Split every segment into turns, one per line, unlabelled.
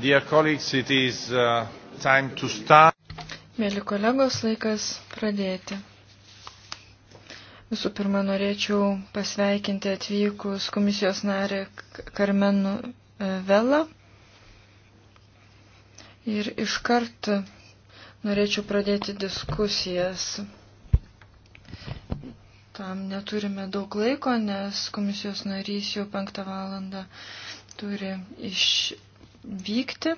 Uh, Mėly kolegos, laikas pradėti. Visų pirma, norėčiau pasveikinti atvykus komisijos narį Karmenų e, Vela. Ir iškart norėčiau pradėti diskusijas. Tam neturime daug laiko, nes komisijos narys jau penktą valandą turi iš, vykti.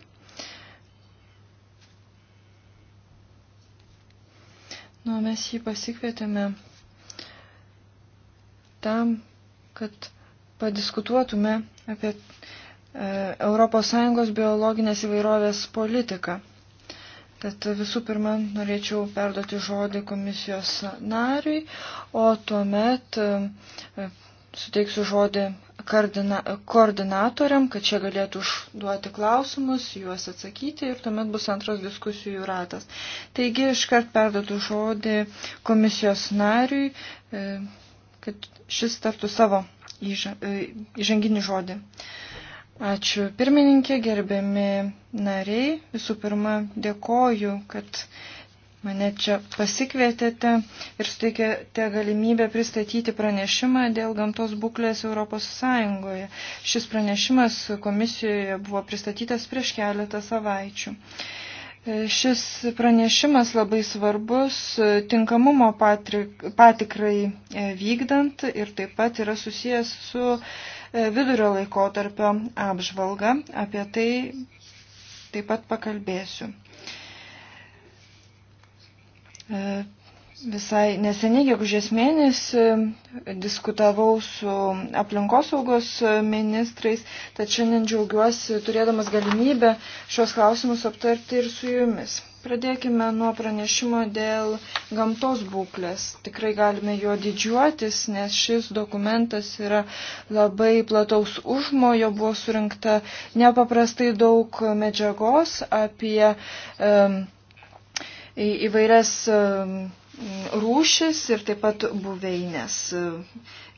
Nu, mes jį pasikvietėme tam, kad padiskutuotume apie ES biologinės įvairovės politiką. Tad visų pirma, norėčiau perduoti žodį komisijos nariui, o tuomet e, suteiksiu žodį kardina, koordinatoriam, kad čia galėtų užduoti klausimus, juos atsakyti ir tuomet bus antras diskusijų ratas. Taigi iškart perdodu žodį komisijos nariui, e, kad šis tartų savo e, įžanginį žodį. Ačiū pirmininkė, gerbiami nariai. Visų pirma, dėkoju, kad mane čia pasikvietėte ir suteikėte galimybę pristatyti pranešimą dėl gamtos būklės Europos Sąjungoje. Šis pranešimas komisijoje buvo pristatytas prieš keletą savaičių. E, šis pranešimas labai svarbus tinkamumo patikrai e, vykdant ir taip pat yra susijęs su e, vidurio laikotarpio apžvalga. Apie tai taip pat pakalbėsiu. E, visai neseniai, gegužės mėnesį, diskutavau su aplinkosaugos ministrais, tad šiandien džiaugiuosi turėdamas galimybę šios klausimus aptarti ir su jumis. Pradėkime nuo pranešimo dėl gamtos būklės. Tikrai galime juo didžiuotis, nes šis dokumentas yra labai plataus užmojo, buvo surinkta nepaprastai daug medžiagos apie. Um, e, įvairias um, rūšis ir taip pat buveinės um,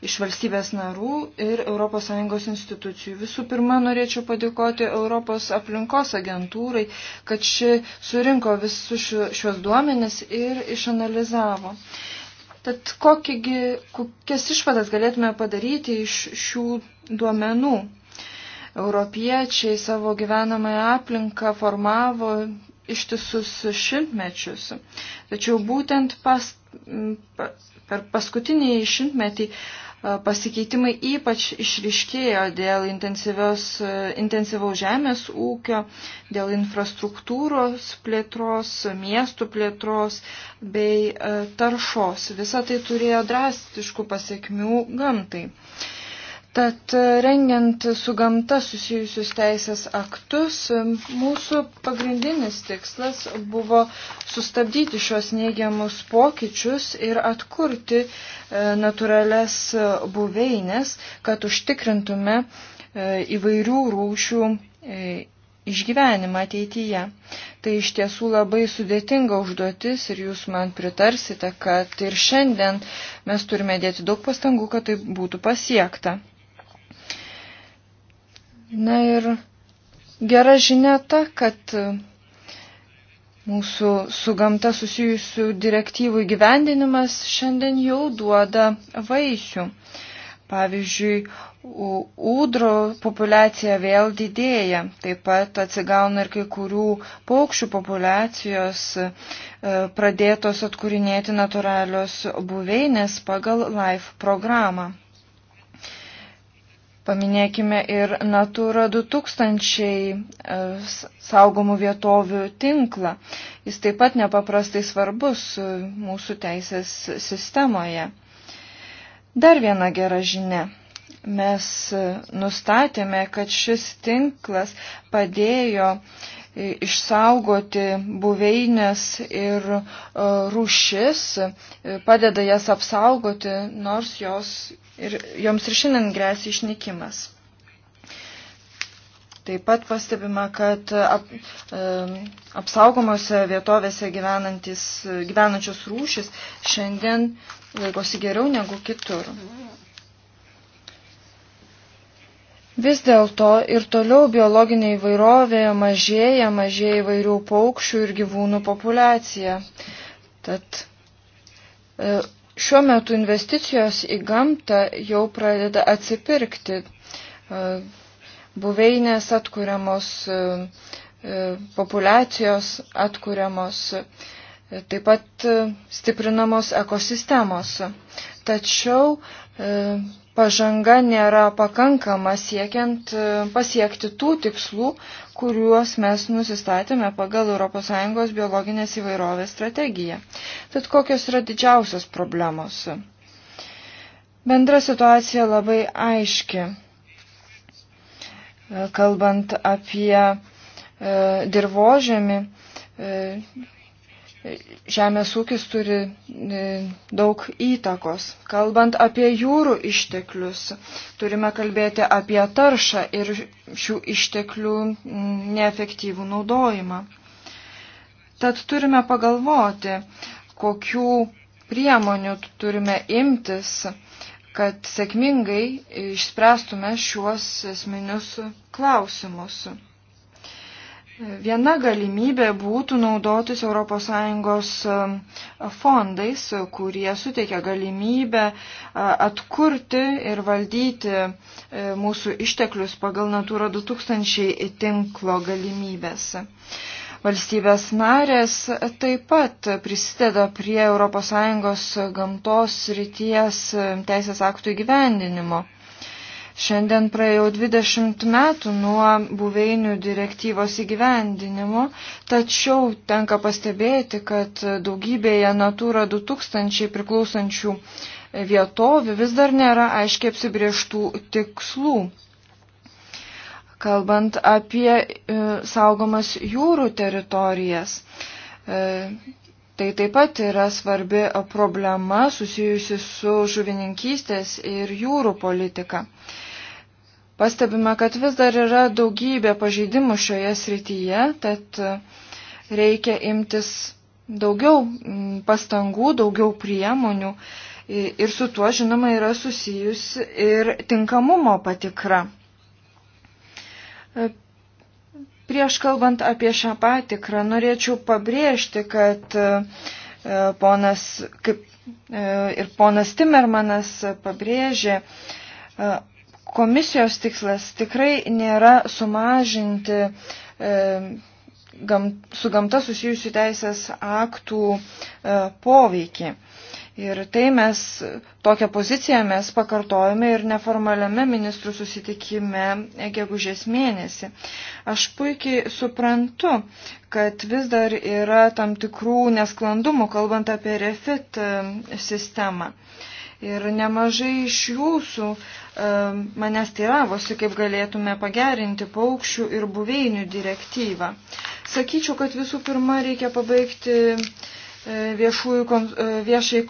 iš valstybės narų ir ES institucijų. Visų pirma, norėčiau padėkoti Europos aplinkos agentūrai, kad ši surinko visus šios duomenis ir išanalizavo. Tad kokigi, kokias išvadas galėtume padaryti iš šių duomenų? Europiečiai savo gyvenamąją aplinką formavo ištisus šimtmečius. Tačiau būtent pas, pa, per paskutinį šimtmetį pasikeitimai ypač išriškėjo dėl intensyvaus žemės ūkio, dėl infrastruktūros plėtros, miestų plėtros bei taršos. Visa tai turėjo drastiškų pasiekmių gamtai. Tad e, rengiant su gamta susijusius teisės aktus, e, mūsų pagrindinis tikslas buvo sustabdyti šios neigiamus pokyčius ir atkurti e, natūrales buveinės, kad užtikrintume įvairių rūšių išgyvenimą ateityje. Tai iš tiesų labai sudėtinga užduotis ir jūs man pritarsite, kad ir šiandien mes turime dėti daug pastangų, kad tai būtų pasiekta. Na ir gera žinia ta, kad mūsų su gamta susijusių direktyvų įgyvendinimas šiandien jau duoda vaisių. Pavyzdžiui, ūdrų populiacija vėl didėja, taip pat atsigauna ir kai kurių paukščių populiacijos e, pradėtos atkūrinėti natūralios buveinės pagal LIFE programą. Paminėkime ir Natura 2000 e, saugomų vietovių tinklą. Jis taip pat nepaprastai svarbus e, mūsų teisės sistemoje. Dar viena gera žinia. Mes e, nustatėme, kad šis tinklas padėjo išsaugoti buveinės ir rūšis, padeda jas apsaugoti, nors jos ir joms ir šiandien grėsia išnykimas. Taip pat pastebima, kad ap, apsaugomose vietovėse gyvenančios rūšis šiandien laikosi geriau negu kitur. Vis dėlto ir toliau biologinė įvairovė mažėja, mažėja įvairių paukščių ir gyvūnų populiacija. Tad e, Šiuo metu investicijos į gamtą jau pradeda atsipirkti. E, buveinės atkuriamos, e, e, populiacijos atkuriamos, taip pat stiprinamos ekosistemos. Tačiau pažanga nėra pakankama siekiant pasiekti tų tikslų, kuriuos mes nusistatėme pagal ES biologinės įvairovės strategiją. Tad kokios yra didžiausios problemos? Bendra situacija labai aiški. Kalbant apie e, dirbožėmį, e, žemės ūkis turi e, daug įtakos. Kalbant apie jūrų išteklius, turime kalbėti apie taršą ir šių išteklių neefektyvų naudojimą. Tad turime pagalvoti, kokių priemonių turime imtis, kad sėkmingai išspręstume šiuos esminius klausimus. Viena galimybė būtų naudotis ES e, fondais, kurie suteikia galimybę e, atkurti ir valdyti e, mūsų išteklius pagal Natūra 2000 tinklo galimybės. Valstybės narės taip pat prisideda prie ES gamtos ryties teisės aktų įgyvendinimo. Šiandien praėjo 20 metų nuo buveinių direktyvos įgyvendinimo, tačiau tenka pastebėti, kad daugybėje Natura 2000 priklausančių vietovių vis dar nėra aiškiai apsibrieštų tikslų. Kalbant apie e, saugomas jūrų teritorijas, e, tai taip pat yra svarbi problema susijusi su žuvininkystės ir jūrų politika. E, Pastebime, kad vis dar yra daugybė pažeidimų šioje srityje, tad reikia imtis daugiau mm, pastangų, daugiau priemonių ir su tuo, žinoma, yra susijusi ir tinkamumo patikra. E, prieš kalbant apie šią patikrą, norėčiau pabrėžti, kad e, ponas, kaip e, ir ponas Timermanas pabrėžė, Komisijos tikslas tikrai nėra sumažinti e, gam, su gamta susijusių teisės aktų e, poveikį. Ir tai mes, tokią poziciją mes pakartojame ir neformaliame ministrų susitikime gegužės mėnesį. Aš puikiai suprantu, kad vis dar yra tam tikrų nesklandumų, kalbant apie refit e, sistemą. E, Ir nemažai iš jūsų e, manęs teiravosi, kaip galėtume pagerinti paukščių ir buveinių direktyvą. Sakyčiau, kad visų pirma reikia pabaigti e, viešųjų, kon, e, viešai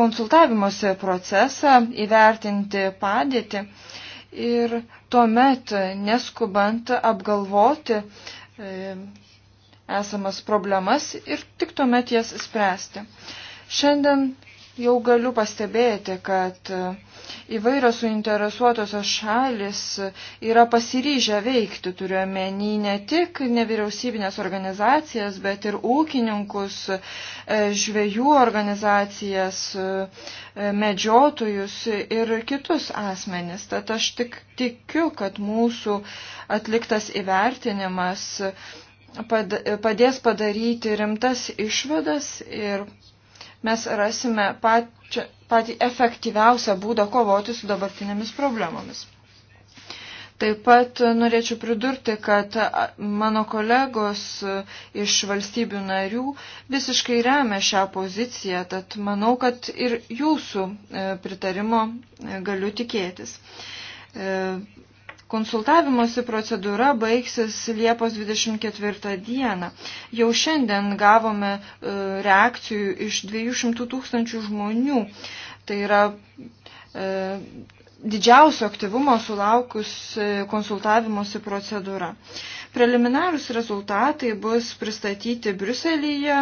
konsultavimuose procesą, įvertinti padėtį ir tuomet neskubant apgalvoti e, esamas problemas ir tik tuomet jas spręsti. Šiandien jau galiu pastebėti, kad e, įvairios suinteresuotosios šalis e, yra pasiryžę veikti, turiuomenį ne tik nevyriausybinės organizacijas, bet ir ūkininkus, e, žvėjų organizacijas, medžiotojus ir kitus asmenis. Tad aš tik tikiu, kad mūsų atliktas įvertinimas padės padaryti rimtas išvadas ir mes rasime pačią, patį efektyviausią būdą kovoti su dabartinėmis problemomis. Taip pat norėčiau pridurti, kad mano kolegos iš valstybių narių visiškai remia šią poziciją, tad manau, kad ir jūsų e, pritarimo e, galiu tikėtis. E, Konsultavimosi procedūra baigsis Liepos 24 dieną. Jau šiandien gavome e, reakcijų iš 200 tūkstančių žmonių. Tai yra e, didžiausio aktyvumo sulaukus e, konsultavimosi procedūra. Preliminarus rezultatai bus pristatyti Briuselyje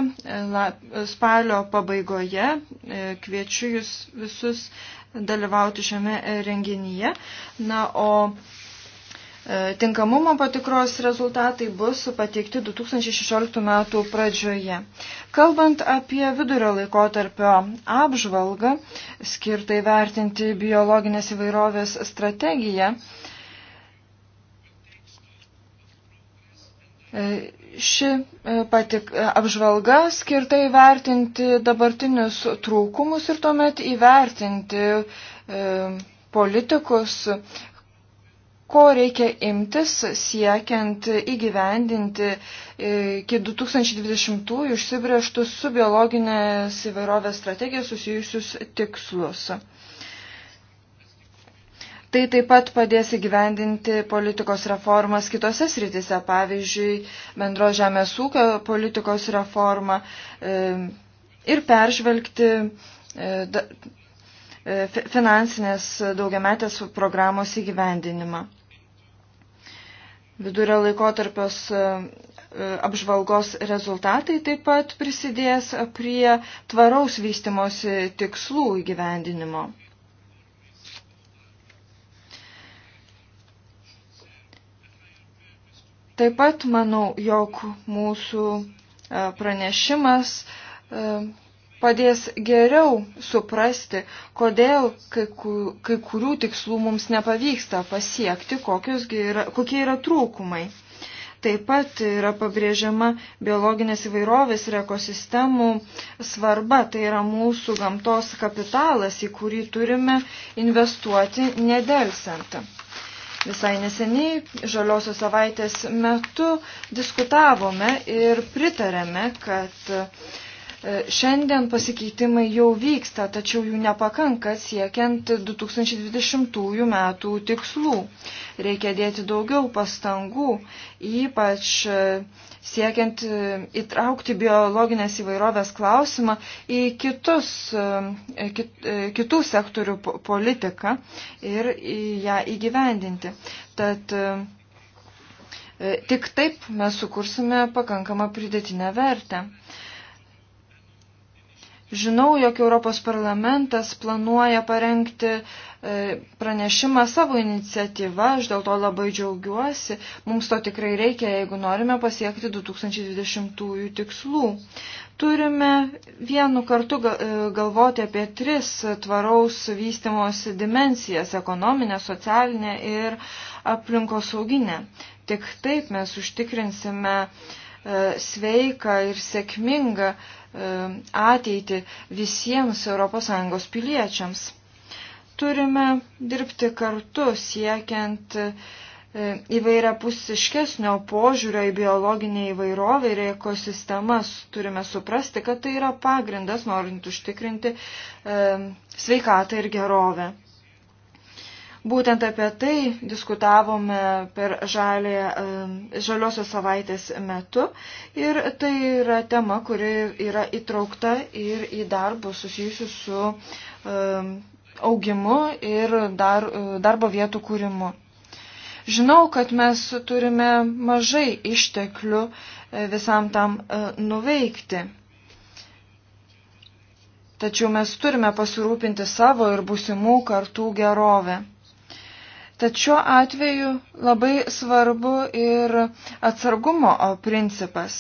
spalio pabaigoje. Kviečiu jūs visus dalyvauti šiame renginyje. Na, o E, tinkamumo patikros rezultatai bus pateikti 2016 metų pradžioje. Kalbant apie vidurio laikotarpio apžvalgą, skirtai vertinti biologinės įvairovės strategiją, e, Ši e, patik, apžvalga skirta įvertinti dabartinius trūkumus ir tuomet įvertinti e, politikus, ko reikia imtis siekiant įgyvendinti e, iki 2020-ųjų užsibrieštus su biologinės įvairovės strategija susijusius tikslus. Tai taip pat padės įgyvendinti politikos reformas kitose sritise, pavyzdžiui, bendro žemės ūkio politikos reformą e, ir peržvelgti e, finansinės daugiametės programos įgyvendinimą. Vidurio laikotarpios e, e, apžvalgos rezultatai taip pat prisidės prie tvaraus vystimosi tikslų įgyvendinimo. Taip pat manau, jog mūsų e, pranešimas padės geriau suprasti, kodėl kai, kur, kai kurių tikslų mums nepavyksta pasiekti, yra, kokie yra trūkumai. Taip pat yra pabrėžiama biologinės įvairovės ir ekosistemų svarba, tai yra mūsų gamtos kapitalas, į kurį turime investuoti nedelsant. Visai neseniai žaliosios savaitės metu diskutavome ir pritarėme, kad E, šiandien pasikeitimai jau vyksta, tačiau jų nepakanka siekiant 2020 metų tikslų. Reikia dėti daugiau pastangų, ypač e, siekiant e, įtraukti biologinės įvairovės klausimą į kitus, kit, kitų sektorių politiką ir ją įgyvendinti. Tad, Tik taip mes sukursime pakankamą pridėtinę vertę. Uh, Žinau, jog Europos parlamentas planuoja parengti e, pranešimą savo iniciatyvą, aš dėl to labai džiaugiuosi. Mums to tikrai reikia, jeigu norime pasiekti 2020 tikslų. Turime vienu kartu e, galvoti apie tris tvaraus vystimosi dimensijas - ekonominę, socialinę ir aplinkosauginę. Tik taip mes užtikrinsime e, sveiką ir sėkmingą E, ateitį visiems ES piliečiams. Turime dirbti kartu siekiant e, įvairiapusiškesnio požiūrio į biologinę įvairovę ir ekosistemas turime suprasti, kad tai yra pagrindas norint užtikrinti e, sveikatą ir gerovę. Būtent apie tai diskutavome per žalį, e, žaliosios savaitės metu ir tai yra tema, kuri yra įtraukta ir į darbą susijusiu su e, augimu ir dar, e, darbo vietų kūrimu. Žinau, kad mes turime mažai išteklių visam tam nuveikti. Tačiau mes turime pasirūpinti savo ir būsimų kartų gerovę. Tačiau atveju labai svarbu ir atsargumo principas.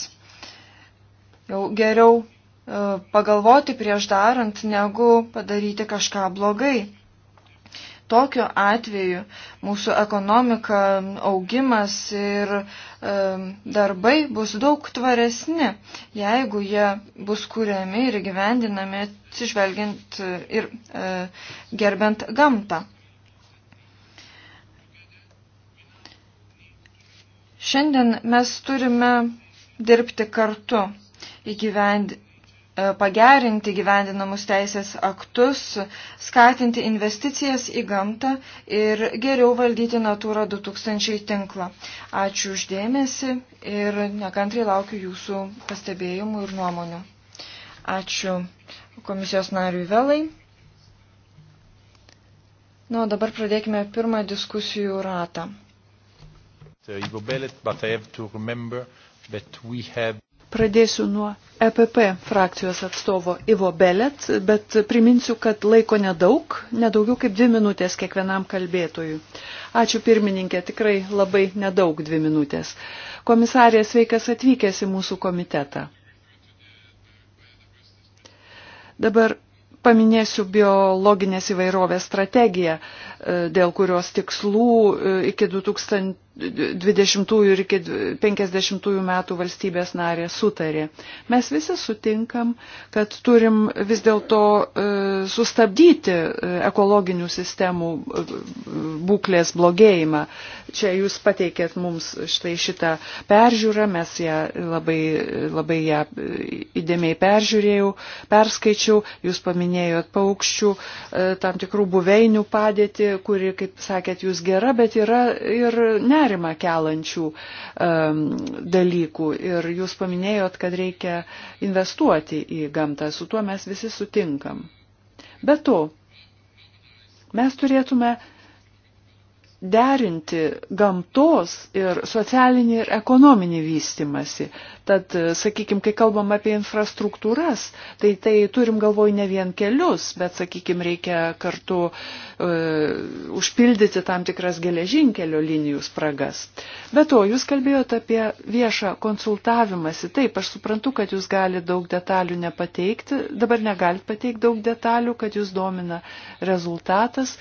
Jau geriau e, pagalvoti prieš darant, negu padaryti kažką blogai. Tokiu atveju mūsų ekonomika, augimas ir e, darbai bus daug tvaresni, jeigu jie bus kuriami ir gyvendinami atsižvelgiant ir e, gerbent gamtą. Šiandien mes turime dirbti kartu, įgyvend, e, pagerinti gyvendinamus teisės aktus, skatinti investicijas į gamtą ir geriau valdyti Natūra 2000 tinklą. Ačiū uždėmesi ir nekantriai laukiu jūsų pastebėjimų ir nuomonių. Ačiū komisijos nariui Velai. Na, nu, o dabar pradėkime pirmą diskusijų ratą. Uh, Ivo Belet, but I have to remember that
we have
Pradėsiu nuo EPP frakcijos atstovo Ivo Belet, bet priminsiu, kad laiko nedaug, nedaugiau kaip dvi minutės kiekvienam kalbėtojui. Ačiū pirmininkė, tikrai labai nedaug dvi minutės. Komisarė, sveikas atvykęs į mūsų komitetą. Dabar paminėsiu biologinės įvairovės strategiją, e, dėl kurios tikslų e, iki 2000 20 ir iki 50 metų valstybės narė sutarė. Mes visi sutinkam, kad turim vis dėlto e, sustabdyti e, ekologinių sistemų e, būklės blogėjimą. Čia jūs pateikėt mums štai šitą peržiūrą, mes ją labai, labai ją įdėmiai peržiūrėjau, perskaičiau, jūs paminėjot paukščių, tam tikrų buveinių padėtį, kuri, kaip sakėt, jūs gera, bet yra ir ne nerimą kelančių um, dalykų. Ir jūs paminėjot, kad reikia investuoti į gamtą. Su tuo mes visi sutinkam. Be to, mes turėtume derinti gamtos ir socialinį ir ekonominį vystimasi. Tad, e, sakykime, kai kalbam apie infrastruktūras, tai tai turim galvoj ne vien kelius, bet, sakykime, reikia kartu e, užpildyti tam tikras geležinkelio linijų spragas. Be to, jūs kalbėjote apie viešą konsultavimąsi. Taip, aš suprantu, kad jūs galite daug detalių nepateikti, dabar negalite pateikti daug detalių, kad jūs domina rezultatas,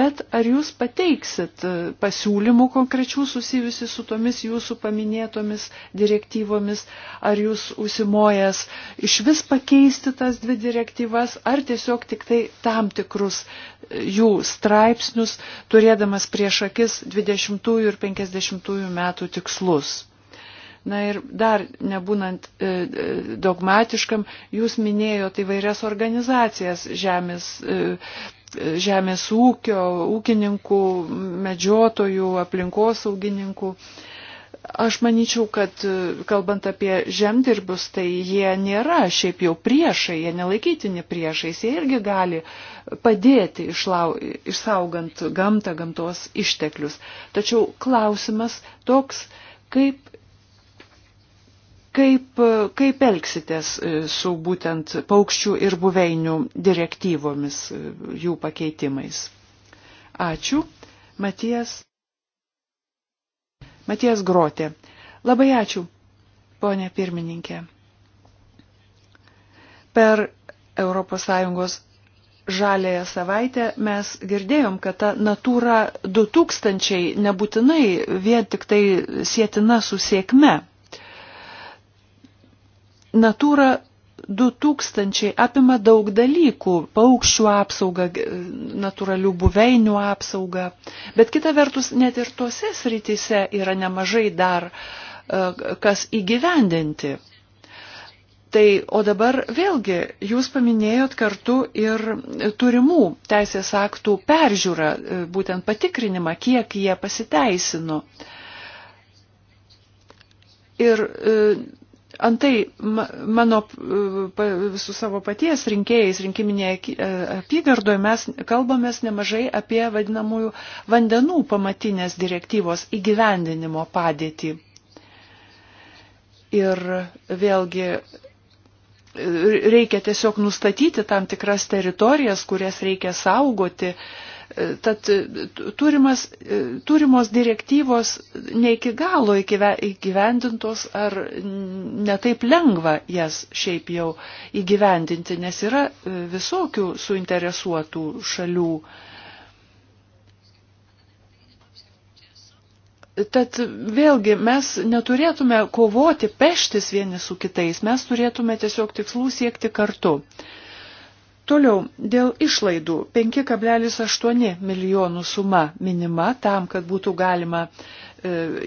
bet ar jūs pateiksit e, pasiūlymų konkrečių susijusi su tomis jūsų paminėtomis direktyvomis, ar jūs užsimojęs iš vis pakeisti tas dvi direktyvas, ar tiesiog tik tai tam tikrus e, jų straipsnius, turėdamas prieš akis 20 ir 50 metų tikslus. Na ir dar nebūnant e, e dogmatiškam, jūs minėjote įvairias organizacijas žemės, e, e, žemės ūkio, ūkininkų, medžiotojų, aplinkosaugininkų. E, Aš manyčiau, kad e, kalbant apie žemdirbius, tai jie nėra šiaip jau priešai, jie nelaikytini priešais, jie irgi gali padėti išlau, išsaugant gamtą, gamtos išteklius. Tačiau klausimas toks, kaip, kaip, e, kaip elgsitės e, su būtent paukščių ir buveinių direktyvomis, jų pakeitimais. Ačiū. Matijas. Matijas Grotė. Labai ačiū, ponė pirmininkė. Per ES žalėje savaitę mes girdėjom, kad ta natūra 2000 nebūtinai vien tik tai sėtina su sėkme. Natūra 2000 apima daug dalykų - paukščių apsaugą, natūralių buveinių apsaugą. Bet kita vertus, net ir tuose srityse yra nemažai dar e, kas įgyvendinti. Tai, o dabar vėlgi, jūs paminėjot kartu ir turimų teisės aktų peržiūrą, e, būtent patikrinimą, kiek jie pasiteisino. Ir e, Antai mano su savo paties rinkėjais rinkiminėje e, apygardoje mes kalbamės nemažai apie vadinamųjų vandenų pamatinės direktyvos įgyvendinimo padėtį. Ir vėlgi e, reikia tiesiog nustatyti tam tikras teritorijas, kurias reikia saugoti, uh, Tad e, turimas, e, turimos direktyvos ne iki galo įgyvendintos ar netaip lengva jas šiaip jau įgyvendinti, nes yra e, visokių suinteresuotų šalių. Tad vėlgi mes neturėtume kovoti, peštis vieni su kitais, mes turėtume tiesiog tikslų siekti kartu. Uh, Toliau, dėl išlaidų 5,8 milijonų suma minima tam, kad būtų galima e,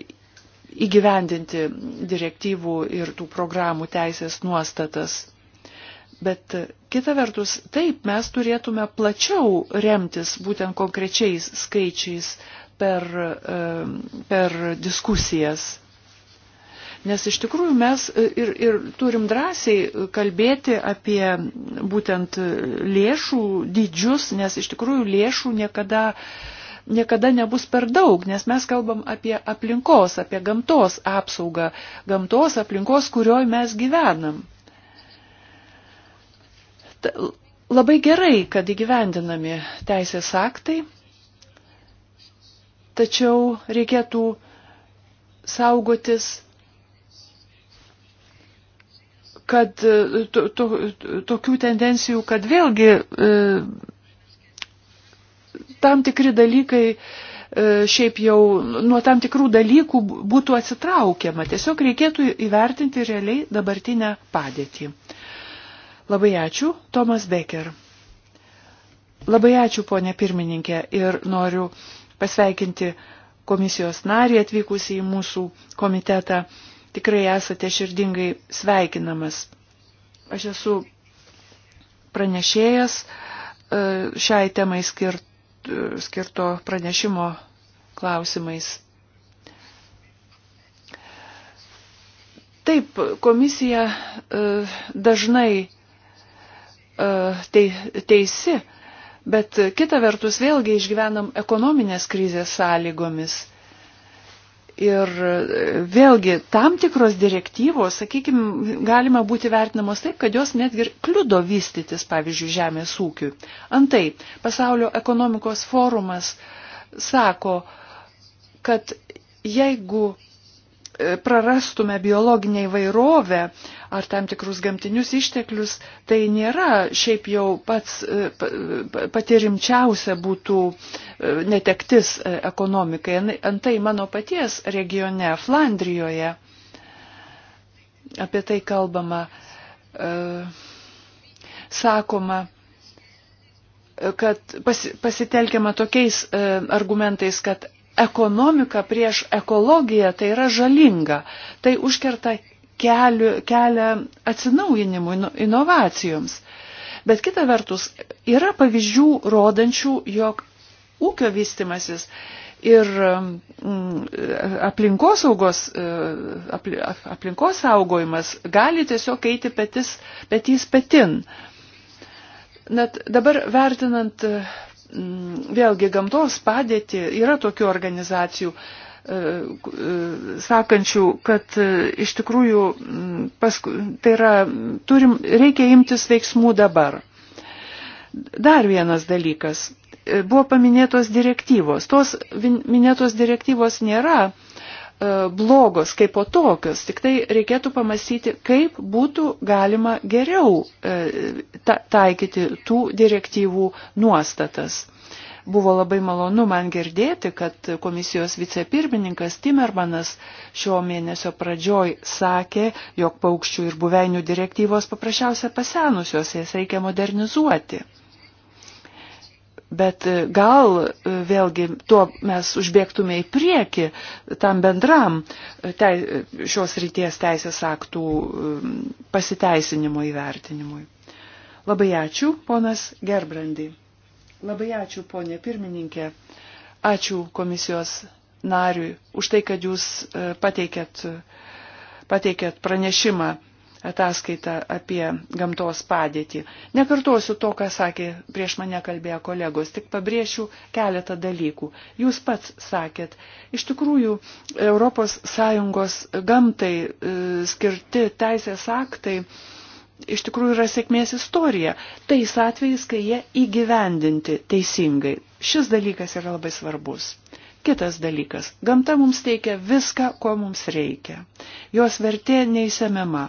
įgyvendinti direktyvų ir tų programų teisės nuostatas. Bet e, kita vertus, taip mes turėtume plačiau remtis būtent konkrečiais skaičiais per, e, per diskusijas. Nes iš tikrųjų mes e, ir, ir turim drąsiai e, kalbėti apie būtent e, lėšų dydžius, nes iš tikrųjų lėšų niekada, niekada nebus per daug, nes mes kalbam apie aplinkos, apie gamtos apsaugą, gamtos aplinkos, kurioj mes gyvenam. Ta, labai gerai, kad įgyvendinami teisės aktai, tačiau reikėtų saugotis kad e, to, to, tokių tendencijų, kad vėlgi e, tam tikri dalykai e, šiaip jau nuo tam tikrų dalykų būtų atsitraukiama. Tiesiog reikėtų įvertinti realiai dabartinę padėtį. Labai ačiū, Tomas Becker. Labai ačiū, ponė pirmininkė, ir noriu pasveikinti komisijos narį atvykusi į mūsų komitetą tikrai esate širdingai sveikinamas. Aš esu pranešėjas e, šiai temai skirt, e, skirto pranešimo klausimais. Taip, komisija e, dažnai teisi, bet kita vertus vėlgi išgyvenam ekonominės krizės sąlygomis Ir e, vėlgi, tam tikros direktyvos, sakykime, galima būti vertinamos taip, kad jos netgi ir kliudo vystytis, pavyzdžiui, žemės ūkiui. Antai, pasaulio ekonomikos forumas sako, kad jeigu prarastume biologinę įvairovę ar tam tikrus gamtinius išteklius, tai nėra šiaip jau pats e, pati rimčiausia būtų e, netektis e, ekonomikai. Antai mano paties regione, Flandrijoje, apie tai kalbama, sakoma, kad pasitelkiama tokiais argumentais, kad ekonomika prieš ekologiją tai yra žalinga. Tai užkerta keliu, kelią atsinaujinimui, nu, inovacijoms. Bet kita vertus, yra pavyzdžių rodančių, jog ūkio vystimasis ir mm, aplinkosaugos, e, aplinkos saugojimas gali tiesiog eiti petis, petys petin. Net dabar vertinant Mm, vėlgi gamtos padėtį yra tokių organizacijų, e, e, sakančių, kad e, iš tikrųjų mm, pasku, tai yra, turim, reikia imtis veiksmų dabar. Dar vienas dalykas. Buvo paminėtos direktyvos. Tos minėtos direktyvos nėra E, blogos kaip po tokios, tik tai reikėtų pamastyti, kaip būtų galima geriau e, taikyti tų direktyvų nuostatas. Buvo labai malonu man girdėti, kad komisijos vicepirmininkas Timermanas šio mėnesio pradžioj sakė, jog paukščių ir buveinių direktyvos paprasčiausia pasenusios, jas reikia modernizuoti. Bet e, gal e, vėlgi tuo mes užbėgtume į priekį tam bendram e, tei, šios ryties teisės aktų pasiteisinimo įvertinimui. Labai ačiū, ponas Gerbrandi. Labai ačiū, ponė pirmininkė. Ačiū komisijos nariui už tai, kad jūs pateikėt, pateikėt pranešimą ataskaitą apie gamtos padėtį. Nekartosiu to, ką sakė prieš mane kalbėję kolegos, tik pabrėšiu keletą dalykų. Jūs pats sakėt, iš tikrųjų ES gamtai e, skirti teisės aktai iš tikrųjų yra sėkmės istorija. Tais atvejais, kai jie įgyvendinti teisingai. Šis dalykas yra labai svarbus. Kitas dalykas. Gamta mums teikia viską, ko mums reikia. Jos vertė neįsiemiama.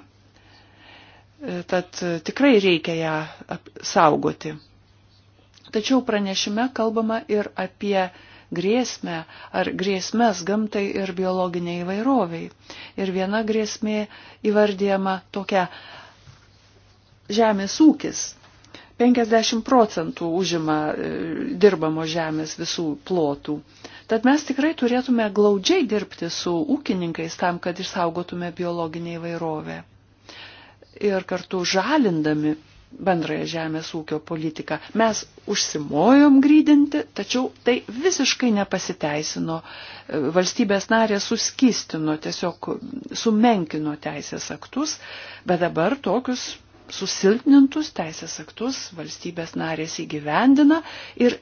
Tad e, tikrai reikia ją saugoti. Tačiau pranešime kalbama ir apie grėsmę ar grėsmės gamtai ir biologiniai įvairoviai. Ir viena grėsmė įvardyjama tokia žemės ūkis. 50 procentų užima e, dirbamo žemės visų plotų. Tad mes tikrai turėtume glaudžiai dirbti su ūkininkais tam, kad išsaugotume biologinį įvairovę ir kartu žalindami bendrąją žemės ūkio politiką. Mes užsimojom grydinti, tačiau tai visiškai nepasiteisino. E, valstybės narė suskistino, tiesiog sumenkino teisės aktus, bet dabar tokius susilpnintus teisės aktus valstybės narės įgyvendina ir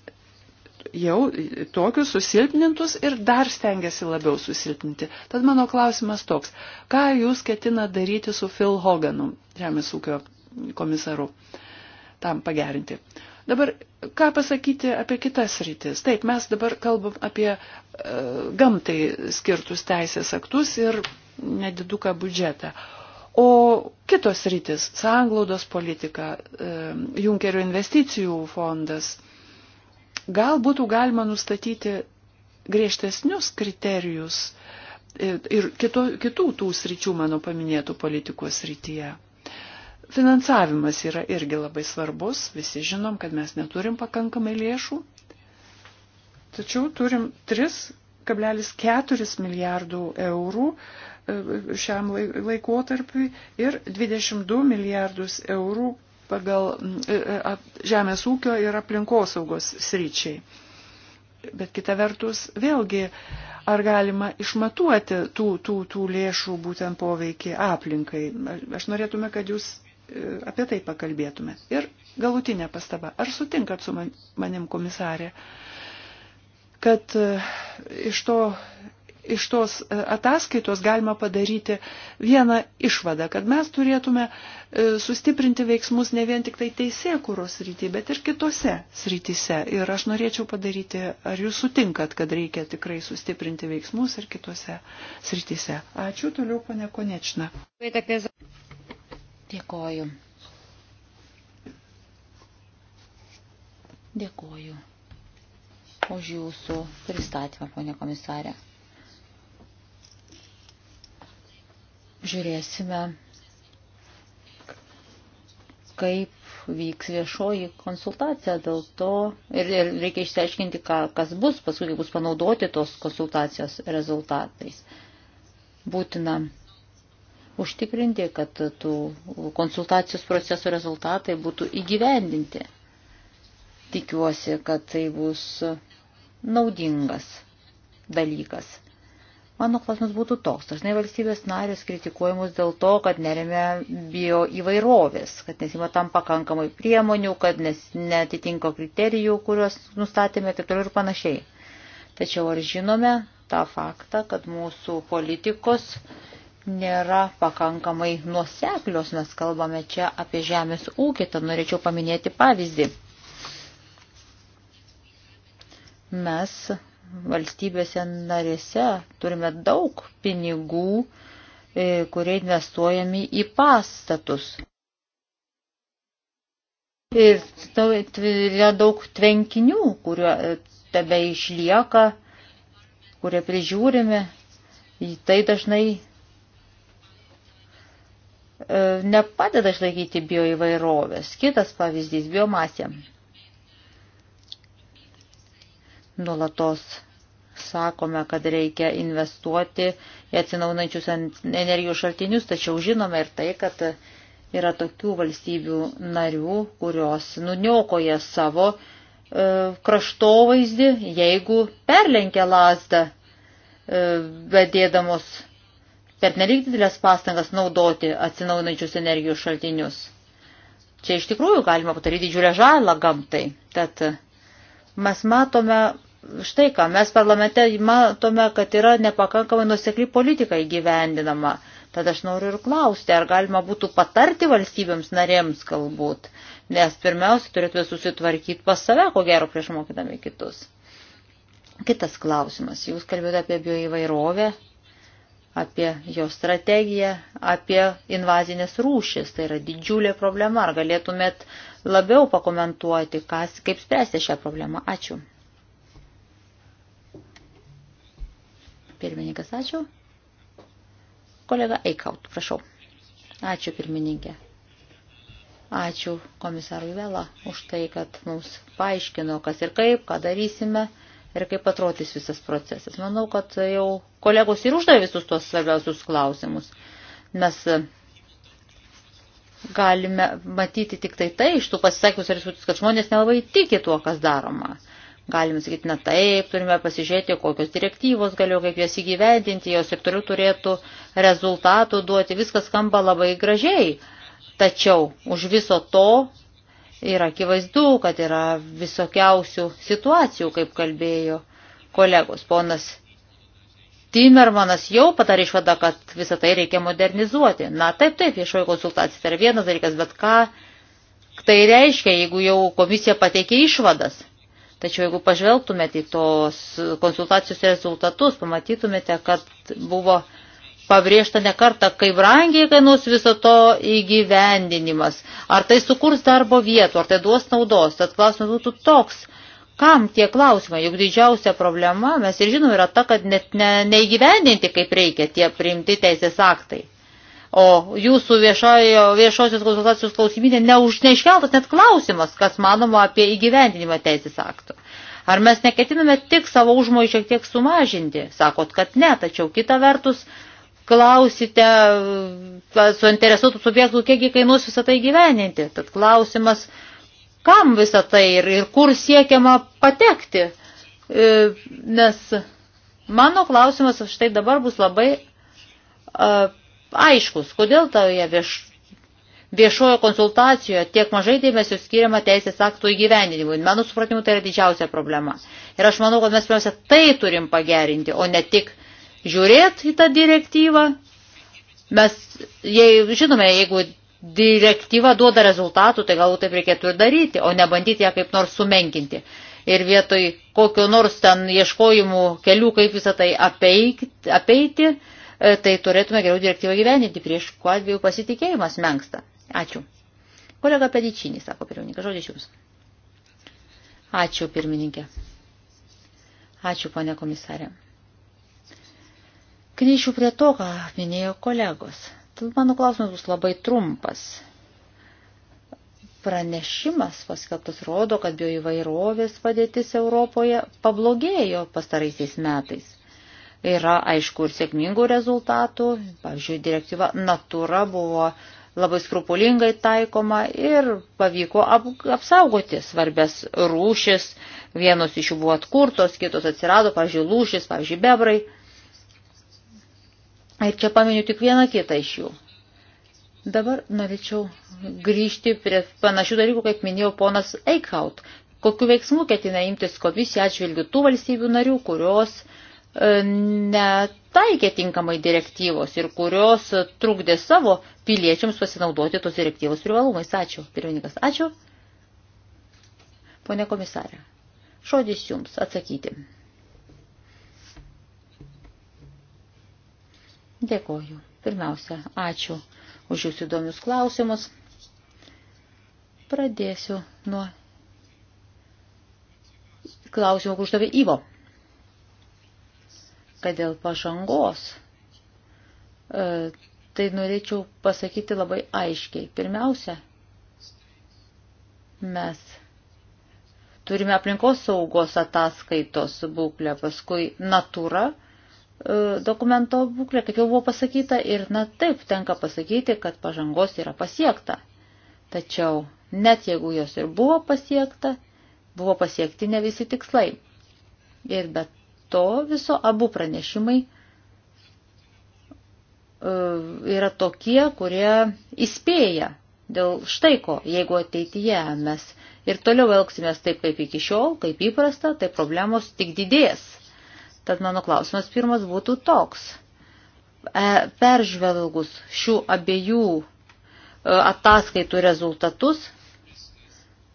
jau tokius susilpnintus ir dar stengiasi labiau susilpninti. Tad mano klausimas toks, ką jūs ketina daryti su Phil Hoganu, žemės ūkio komisaru, tam pagerinti? Dabar, ką pasakyti apie kitas rytis? Taip, mes dabar kalbam apie e, gamtai skirtus teisės aktus ir nediduką biudžetą. O kitos rytis - sanglaudos politika, e, Junkerio investicijų fondas, Gal būtų galima nustatyti griežtesnius kriterijus e, ir kito, kitų tų sričių mano paminėtų politikos srityje. Finansavimas yra irgi labai svarbus, visi žinom, kad mes neturim pakankamai lėšų, tačiau turim 3,4 milijardų eurų e, šiam laikotarpiui ir 22 milijardus eurų pagal e, e, žemės ūkio ir aplinkosaugos sryčiai. Bet kita vertus, vėlgi, ar galima išmatuoti tų, tų, tų lėšų būtent poveikį aplinkai? Aš norėtume, kad jūs e, apie tai pakalbėtume. Ir galutinė pastaba. Ar sutinkat su manim komisarė, kad iš to iš tos e, ataskaitos galima padaryti vieną išvadą, kad mes turėtume e, sustiprinti veiksmus ne vien tik tai teisėkūros srity, bet ir kitose srityse. Ir aš norėčiau padaryti, ar jūs sutinkat, kad reikia tikrai sustiprinti veiksmus ir kitose srityse. Ačiū toliau, ponė Konečna.
Dėkoju. Dėkoju už jūsų pristatymą, ponė komisarė. žiūrėsime, kaip vyks viešoji konsultacija dėl to ir, ir reikia išsiaiškinti, ką, kas bus, paskui bus panaudoti tos konsultacijos rezultatais. Būtina užtikrinti, kad tų konsultacijos procesų rezultatai būtų įgyvendinti. Tikiuosi, kad tai bus naudingas dalykas. Mano klausimas būtų toks. Dažnai valstybės narės kritikuojamos dėl to, kad neremia bio įvairovės, kad nesima tam pakankamai priemonių, kad nes, netitinka kriterijų, kuriuos nustatėme ir taip toliau ir panašiai. Tačiau ar žinome tą faktą, kad mūsų politikos nėra pakankamai nuoseklios, mes kalbame čia apie žemės ūkį, tad norėčiau paminėti pavyzdį. Mes valstybėse narėse turime daug pinigų, e, kurie investuojami į pastatus. Ir yra daug tvenkinių, kurie tebe išlieka, kurie prižiūrime. Tai dažnai e, nepadeda išlaikyti bioįvairovės. Kitas pavyzdys - biomasė. Nulatos sakome, kad reikia investuoti į atsinaunančius energijos šaltinius, tačiau žinome ir tai, kad yra tokių valstybių narių, kurios nuniokoja savo e, kraštovaizdį, jeigu perlenkia lasdą, e, bedėdamos per nelik didelės pastangas naudoti atsinaunančius energijos šaltinius. Čia iš tikrųjų galima padaryti didžiulę žalą gamtai. Tad mes matome štai ką, mes parlamente matome, kad yra nepakankamai nusekli politika įgyvendinama. Tad aš noriu ir klausti, ar galima būtų patarti valstybėms narėms galbūt, nes pirmiausia turėtume susitvarkyti pas save, ko gero prieš mokydami kitus. Kitas klausimas. Jūs kalbėjote apie bioįvairovę, apie jo strategiją, apie invazinės rūšis. Tai yra didžiulė problema. Ar galėtumėt labiau pakomentuoti, kas, kaip spręsti šią problemą? Ačiū. Pirmininkas, ačiū. Kolega Eikaut, prašau. Ačiū, pirmininkė. Ačiū komisarui Vela už tai, kad mums paaiškino, kas ir kaip, ką darysime ir kaip atrodys visas procesas. Manau, kad jau kolegos ir uždavė visus tuos svarbiausius klausimus. Mes e, galime matyti tik tai tai iš tų pasisakymus ir sutis, kad žmonės nelabai tiki tuo, kas daroma. Galime sakyti, na taip, turime pasižiūrėti, kokios direktyvos galiu, kaip jas įgyvendinti, jos ir toliau turėtų rezultatų duoti. Viskas skamba labai gražiai, tačiau už viso to yra akivaizdu, kad yra visokiausių situacijų, kaip kalbėjo kolegos. Ponas Timermanas jau patarė išvadą, kad visą tai reikia modernizuoti. Na taip, taip, viešoji konsultacija tai yra vienas dalykas, bet ką tai reiškia, jeigu jau komisija pateikė išvadas. Tačiau jeigu pažvelgtumėte į tos konsultacijos rezultatus, pamatytumėte, kad buvo pabrėžta ne kartą, kaip brangiai kainuos viso to įgyvendinimas. Ar tai sukurs darbo vietų, ar tai duos naudos. Tad klausimas būtų toks. Kam tie klausimai? Juk didžiausia problema, mes ir žinome, yra ta, kad net ne, neįgyvendinti kaip reikia tie priimti teisės aktai. O jūsų viešojo, viešosios konsultacijos klausimynė neuž, neiškeltas net klausimas, kas manoma apie įgyvendinimą teisės aktų. Ar mes neketiname tik savo užmojį šiek tiek sumažinti? Sakot, kad ne, tačiau kita vertus klausite e, suinteresuotų subjektų, kiekgi kainuos visą tai gyveninti. Tad klausimas, kam visą tai ir, ir kur siekiama patekti. E, nes mano klausimas štai dabar bus labai. Uh, aiškus, kodėl toje vieš, viešojo konsultacijoje tiek mažai dėmesio skiriama teisės aktų įgyvendinimui. Mano supratimu, tai yra didžiausia problema. Ir aš manau, kad mes pirmiausia tai turim pagerinti, o ne tik žiūrėti į tą direktyvą. Mes, jei, žinome, jeigu direktyva duoda rezultatų, tai galbūt taip reikėtų ir daryti, o ne bandyti ją kaip nors sumenkinti. Ir vietoj kokio nors ten ieškojimų kelių, kaip visą tai apeikti, apeiti, apeiti E, tai turėtume geriau direktyvą gyveninti, prieš kuo atveju pasitikėjimas menksta. Ačiū. Kolega Pedičinį, sako pirmininkė, žodis jums. Ačiū, pirmininkė. Ačiū, ponė komisarė. Grįšiu prie to, ką minėjo kolegos. Tad mano klausimas bus labai trumpas. Pranešimas paskelbtas rodo, kad bioįvairovės padėtis Europoje pablogėjo pastaraisiais metais. Yra, aišku, ir sėkmingų rezultatų. Pavyzdžiui, direktyva Natura buvo labai skrupulingai taikoma ir pavyko ap, apsaugoti svarbės rūšis. Vienos iš jų buvo atkurtos, kitos atsirado, pavyzdžiui, lūšis, pavyzdžiui, bebrai. Ir čia paminiu tik vieną kitą iš jų. Dabar norėčiau grįžti prie panašių dalykų, kaip minėjo ponas Eichhaut. Kokiu veiksmu ketina imtis komisija atžvilgių tų valstybių narių, kurios uh, E, netaikė tinkamai direktyvos ir kurios trukdė savo piliečiams pasinaudoti tos direktyvos privalumais. Ačiū, pirmininkas. Ačiū. Pone komisarė, šodis jums atsakyti. Dėkoju. Pirmiausia, ačiū už jūsų įdomius klausimus. Pradėsiu nuo klausimų, kur uždavė Ivo kad dėl pažangos, e, tai norėčiau pasakyti labai aiškiai. Pirmiausia, mes turime aplinkos saugos ataskaitos būklę, paskui natūra e, dokumento būklė, kaip jau buvo pasakyta, ir na taip tenka pasakyti, kad pažangos yra pasiekta. Tačiau net jeigu jos ir buvo pasiekta, buvo pasiekti ne visi tikslai. Ir be to viso abu pranešimai e, yra tokie, kurie įspėja dėl štai ko, jeigu ateityje mes ir toliau elgsimės taip kaip iki šiol, kaip įprasta, tai problemos tik didės. Tad mano klausimas pirmas būtų toks. E, peržvelgus šių abiejų e, ataskaitų rezultatus,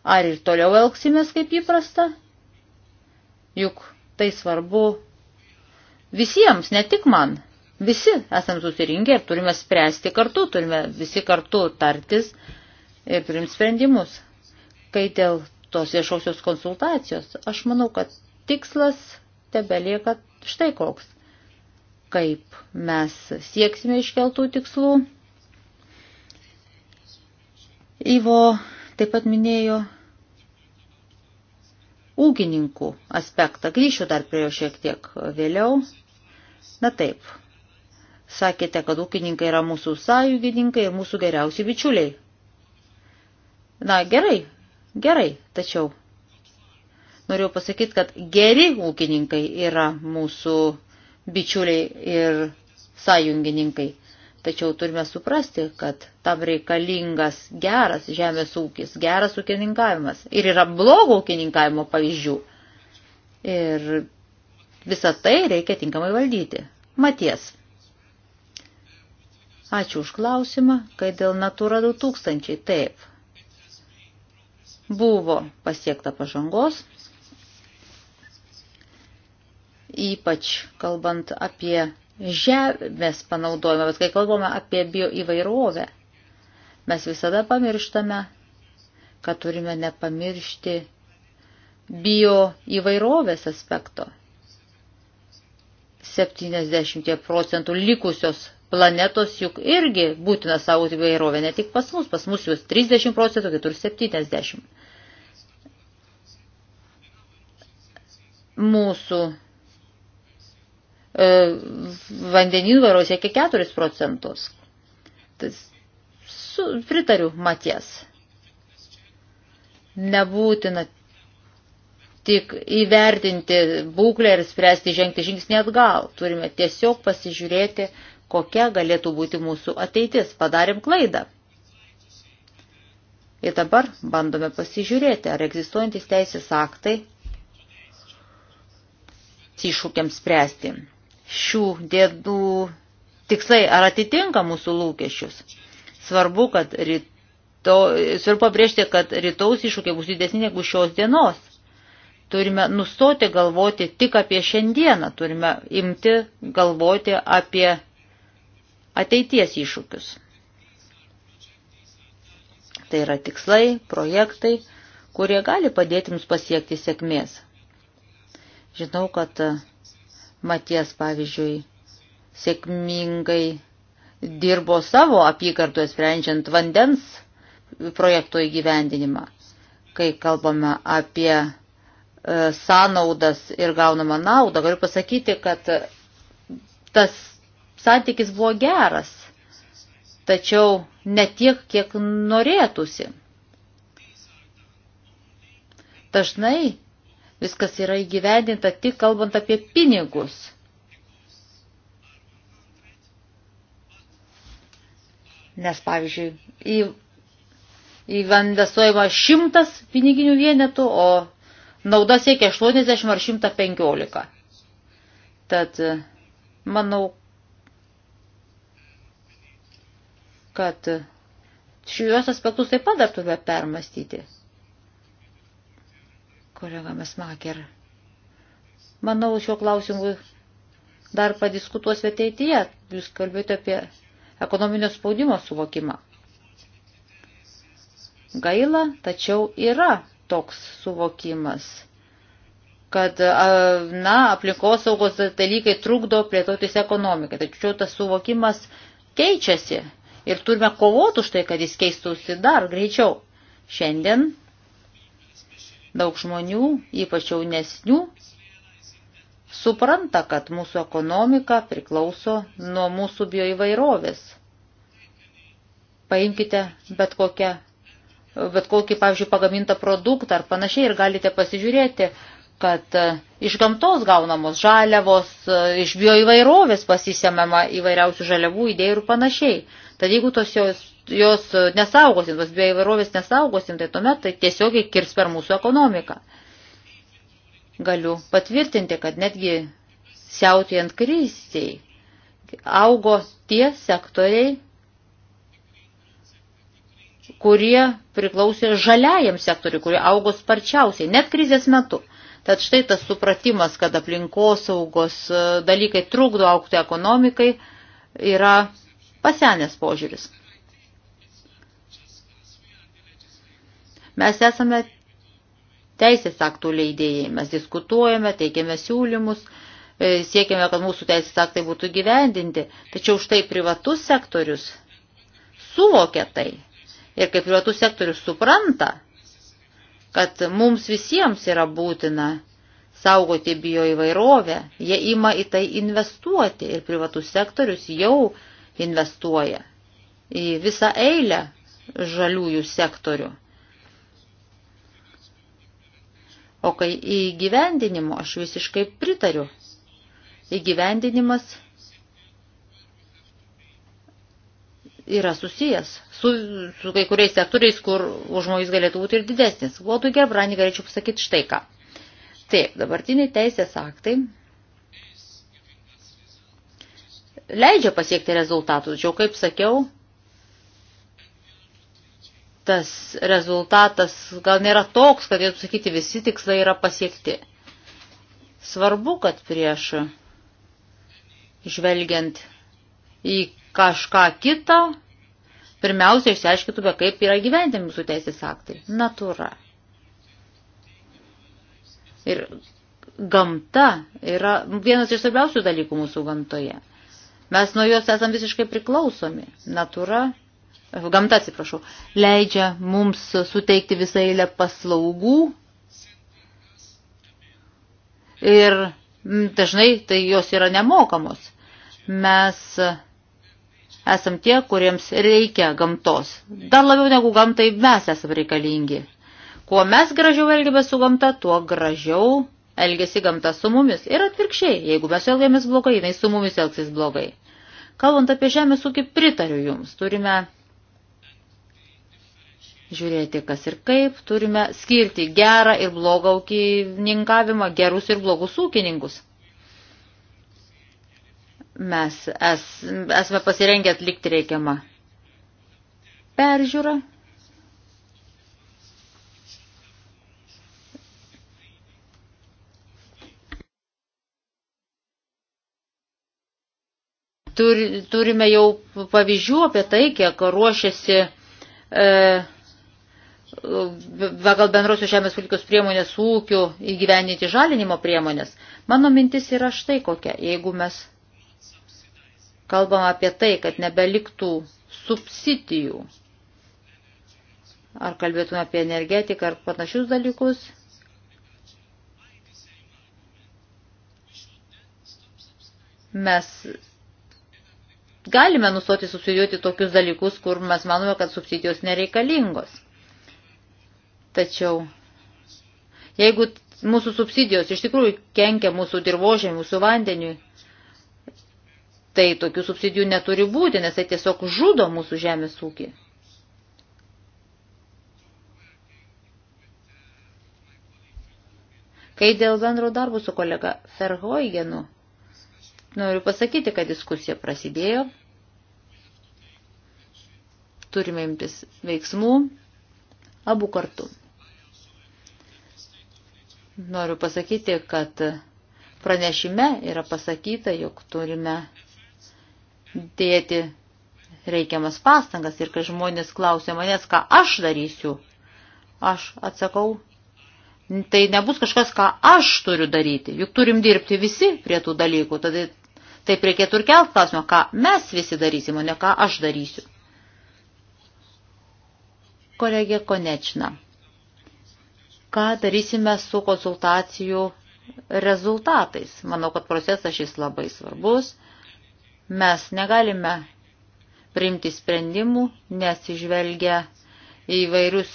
ar ir toliau elgsimės kaip įprasta? Juk tai svarbu visiems, ne tik man. Visi esam susirinkę ir turime spręsti kartu, turime visi kartu tartis ir turim sprendimus. Kai dėl tos viešosios konsultacijos, aš manau, kad tikslas tebelieka štai koks. Kaip mes sieksime iškeltų tikslų. Ivo taip pat minėjo ūkininkų aspektą. Grįšiu dar prie jo šiek tiek vėliau. Na taip, sakėte, kad ūkininkai yra mūsų sąjungininkai ir mūsų geriausi bičiuliai. Na gerai, gerai, tačiau noriu pasakyti, kad geri ūkininkai yra mūsų bičiuliai ir sąjungininkai. Tačiau turime suprasti, kad tam reikalingas geras žemės ūkis, geras ūkininkavimas. Ir yra blogo ūkininkavimo pavyzdžių. Ir visą tai reikia tinkamai valdyti. Maties. Ačiū už klausimą, kai dėl Natura 2000 taip. Buvo pasiekta pažangos, ypač kalbant apie žemės panaudojimą, bet kai kalbame apie bioįvairovę, mes visada pamirštame, kad turime nepamiršti bioįvairovės aspekto. 70 procentų likusios planetos juk irgi būtina saugoti įvairovę, ne tik pas mus, pas mus jūs 30 procentų, kitur 70. Mūsų E, vandeninvaros siekia 4 procentus. Tas su, pritariu Maties. Nebūtina tik įvertinti būklę ir spręsti žengti žingsnį atgal. Turime tiesiog pasižiūrėti, kokia galėtų būti mūsų ateitis. Padarėm klaidą. Ir dabar bandome pasižiūrėti, ar egzistuojantis teisės aktai iššūkiams spręsti šių dienų tikslai ar atitinka mūsų lūkesčius. Svarbu, kad ryto, svarbu pabrėžti, kad rytaus iššūkiai bus didesni negu šios dienos. Turime nustoti galvoti tik apie šiandieną, turime imti galvoti apie ateities iššūkius. Tai yra tikslai, projektai, kurie gali padėti mums pasiekti sėkmės. Žinau, kad Maties, pavyzdžiui, sėkmingai dirbo savo apygardoje sprendžiant vandens projekto įgyvendinimą. Kai kalbame apie e, sąnaudas ir gaunamą naudą, galiu pasakyti, kad tas santykis buvo geras, tačiau ne tiek, kiek norėtųsi. Dažnai Viskas yra įgyvendinta tik kalbant apie pinigus. Nes, pavyzdžiui, į, įvendesuojama 100 piniginių vienetų, o nauda siekia 80 ar 115. Tad manau, kad šiuos aspektus taip pat dar turime permastyti kolega Mesmaker. Manau, šiuo klausimu dar padiskutuosime ateityje. Jūs kalbėjote apie ekonominio spaudimo suvokimą. Gaila, tačiau yra toks suvokimas, kad, na, aplinkosaugos dalykai trukdo plėtotis ekonomikai. Tačiau tas suvokimas keičiasi ir turime kovoti už tai, kad jis keistųsi dar greičiau. Šiandien Daug žmonių, ypač jaunesnių, supranta, kad mūsų ekonomika priklauso nuo mūsų bioįvairovės. Paimkite bet kokią bet kokį, pavyzdžiui, pagamintą produktą ar panašiai ir galite pasižiūrėti, kad e, iš gamtos gaunamos žaliavos, e, iš bioįvairovės pasisemiama įvairiausių žaliavų idėjų ir panašiai. Tad jeigu tos jos jos e, nesaugosim, tos bioįvairovės nesaugosim, tai tuomet tai tiesiogiai kirs per mūsų ekonomiką. Galiu patvirtinti, kad netgi siautėjant kriziai augo tie sektoriai, kurie priklausė žaliajam sektoriui, kurie augo sparčiausiai, net krizės metu. Tad štai tas supratimas, kad aplinkosaugos e, dalykai trukdo aukti ekonomikai, yra pasenęs požiūris. Mes esame teisės aktų leidėjai, mes diskutuojame, teikiame siūlymus, e, siekiame, kad mūsų teisės aktai būtų gyvendinti, tačiau štai privatus sektorius suvokia tai. Ir kaip privatus sektorius supranta, kad mums visiems yra būtina saugoti bioįvairovę, jie ima į tai investuoti ir privatus sektorius jau investuoja į visą eilę žaliųjų sektorių. O kai įgyvendinimo, aš visiškai pritariu. Įgyvendinimas yra susijęs su, su kai kuriais sektoriais, kur užmojus galėtų būti ir didesnis. Godų Gerbrani galėčiau pasakyti štai ką. Taip, dabartiniai teisės aktai leidžia pasiekti rezultatų, tačiau, kaip sakiau, tas rezultatas gal nėra toks, kad jau sakyti visi tikslai yra pasiekti. Svarbu, kad prieš žvelgiant į kažką kitą, pirmiausia išsiaiškitume, kaip yra gyventi mūsų teisės aktai. Natūra. Ir gamta yra vienas iš svarbiausių dalykų mūsų gamtoje. Mes nuo jos esam visiškai priklausomi. Natūra gamta atsiprašau, leidžia mums suteikti visą eilę paslaugų ir mm, dažnai tai jos yra nemokamos. Mes esam tie, kuriems reikia gamtos. Dar labiau negu gamtai mes esam reikalingi. Kuo mes gražiau elgiamės su gamta, tuo gražiau elgesi gamta su mumis. Ir atvirkščiai, jeigu mes elgiamės blogai, jinai su mumis elgsis blogai. Kalbant apie žemės ūkį, pritariu jums. Turime žiūrėti, kas ir kaip. Turime skirti gerą ir blogą ūkininkavimą, gerus ir blogus ūkininkus. Mes es, esame pasirengę atlikti reikiamą peržiūrą. Tur, turime jau pavyzdžių apie tai, kiek ruošiasi e, E, pagal bendrosios žemės politikos priemonės ūkių įgyveninti žalinimo priemonės. Mano mintis yra štai kokia. Jeigu mes kalbam apie tai, kad nebeliktų subsidijų, ar kalbėtume apie energetiką ar panašius dalykus, mes galime nustoti subsidijuoti tokius dalykus, kur mes manome, kad subsidijos nereikalingos. Tačiau jeigu mūsų subsidijos iš tikrųjų kenkia mūsų dirbožėmiui, mūsų vandeniui, tai tokių subsidijų neturi būti, nes tai tiesiog žudo mūsų žemės ūkį. Kai dėl bendro darbų su kolega Ferhoigenu, noriu pasakyti, kad diskusija prasidėjo, turime imtis veiksmų abu kartu. Noriu pasakyti, kad pranešime yra pasakyta, jog turime dėti reikiamas pastangas ir kai žmonės klausia manęs, ką aš darysiu, aš atsakau, tai nebus kažkas, ką aš turiu daryti, juk turim dirbti visi prie tų dalykų, tada taip reikėtų ir kelt klausimą, ką mes visi darysim, o ne ką aš darysiu. Kolegė Konečna ką darysime su konsultacijų rezultatais. Manau, kad procesas šis labai svarbus. Mes negalime priimti sprendimų, nesižvelgia įvairius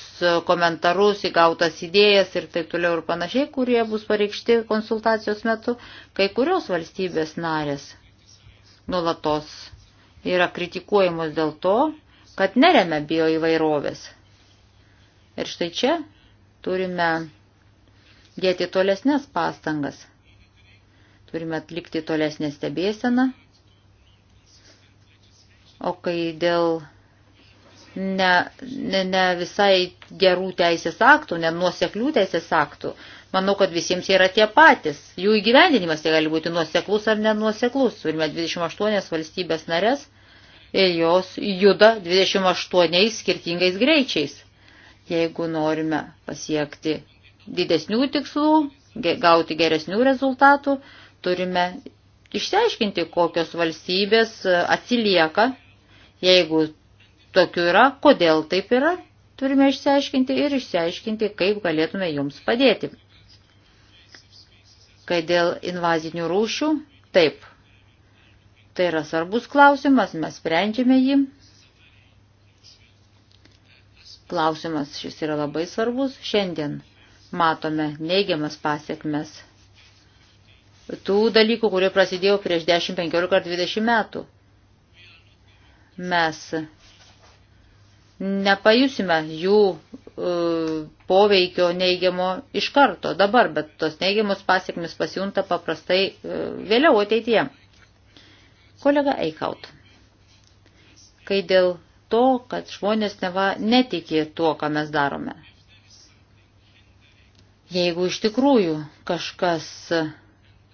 komentarus, įgautas idėjas ir taip toliau ir panašiai, kurie bus pareikšti konsultacijos metu, kai kurios valstybės narės nulatos yra kritikuojamos dėl to, kad neremia bio įvairovės. Ir štai čia Turime dėti tolesnės pastangas. Turime atlikti tolesnę stebėseną. O kai dėl ne, ne, ne visai gerų teisės aktų, ne nuoseklių teisės aktų, manau, kad visiems yra tie patys. Jų įgyvendinimas tai gali būti nuoseklus ar nenuoseklus. Turime 28 valstybės narės ir jos juda 28 skirtingais greičiais jeigu norime pasiekti didesnių tikslų, gauti geresnių rezultatų, turime išsiaiškinti, kokios valstybės atsilieka, jeigu tokių yra, kodėl taip yra, turime išsiaiškinti ir išsiaiškinti, kaip galėtume jums padėti. Kai dėl invazinių rūšių, taip, tai yra svarbus klausimas, mes sprendžiame jį. Klausimas šis yra labai svarbus. Šiandien matome neigiamas pasiekmes tų dalykų, kurie prasidėjo prieš 10, 15 ar 20 metų. Mes nepajusime jų e, poveikio neigiamo iš karto dabar, bet tos neigiamos pasiekmes pasiunta paprastai e, vėliau ateityje. Kolega Eikaut, kai dėl to, kad žmonės neva netiki tuo, ką mes darome. Jeigu iš tikrųjų kažkas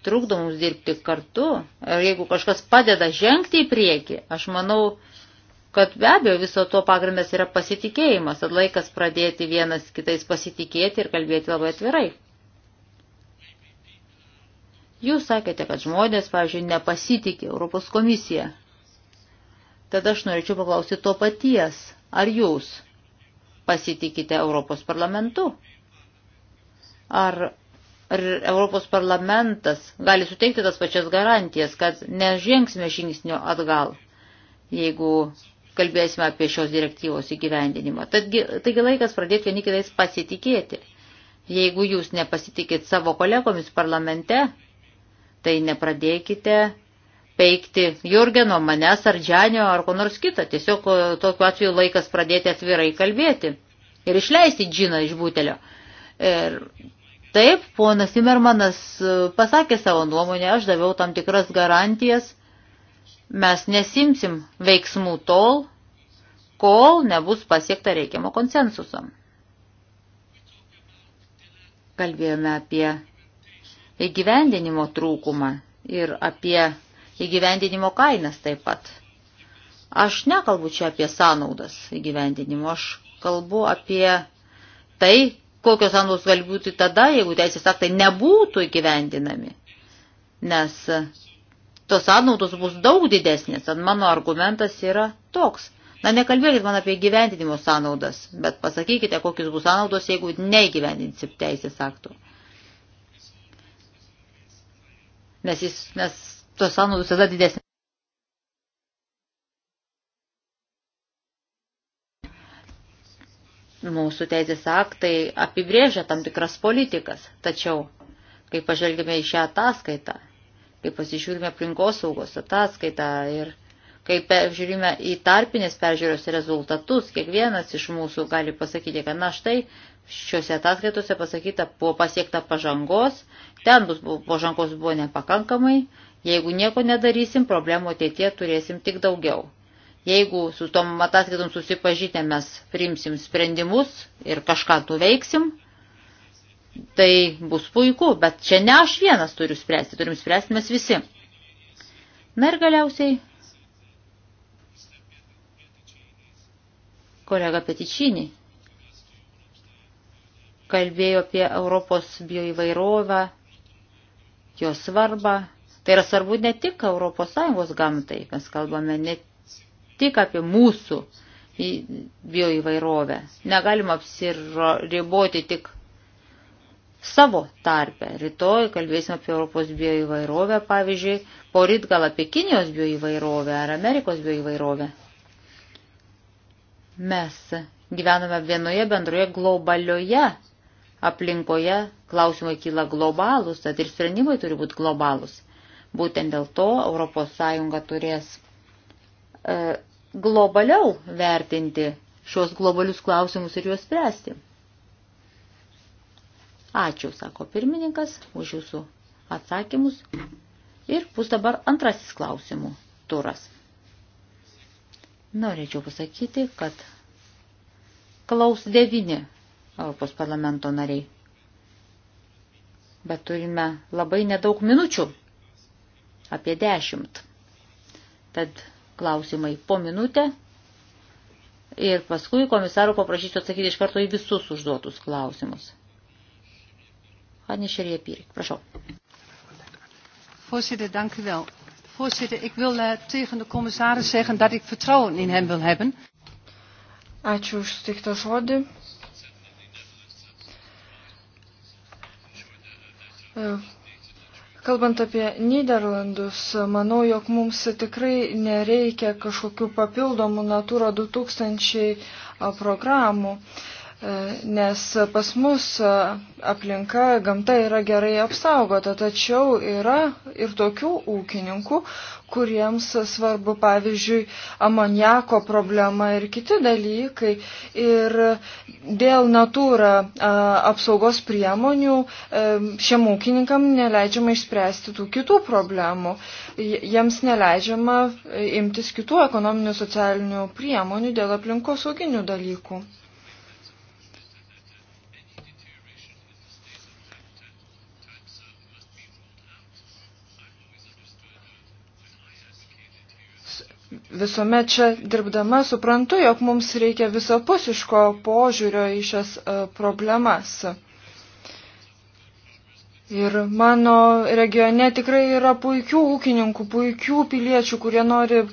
trukdo mums dirbti kartu, ir jeigu kažkas padeda žengti į priekį, aš manau, kad be abejo viso to pagrindas yra pasitikėjimas, tad laikas pradėti vienas kitais pasitikėti ir kalbėti labai atvirai. Jūs sakėte, kad žmonės, pavyzdžiui, nepasitikė Europos komisiją. Tada aš norėčiau paklausti to paties. Ar jūs pasitikite Europos parlamentu? Ar, ar Europos parlamentas gali suteikti tas pačias garantijas, kad nežengsime žingsnio atgal, jeigu kalbėsime apie šios direktyvos įgyvendinimą. Tadgi, taigi laikas pradėti vieni kitais pasitikėti. Jeigu jūs nepasitikit savo kolegomis parlamente, tai nepradėkite peikti Jurgeno, manęs ar Džanio ar ko nors kito. Tiesiog e, tokiu atveju laikas pradėti atvirai kalbėti ir išleisti džiną iš butelio. Ir taip, ponas Timermanas e, pasakė savo nuomonę, aš daviau tam tikras garantijas, mes nesimsim veiksmų tol, kol nebus pasiekta reikiamo konsensuso. Kalbėjome apie įgyvendinimo trūkumą ir apie įgyvendinimo kainas taip pat. Aš nekalbu čia apie sąnaudas įgyvendinimo, aš kalbu apie tai, kokios sąnaudos gali būti tada, jeigu teisės aktai nebūtų įgyvendinami. Nes tos sąnaudos bus daug didesnės, tad mano argumentas yra toks. Na, nekalbėkit man apie gyvendinimo sąnaudas, bet pasakykite, kokius bus sąnaudos, jeigu neįgyvendinsit teisės aktų. Nes, jis, nes tos sąnaudos visada didesnės. Mūsų teisės aktai apibrėžia tam tikras politikas, tačiau, kai pažvelgime į šią ataskaitą, kai pasižiūrime aplinkosaugos ataskaitą ir kai žiūrime į tarpinės peržiūros rezultatus, kiekvienas iš mūsų gali pasakyti, kad na štai šiuose ataskaitose pasakyta, buvo pasiekta pažangos, ten bus, pažangos buvo nepakankamai Jeigu nieko nedarysim, problemų ateitie turėsim tik daugiau. Jeigu su tom ataskaitom susipažinę mes priimsim sprendimus ir kažką nuveiksim, tai bus puiku, bet čia ne aš vienas turiu spręsti, turim spręsti mes visi. Na ir galiausiai kolega Petičinį kalbėjo apie Europos bioįvairovę, jos svarbą Tai yra svarbu ne tik ES gamtai, mes kalbame ne tik apie mūsų bioįvairovę. Negalima apsiriboti tik savo tarpę. Rytoj kalbėsime apie Europos bioįvairovę, pavyzdžiui, poryt gal apie Kinijos bioįvairovę ar Amerikos bioįvairovę. Mes gyvename vienoje bendroje globalioje aplinkoje, klausimai kyla globalūs, tad ir sprendimai turi būti globalūs. Būtent dėl to ES turės e, globaliau vertinti šios globalius klausimus ir juos spręsti. Ačiū, sako pirmininkas, už jūsų atsakymus. Ir bus dabar antrasis klausimų turas. Norėčiau pasakyti, kad klaus devini Europos parlamento nariai. Bet turime labai nedaug minučių apie 10. Tad klausimai po minutę ir paskui komisaro paprašysiu atsakyti iš karto į visus užduotus klausimus. Hannes Šerija Pyrik, prašau.
Voorzitter, dank u wel. Voorzitter, ik wil uh, tegen de commissaris zeggen
dat ik vertrouwen in hem wil hebben.
Ačiū už sutiktą žodį. Eh, Kalbant apie Niderlandus, manau, jog mums tikrai nereikia kažkokių papildomų Natūro 2000 programų nes pas mus aplinka, gamta yra gerai apsaugota, tačiau yra ir tokių ūkininkų, kuriems svarbu, pavyzdžiui, amoniako problema ir kiti dalykai. Ir dėl natūra apsaugos priemonių šiem ūkininkam neleidžiama išspręsti tų kitų problemų. Jiems neleidžiama imtis kitų ekonominių socialinių priemonių dėl aplinkos auginių dalykų. visuomet čia dirbdama suprantu, jog mums reikia visapusiško požiūrio į šias e, problemas. Ir mano regione tikrai yra puikių ūkininkų, puikių piliečių, kurie nori e,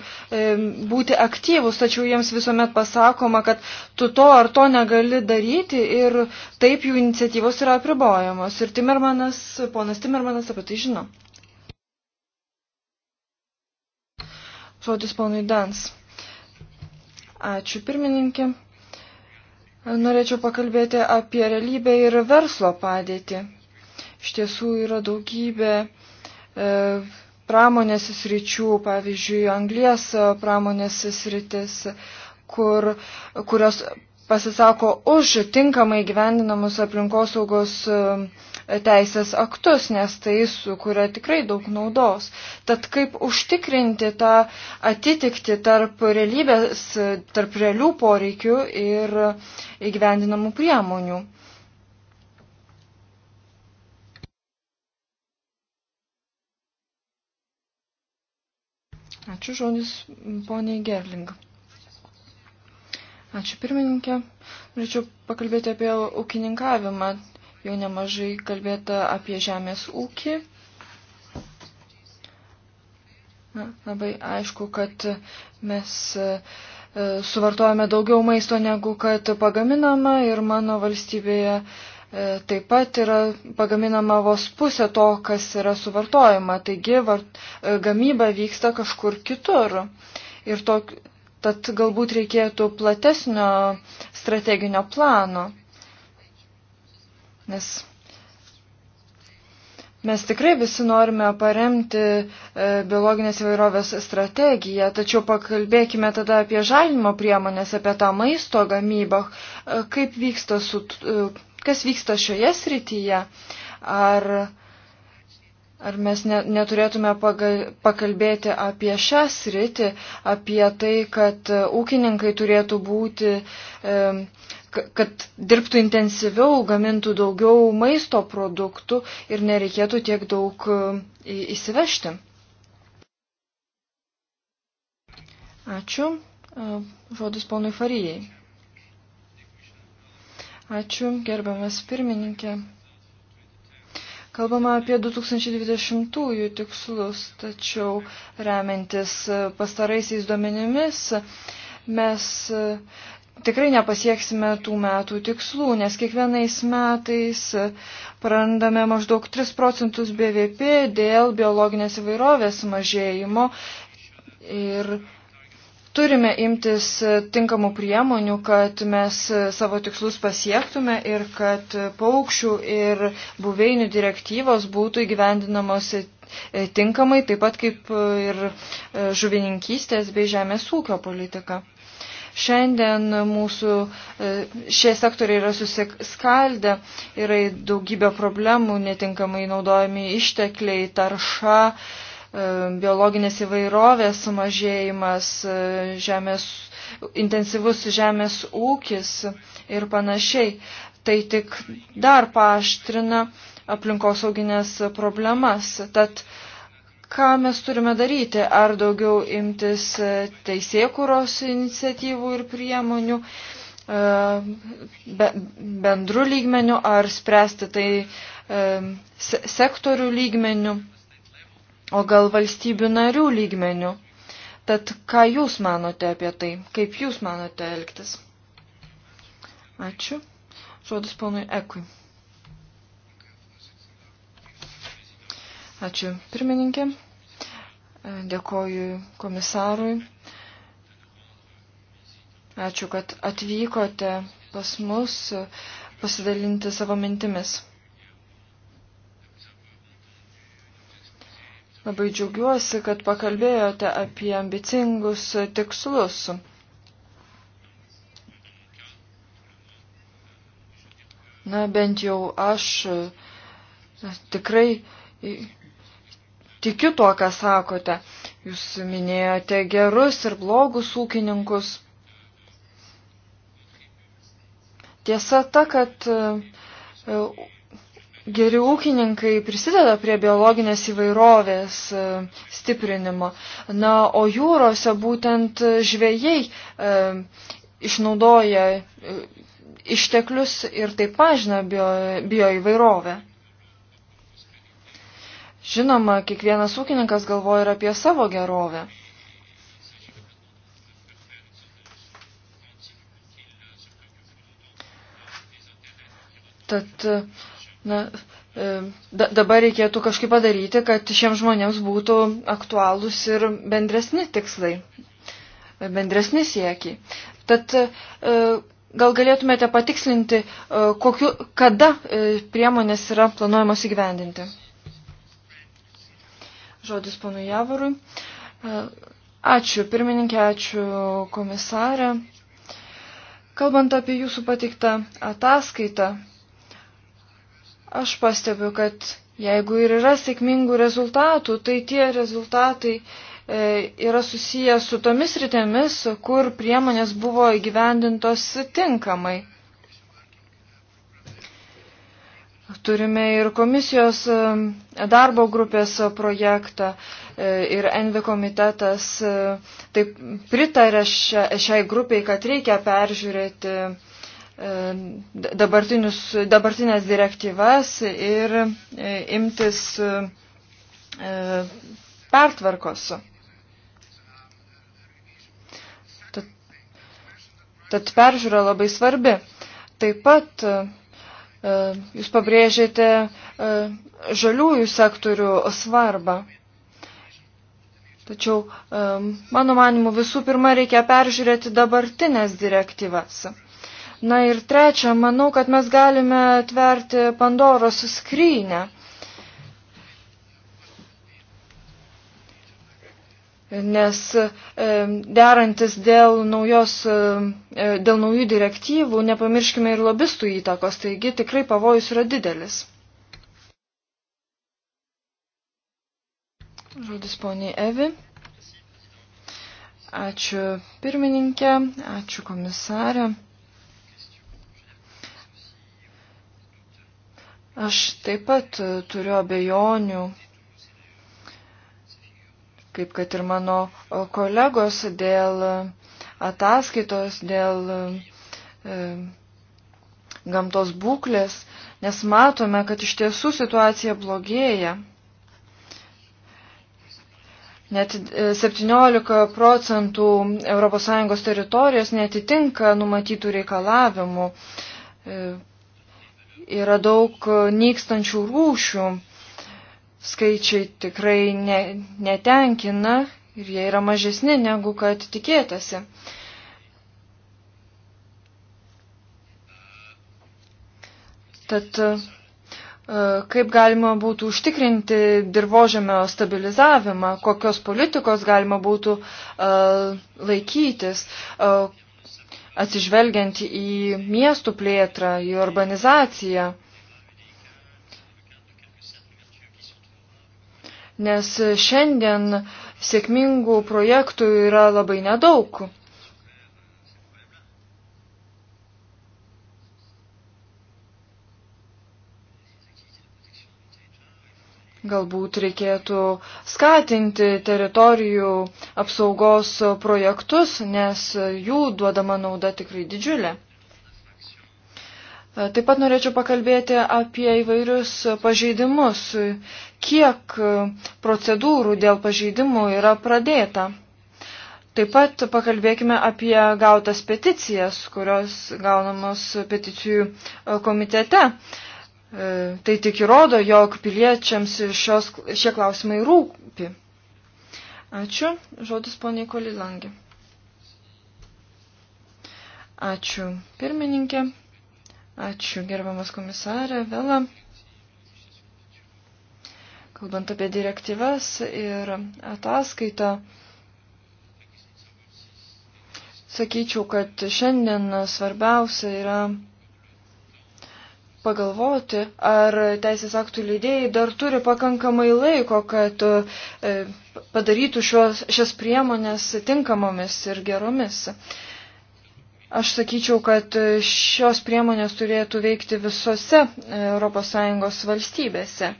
būti aktyvus, tačiau jiems visuomet pasakoma, kad tu to ar to negali daryti ir taip jų iniciatyvos yra apribojamos. Ir Timermanas, ponas Timermanas apie tai žino. Žodis ponui Dans. Ačiū pirmininkė. Norėčiau pakalbėti apie realybę ir verslo padėtį. Iš tiesų yra daugybė e, pramonės sričių, pavyzdžiui, anglies pramonės sritis, kur, kurios pasisako už tinkamai gyvendinamus aplinkosaugos e, teisės aktus, nes tai sukuria tikrai daug naudos. Tad kaip užtikrinti tą atitikti tarp realybės, tarp realių poreikių ir įgyvendinamų priemonių. Ačiū žodis poniai Gerling. Ačiū pirmininkė. Norėčiau pakalbėti apie ūkininkavimą jau nemažai kalbėta apie žemės ūkį. Na, labai aišku, kad mes e, suvartojame daugiau maisto negu kad pagaminama ir mano valstybėje e, taip pat yra pagaminama vos pusė to, kas yra suvartojama. Taigi vart, e, gamyba vyksta kažkur kitur. Ir tok, tad galbūt reikėtų platesnio strateginio plano. Nes mes tikrai visi norime paremti e, biologinės įvairovės strategiją, tačiau pakalbėkime tada apie žalinimo priemonės, apie tą maisto gamybą, e, kaip vyksta su, e, kas vyksta šioje srityje. Ar Ar mes ne, neturėtume pagal, pakalbėti apie šią sritį, apie tai, kad ūkininkai turėtų būti e, kad dirbtų intensyviau, gamintų daugiau maisto produktų ir nereikėtų tiek daug e, įsivežti. Ačiū. E, žodis ponui Farijai. Ačiū, gerbiamas pirmininkė. Kalbama apie 2020-ųjų tikslus, tačiau remiantis pastaraisiais duomenimis mes tikrai nepasieksime tų metų tikslų, nes kiekvienais metais prarandame maždaug 3 procentus BVP dėl biologinės įvairovės mažėjimo ir turime imtis tinkamų priemonių, kad mes savo tikslus pasiektume ir kad paukščių ir buveinių direktyvos būtų įgyvendinamos tinkamai, taip pat kaip ir žuvininkystės bei žemės ūkio politika. Šiandien mūsų e, šie sektoriai yra susiskaldę, yra daugybė problemų, netinkamai naudojami ištekliai, tarša, e, biologinės įvairovės sumažėjimas, e, žemės, intensyvus žemės ūkis ir panašiai. Tai tik dar paaštrina aplinkosauginės problemas. Tad ką mes turime daryti, ar daugiau imtis e, teisėkuros iniciatyvų ir priemonių e, be, bendrų lygmenių, ar spręsti tai e, se, sektorių lygmenių, o gal valstybių narių lygmenių. Tad ką Jūs manote apie tai, kaip Jūs manote elgtis? Ačiū. Žodis ponui Ekui. Ačiū pirmininkė. Dėkoju komisarui. Ačiū, kad atvykote pas mus pasidalinti savo mintimis. Labai džiaugiuosi, kad pakalbėjote apie ambicingus tikslus. Na, bent jau aš tikrai tikiu tuo, ką sakote. Jūs minėjote gerus ir blogus ūkininkus. Tiesa ta, kad e, geri ūkininkai prisideda prie biologinės įvairovės e, stiprinimo. Na, o jūrose būtent žvėjai e, išnaudoja e, išteklius ir taip mažina bio, bio įvairovę. Žinoma, kiekvienas ūkininkas galvoja ir apie savo gerovę. Tad, na, e, dabar reikėtų kažkaip padaryti, kad šiems žmonėms būtų aktualūs ir bendresni tikslai, bendresni siekiai. Tad e, gal galėtumėte patikslinti, e, kokiu, kada priemonės yra planuojamos įgyvendinti. Žodis ponui Javorui. E, ačiū pirmininkė, ačiū komisarė. Kalbant apie jūsų patiktą ataskaitą, aš pastebiu, kad jeigu ir yra sėkmingų rezultatų, tai tie rezultatai e, yra susiję su tomis rytėmis, kur priemonės buvo įgyvendintos tinkamai. Turime ir komisijos e, darbo grupės projektą e, ir Envi komitetas e, taip pritarė šia, šiai grupiai, kad reikia peržiūrėti dabartinės direktyvas ir imtis pertvarkos. Tad, tad peržiūra labai svarbi. Taip pat E, jūs pabrėžėte e, žaliųjų sektorių svarbą. Tačiau, e, mano manimu, visų pirma reikia peržiūrėti dabartinės direktyvas. Na ir trečia, manau, kad mes galime atverti Pandoros skrynę. nes e, derantis dėl, naujos, e, e, dėl naujų direktyvų nepamirškime ir lobistų įtakos, taigi tikrai pavojus yra didelis. Žodis poniai Evi. Ačiū pirmininkė, ačiū komisarė. Aš taip pat turiu abejonių kaip kad ir mano kolegos, dėl ataskaitos, dėl e, gamtos būklės, nes matome, kad iš tiesų situacija blogėja. Net 17 e, procentų ES teritorijos netitinka numatytų reikalavimų. E, yra daug nykstančių rūšių skaičiai tikrai ne, netenkina ir jie yra mažesni negu kad tikėtasi. Tad e, kaip galima būtų užtikrinti dirbožėmio stabilizavimą, kokios politikos galima būtų e, laikytis, e, atsižvelgiant į miestų plėtrą, į urbanizaciją. nes šiandien sėkmingų projektų yra labai nedaug. Galbūt reikėtų skatinti teritorijų apsaugos projektus, nes jų duodama nauda tikrai didžiulė. Taip pat norėčiau pakalbėti apie įvairius pažeidimus. Kiek procedūrų dėl pažeidimų yra pradėta? Taip pat pakalbėkime apie gautas peticijas, kurios gaunamos peticijų e, komitete. E, tai tik įrodo, jog piliečiams šios, šie klausimai rūpi. Ačiū. Žodis poniai Kolilangi. Ačiū, pirmininkė. Ačiū gerbiamas komisarė Vela. Kalbant apie direktyvas ir ataskaitą, sakyčiau, kad šiandien svarbiausia yra pagalvoti, ar teisės aktų leidėjai dar turi pakankamai laiko, kad e, padarytų šios, šias priemonės tinkamomis ir geromis. Aš sakyčiau, kad šios priemonės turėtų veikti visose ES valstybėse.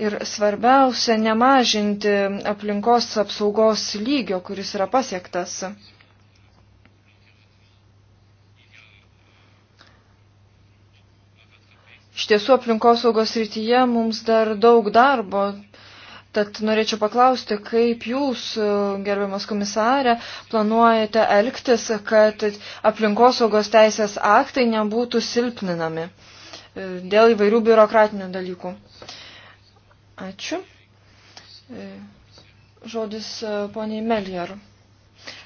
Ir svarbiausia, nemažinti aplinkos apsaugos lygio, kuris yra pasiektas. Iš tiesų, aplinkosaugos rytyje mums dar daug darbo, Tad norėčiau paklausti, kaip jūs, e, gerbiamas komisarė, planuojate elgtis, kad aplinkosaugos teisės aktai nebūtų silpninami e, dėl įvairių biurokratinių dalykų. Ačiū. E, žodis poniai Melijar.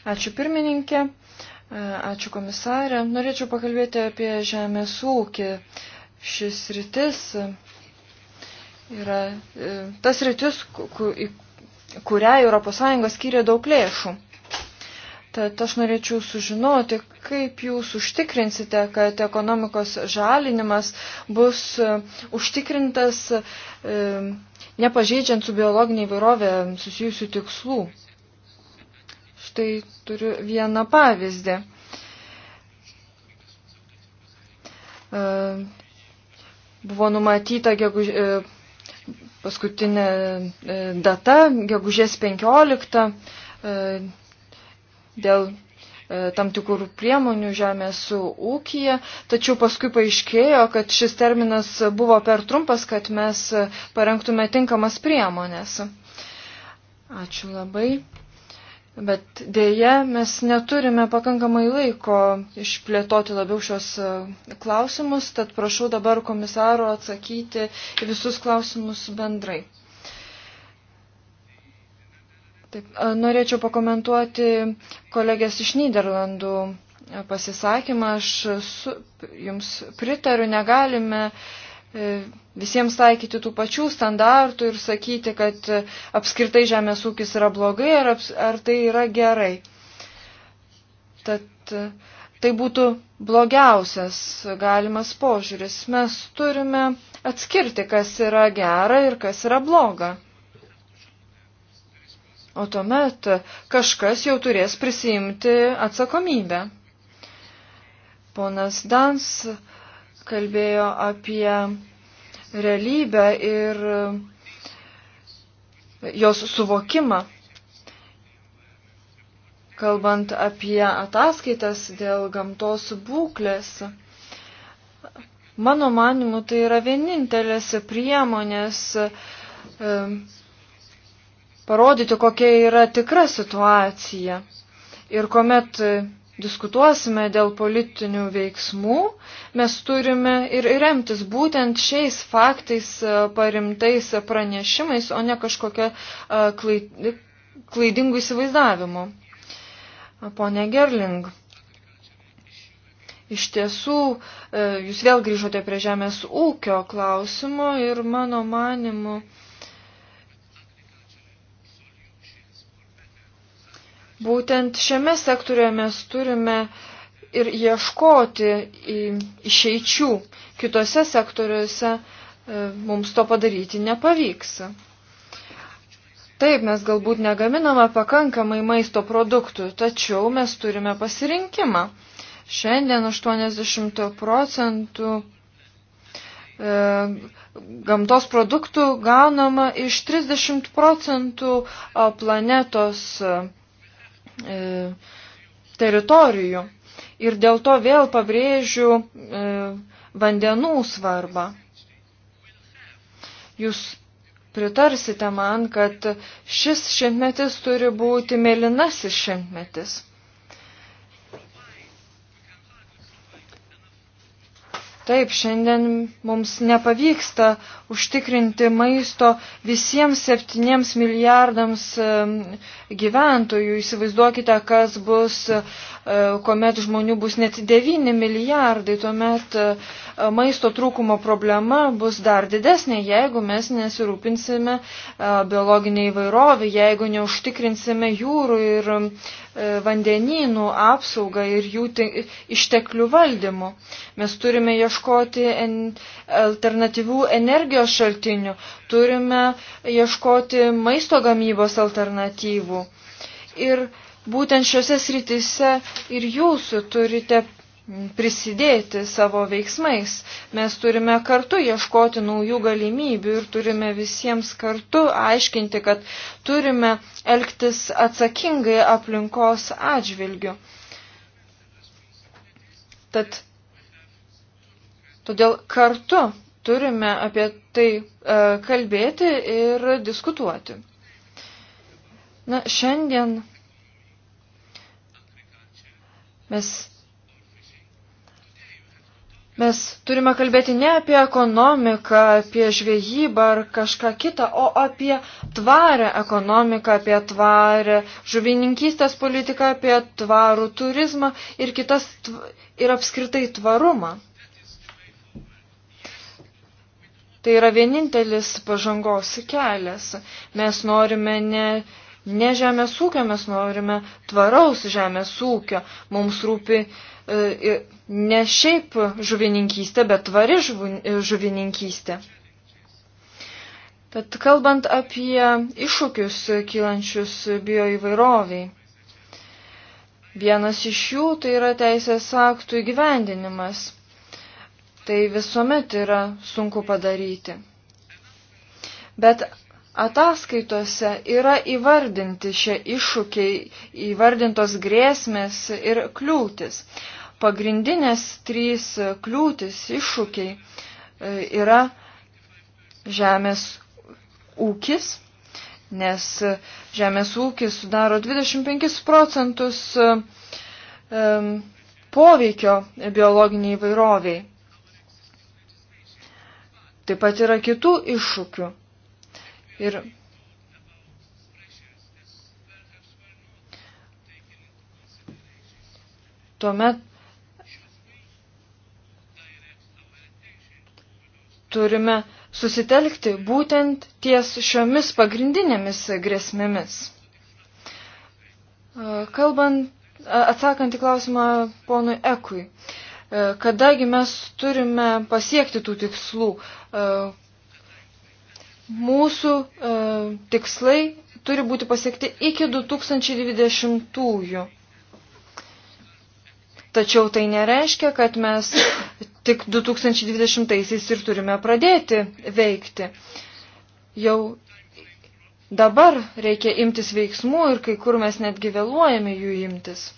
Ačiū pirmininkė, ačiū komisarė. Norėčiau pakalbėti apie žemės ūkį. Šis rytis yra e, tas rytis, kurią ES skiria daug lėšų. Tad aš norėčiau sužinoti, kaip jūs užtikrinsite, kad ekonomikos žalinimas bus e, užtikrintas e, nepažeidžiant su biologinė įvairovė susijusių tikslų. Štai turiu vieną pavyzdį. E, buvo numatyta gegužė. E, paskutinė e, data, gegužės 15, e, dėl e, tam tikrų priemonių žemės ūkija, tačiau paskui paaiškėjo, kad šis terminas buvo per trumpas, kad mes parengtume tinkamas priemonės. Ačiū labai. Bet dėje mes neturime pakankamai laiko išplėtoti labiau šios e, klausimus, tad prašau dabar komisaro atsakyti į visus klausimus bendrai. Taip, e, norėčiau pakomentuoti kolegės iš Niderlandų e, pasisakymą. Aš su, jums pritariu, negalime uh, E, visiems taikyti tų pačių standartų ir sakyti, kad apskritai žemės ūkis yra blogai ar, aps, ar tai yra gerai. Tad e, tai būtų blogiausias galimas požiūris. Mes turime atskirti, kas yra gera ir kas yra bloga. O tuomet kažkas jau turės prisimti atsakomybę. Ponas Dans kalbėjo apie realybę ir jos suvokimą. Kalbant apie ataskaitas dėl gamtos būklės, mano manimu, tai yra vienintelės priemonės e, parodyti, kokia yra tikra situacija. Ir kuomet diskutuosime dėl politinių veiksmų, mes turime ir remtis būtent šiais faktais e, parimtais pranešimais, o ne kažkokia e, klaidingų įsivaizdavimu. Pone Gerling, iš tiesų, e, jūs vėl grįžote prie žemės ūkio klausimo ir mano manimu, Būtent šiame sektoriuje mes turime ir ieškoti išeičių. Kitose sektoriuose e, mums to padaryti nepavyks. Taip, mes galbūt negaminame pakankamai maisto produktų, tačiau mes turime pasirinkimą. Šiandien 80 procentų e, gamtos produktų gaunama iš 30 procentų planetos e, E, teritorijų. Ir dėl to vėl pabrėžiu e, vandenų svarbą. Jūs pritarsite man, kad šis šimtmetis turi būti mėlynasis šimtmetis. Taip, šiandien mums nepavyksta užtikrinti maisto visiems septyniems milijardams gyventojų. Įsivaizduokite, kas bus E, kuomet žmonių bus net 9 milijardai, tuomet e, maisto trūkumo problema bus dar didesnė, jeigu mes nesirūpinsime e, biologinė įvairovė, jeigu neužtikrinsime jūrų ir vandenynų apsaugą ir jų išteklių valdymu. Mes turime ieškoti alternatyvių energijos šaltinių, turime ieškoti maisto gamybos alternatyvų. Ir būtent šiuose srityse ir jūs turite prisidėti savo veiksmais. Mes turime kartu ieškoti naujų galimybių ir turime visiems kartu aiškinti, kad turime elgtis atsakingai aplinkos atžvilgiu. Tad todėl kartu turime apie tai e, kalbėti ir diskutuoti. Na, šiandien Mes, mes turime kalbėti ne apie ekonomiką, apie žvejybą ar kažką kitą, o apie tvarę ekonomiką, apie tvarę žuvininkystės politiką, apie tvarų turizmą ir, kitas, ir apskritai tvarumą. Tai yra vienintelis pažangos kelias. Mes norime ne ne žemės ūkio, mes norime tvaraus žemės ūkio. Mums rūpi e, ne šiaip žuvininkystė, bet tvari e, žuvininkystė. Bet kalbant apie iššūkius kylančius bioįvairoviai. Vienas iš jų tai yra teisės aktų įgyvendinimas. Tai visuomet yra sunku padaryti. Bet Ataskaitose yra įvardinti šie iššūkiai, įvardintos grėsmės ir kliūtis. Pagrindinės trys kliūtis, iššūkiai e, yra žemės ūkis, nes žemės ūkis sudaro 25 procentus e, poveikio biologiniai įvairoviai. Taip pat yra kitų iššūkių Ir tuomet turime susitelkti būtent ties šiomis pagrindinėmis grėsmėmis. Kalbant, atsakant į klausimą ponui Ekui, e, kadagi mes turime pasiekti tų tikslų, e, mūsų e, tikslai turi būti pasiekti iki 2020-ųjų. Tačiau tai nereiškia, kad mes tik 2020-aisiais ir turime pradėti veikti. Jau dabar reikia imtis veiksmų ir kai kur mes netgi vėluojame jų imtis.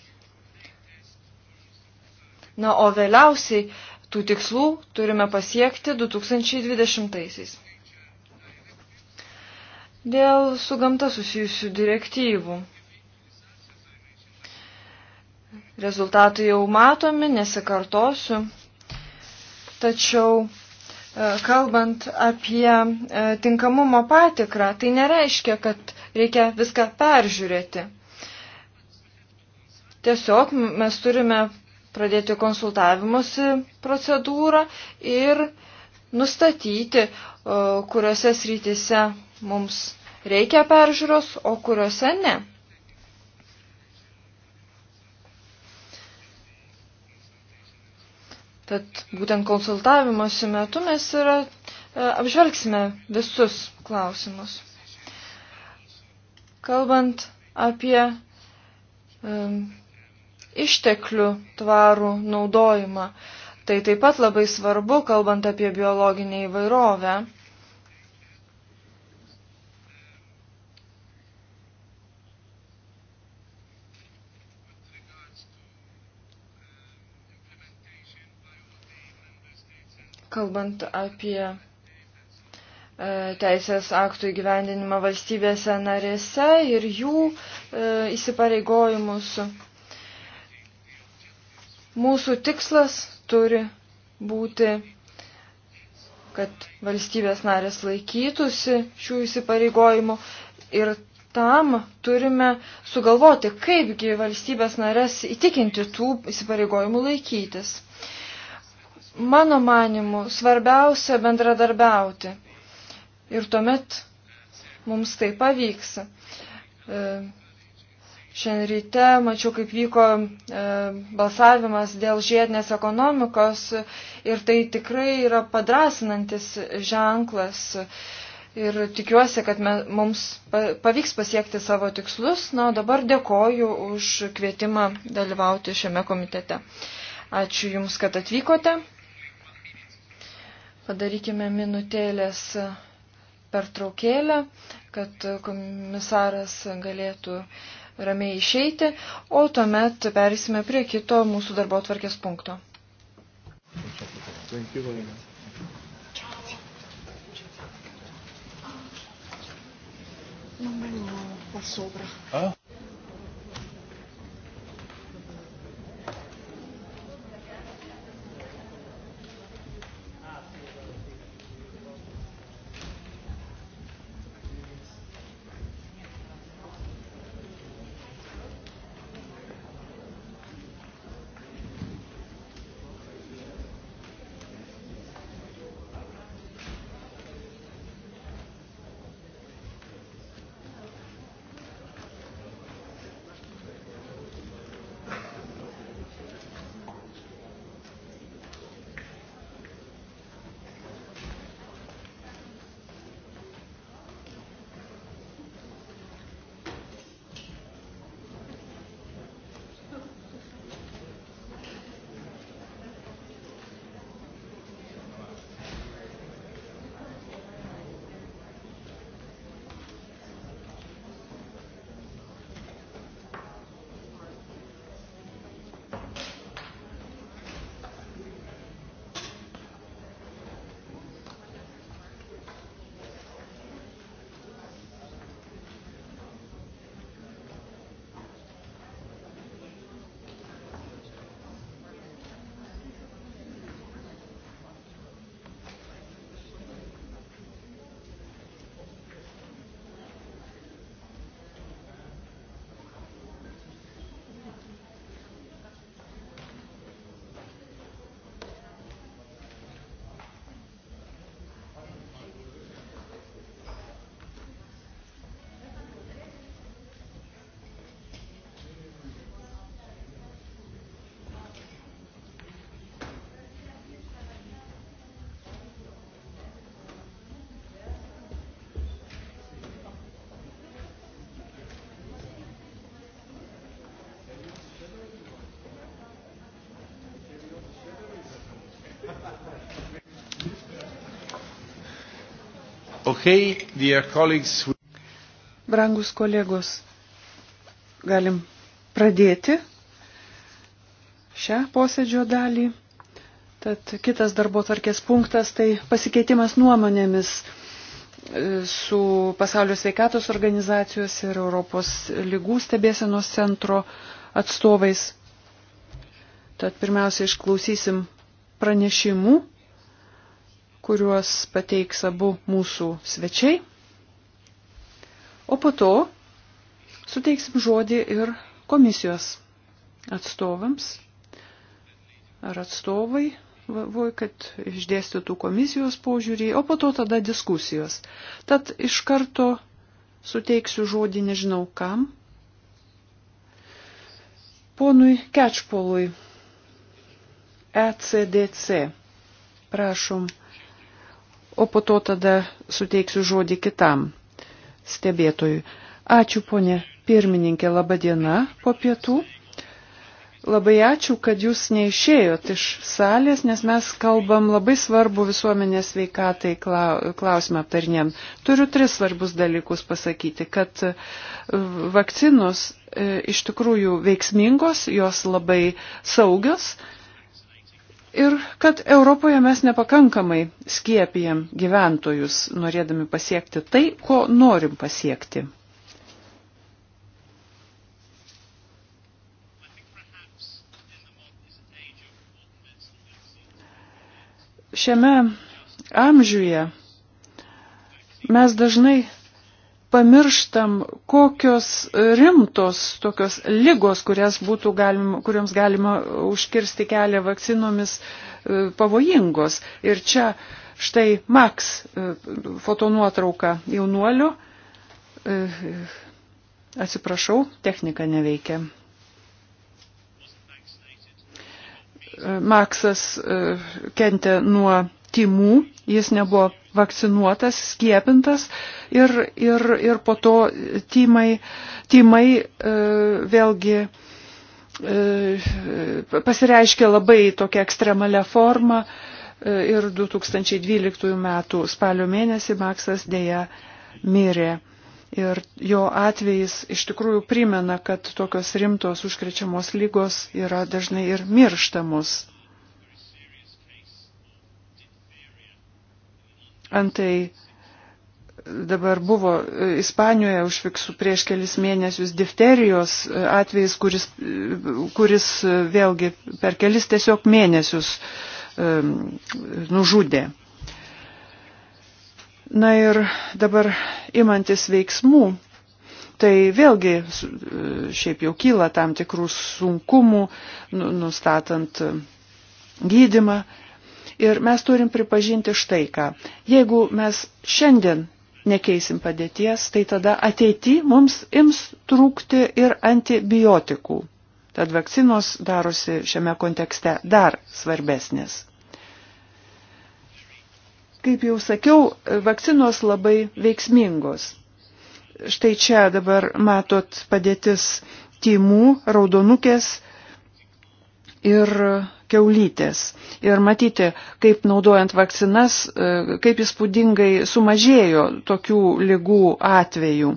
Na, o vėliausiai tų tikslų turime pasiekti 2020-aisiais. Dėl su gamta susijusių direktyvų. Rezultatai jau matomi, nesikartosiu. Tačiau e, kalbant apie e, tinkamumo patikrą, tai nereiškia, kad reikia viską peržiūrėti. Tiesiog mes turime pradėti konsultavimuose procedūrą ir nustatyti, e, kuriuose srityse mums reikia peržiūros, o kuriuose ne. Tad būtent konsultavimosi metu mes ir e, apžvelgsime visus klausimus. Kalbant apie um, išteklių tvarų naudojimą, tai taip pat labai svarbu, kalbant apie biologinę įvairovę. kalbant apie e, teisės aktų įgyvendinimą valstybėse narėse ir jų e, įsipareigojimus. Mūsų tikslas turi būti, kad valstybės narės laikytųsi šių įsipareigojimų ir tam turime sugalvoti, kaipgi valstybės narės įtikinti tų įsipareigojimų laikytis. Mano manimu, svarbiausia bendradarbiauti. Ir tuomet mums tai pavyks. E, Šiandien ryte mačiau, kaip vyko e, balsavimas dėl žiedinės ekonomikos ir tai tikrai yra padrasinantis ženklas. Ir tikiuosi, kad me, mums pavyks pasiekti savo tikslus. Na, o dabar dėkoju už kvietimą dalyvauti šiame komitete. Ačiū Jums, kad atvykote. Padarykime minutėlės pertraukėlę, kad komisaras galėtų ramiai išeiti, o tuomet perėsime prie kito mūsų darbo tvarkės punkto.
Thank you very much.
Non me lo da sopra. Ah. Okay, dear colleagues.
Brangus kolegos, galim pradėti šią posėdžio dalį. Tad kitas darbo tvarkės punktas tai pasikeitimas nuomonėmis e, su pasaulio sveikatos organizacijos ir Europos lygų stebėsenos centro atstovais. Tad pirmiausia išklausysim pranešimų kuriuos pateiks abu mūsų svečiai. O po to suteiksim žodį ir komisijos atstovams ar atstovai, kad išdėstytų komisijos požiūrį, o po to tada diskusijos. Tad iš karto suteiksiu žodį nežinau kam. Ponui Kečpolui, ECDC, prašom o po to tada suteiksiu žodį kitam stebėtojui. Ačiū, ponė pirmininkė, laba diena po pietų. Labai ačiū, kad jūs neišėjot iš salės, nes mes kalbam labai svarbu visuomenės veikatai klausimą aptarnėm. Turiu tris svarbus dalykus pasakyti, kad e, vakcinos e, iš tikrųjų veiksmingos, jos labai saugios, ir kad Europoje mes nepakankamai skiepijam gyventojus, norėdami pasiekti tai, ko norim pasiekti. Šiame amžiuje mes dažnai pamirštam, kokios rimtos tokios lygos, būtų galima, kuriams galima užkirsti kelią vakcinomis e, pavojingos. Ir čia štai Max e, fotonuotrauka jaunuoliu. E, atsiprašau, technika neveikia. Maksas kentė nuo tymų, jis nebuvo vakcinuotas, skiepintas ir, ir, ir po to tymai, tymai e, vėlgi e, pasireiškė labai tokia ekstremalia forma e, ir 2012 m. spalio mėnesį Maksas dėja mirė. Ir jo atvejis iš tikrųjų primena, kad tokios rimtos užkrečiamos lygos yra dažnai ir mirštamos Antai dabar buvo e, Ispanijoje užfiksu prieš kelis mėnesius difterijos e, atvejis, kuris, e, kuris vėlgi per kelis tiesiog mėnesius nužudė. Na ir dabar imantis veiksmų, tai vėlgi šiaip jau kyla tam tikrų sunkumų, nu, nustatant gydimą Ir mes turim pripažinti štai ką. Jeigu mes šiandien nekeisim padėties, tai tada ateity mums ims trūkti ir antibiotikų. Tad vakcinos darosi šiame kontekste dar svarbesnės. Kaip jau sakiau, vakcinos labai veiksmingos. Štai čia dabar matot padėtis tymų, raudonukės ir keulytės. Ir matyti, kaip naudojant vakcinas, e, kaip įspūdingai sumažėjo tokių lygų atvejų.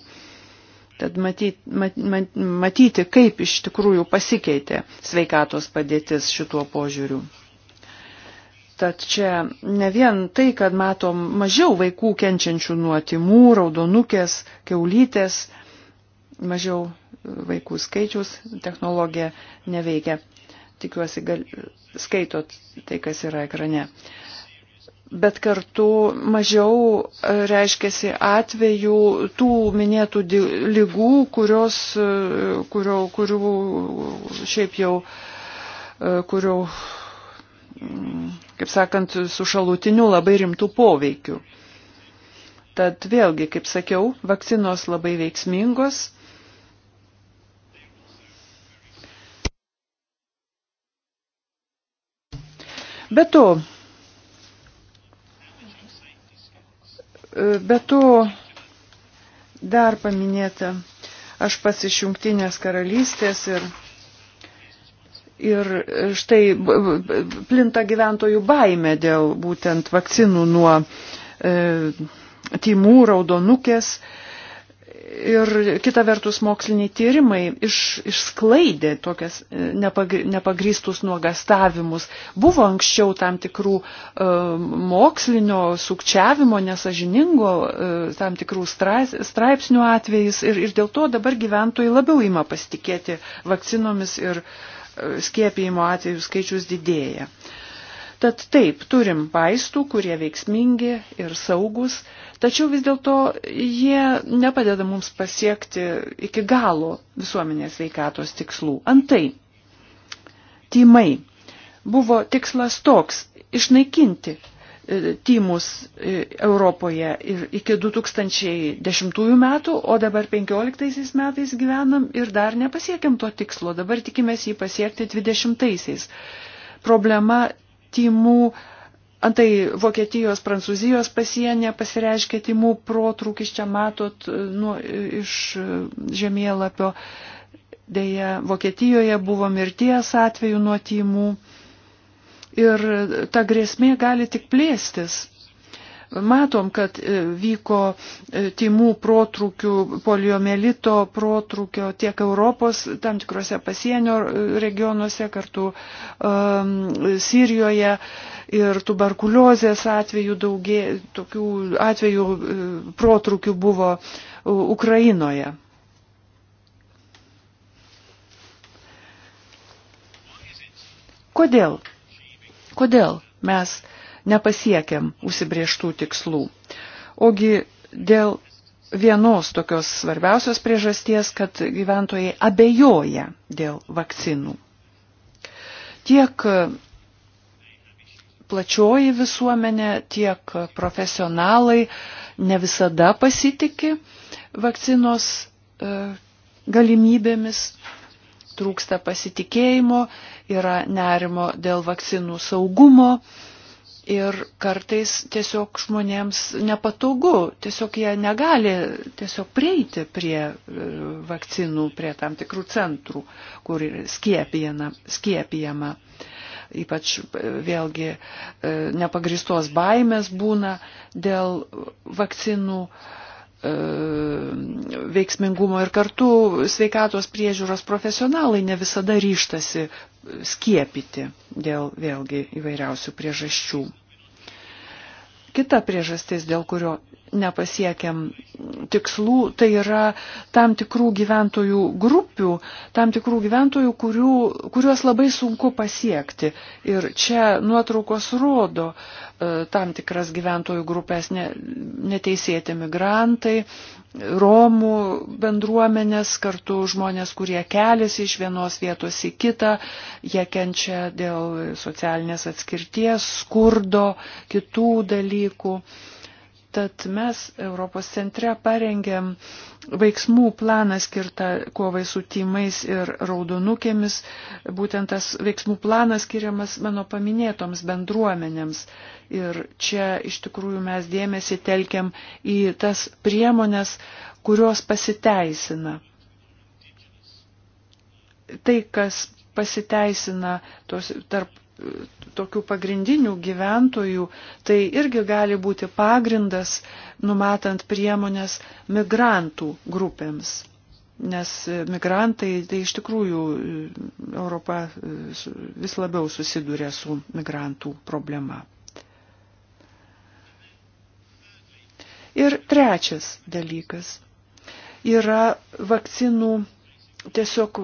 Tad matyti, mat, mat, matyti, kaip iš tikrųjų pasikeitė sveikatos padėtis šituo požiūriu. Tad čia ne vien tai, kad matom mažiau vaikų kenčiančių nuo timų, raudonukės, keulytės, mažiau vaikų skaičius, technologija neveikia. Tikiuosi, gal, skaitot tai, kas yra ekrane. Bet kartu mažiau e, reiškiasi atvejų tų minėtų lygų, kurios, e, kurio, kurių šiaip jau, e, kurių, mm, kaip sakant, su šalutiniu labai rimtų poveikiu. Tad vėlgi, kaip sakiau, vakcinos labai veiksmingos Be to, be to dar paminėta, aš pats iš jungtinės karalystės ir, ir štai plinta gyventojų baime dėl būtent vakcinų nuo e, timų raudonukės. E, Ir kita vertus moksliniai tyrimai iš, išsklaidė tokias e, nepagrystus nuogastavimus. Buvo anksčiau tam tikrų e, mokslinio sukčiavimo, nesažiningo e, tam tikrų straipsnių atvejais ir, ir dėl to dabar gyventojai labiau ima pasitikėti vakcinomis ir e, skiepijimo atvejų skaičius didėja. E, Tad taip, turim vaistų, kurie veiksmingi ir saugus, tačiau vis dėlto jie nepadeda mums pasiekti iki galo visuomenės veikatos tikslų. Antai, tymai. Buvo tikslas toks - išnaikinti e, tymus e, Europoje ir iki 2010 metų, o dabar 15 metais gyvenam ir dar nepasiekėm to tikslo, dabar tikimės jį pasiekti 20. -aisiais. Problema tymų. Antai Vokietijos, Prancūzijos pasienė pasireiškia timų protrūkis, čia matot nu, iš e, žemėlapio, dėja Vokietijoje buvo mirties atveju nuo timų ir ta grėsmė gali tik plėstis. Matom, kad e, vyko e, timų protrukių, poliomelito protrukio tiek Europos tam tikrose pasienio e, regionuose, kartu um, Sirijoje ir tuberkuliozės atvejų daugė, tokių atvejų protrukių buvo Ukrainoje. Kodėl? Kodėl mes nepasiekėm užsibrieštų tikslų. Ogi dėl vienos tokios svarbiausios priežasties, kad gyventojai abejoja dėl vakcinų. Tiek plačioji visuomenė, tiek profesionalai ne visada pasitiki vakcinos e, galimybėmis, trūksta pasitikėjimo, yra nerimo dėl vakcinų saugumo, Ir kartais tiesiog žmonėms nepatogu, tiesiog jie negali tiesiog prieiti prie e, vakcinų, prie tam tikrų centrų, kur skiepijama. skiepijama. Ypač e, vėlgi e, nepagristos baimės būna dėl vakcinų E, veiksmingumo ir kartu sveikatos priežiūros profesionalai ne visada ryštasi skiepyti dėl vėlgi įvairiausių priežasčių. Kita priežastis, dėl kurio nepasiekiam tikslų, tai yra tam tikrų gyventojų grupių, tam tikrų gyventojų, kurių, kuriuos labai sunku pasiekti. Ir čia nuotraukos rodo e, tam tikras gyventojų grupės ne, neteisėti migrantai, Romų bendruomenės, kartu žmonės, kurie keliasi iš vienos vietos į kitą, jie kenčia dėl socialinės atskirties, skurdo, kitų dalykų. Uh, Tad mes Europos centre parengėm veiksmų planą skirtą kovai su tymais ir raudonukėmis. Būtent tas veiksmų planas skiriamas mano paminėtoms bendruomenėms. Ir čia iš tikrųjų mes dėmesį telkiam į tas priemonės, kurios pasiteisina. Tai, kas pasiteisina tos tarp tokių pagrindinių gyventojų, tai irgi gali būti pagrindas numatant priemonės migrantų grupėms. Nes migrantai, tai iš tikrųjų e, Europa e, vis labiau susiduria su migrantų problema. Ir trečias dalykas yra vakcinų tiesiog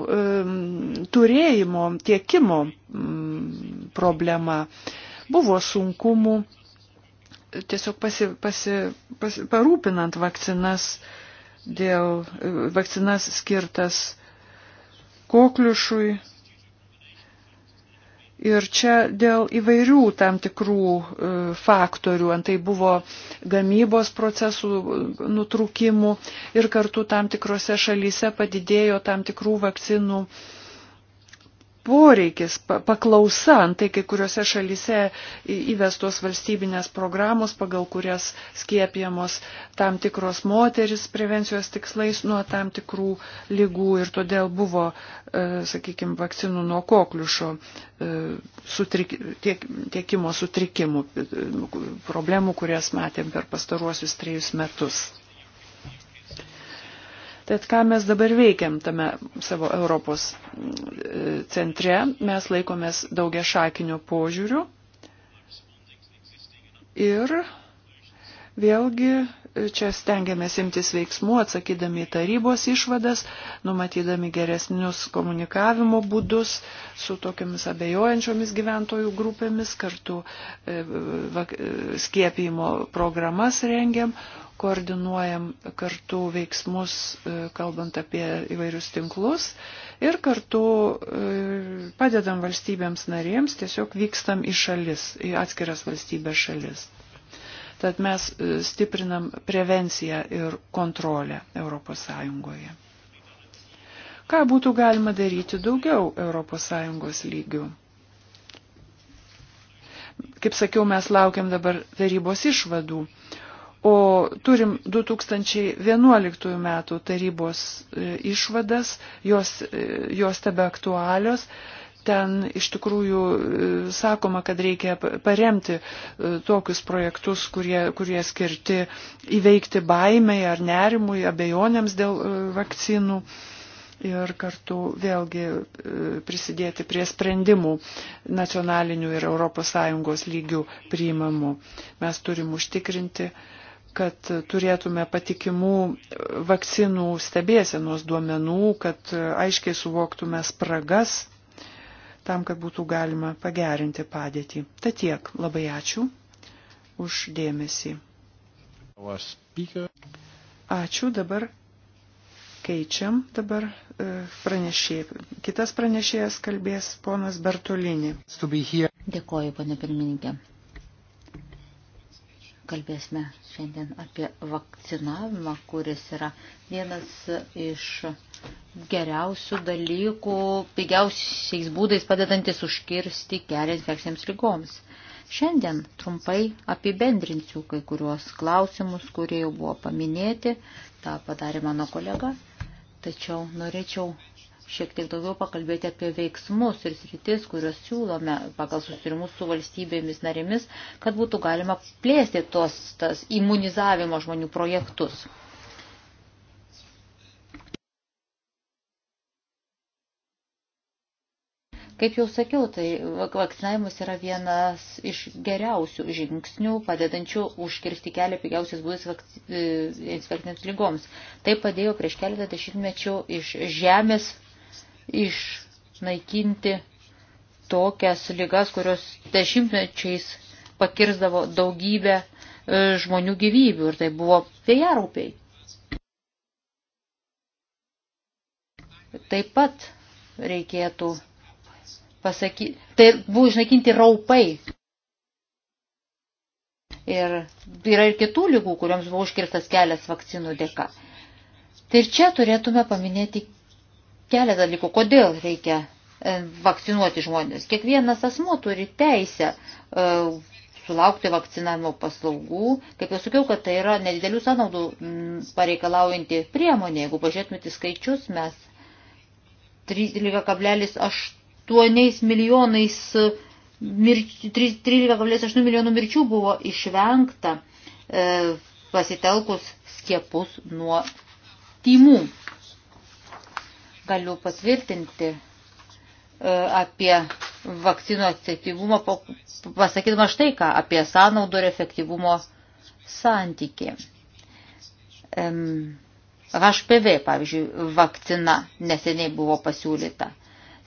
turėjimo, tiekimo problema. Buvo sunkumų tiesiog pasi, pasi, pasi, parūpinant vakcinas dėl vakcinas skirtas
kokliušui,
Ir čia dėl įvairių tam tikrų e, faktorių, antai buvo gamybos procesų e, nutrūkimų ir kartu tam tikrose šalyse padidėjo tam tikrų vakcinų uh, poreikis, paklausa, antai kai kuriuose šalyse įvestos valstybinės programos, pagal kurias skiepiamos tam tikros moteris prevencijos tikslais nuo tam tikrų lygų ir todėl buvo, e, sakykime, vakcinų nuo kokliušo e, sutrik, tiek, tiekimo sutrikimų, e, problemų, kurias matėm per pastaruosius trejus metus. Tad ką mes dabar veikiam tame savo Europos e, centre, mes laikomės daugia šakinio požiūrių ir vėlgi e, čia stengiamės imtis veiksmų, atsakydami į tarybos išvadas, numatydami geresnius komunikavimo būdus su tokiamis abejojančiomis gyventojų grupėmis, kartu e, va, e, skiepimo programas rengiam, koordinuojam kartu veiksmus, e, kalbant apie įvairius tinklus ir kartu e, padedam valstybėms narėms, tiesiog vykstam į šalis, į atskiras valstybės šalis. Tad mes e, stiprinam prevenciją ir kontrolę ES. Ką būtų galima daryti daugiau ES lygių? Kaip sakiau, mes laukiam dabar tarybos išvadų O turim 2011 metų tarybos e, išvadas, jos, e, jos tebe aktualios. Ten iš tikrųjų e, sakoma, kad reikia paremti tokius projektus, kurie, kurie skirti įveikti baimiai ar nerimui, abejonėms dėl vakcinų ir kartu vėlgi prisidėti prie sprendimų nacionalinių ir ES lygių priimamų. Mes turim užtikrinti, kad turėtume patikimų vakcinų stebėsenos duomenų, kad aiškiai suvoktume spragas tam, kad būtų galima pagerinti padėtį. Ta tiek. Labai ačiū už dėmesį. Ačiū dabar. Keičiam dabar e, pranešėjai. Kitas pranešėjas kalbės ponas Bertolini. Dėkoju, pane
pirmininkė. Kalbėsime šiandien apie vakcinavimą, kuris yra vienas iš geriausių dalykų, pigiausiais būdais padedantis užkirsti kelią infekcijams lygoms. Šiandien trumpai apibendrinsiu kai kuriuos klausimus, kurie jau buvo paminėti, tą padarė mano kolega, tačiau norėčiau šiek tiek daugiau pakalbėti apie veiksmus ir sritis, kuriuos siūlome pagal susirimus su valstybėmis narėmis, kad būtų galima plėsti tos tas imunizavimo žmonių projektus. Kaip jau sakiau, tai vakcinavimas yra vienas iš geriausių žingsnių, padedančių užkirsti kelią pigiausiais būdais e, infekcinėms lygoms. Tai padėjo prieš keletą dešimtmečių iš žemės išnaikinti tokias lygas, kurios dešimtmečiais pakirzdavo daugybę e, žmonių gyvybių ir tai buvo vėjaraupiai. Taip pat reikėtų pasakyti, tai buvo išnaikinti raupai. Ir yra ir kitų lygų, kuriams buvo užkirtas kelias vakcinų dėka. Tai ir čia turėtume paminėti Keletą dalykų, kodėl reikia e, vakcinuoti žmonės. Kiekvienas asmo turi teisę e, sulaukti vakcinavimo paslaugų. Kaip jau sakiau, kad tai yra nedidelių sąnaudų mm, pareikalaujanti priemonė. Jeigu pažiūrėtumėte skaičius, mes 13,8 milijonais 13,8 e, milijonų mirčių buvo išvengta e, pasitelkus skiepus nuo tymų galiu patvirtinti e, apie vakcinų efektyvumą, pasakydama štai ką, apie sąnaudų ir efektyvumo santykį. HPV, pavyzdžiui, vakcina neseniai buvo pasiūlyta.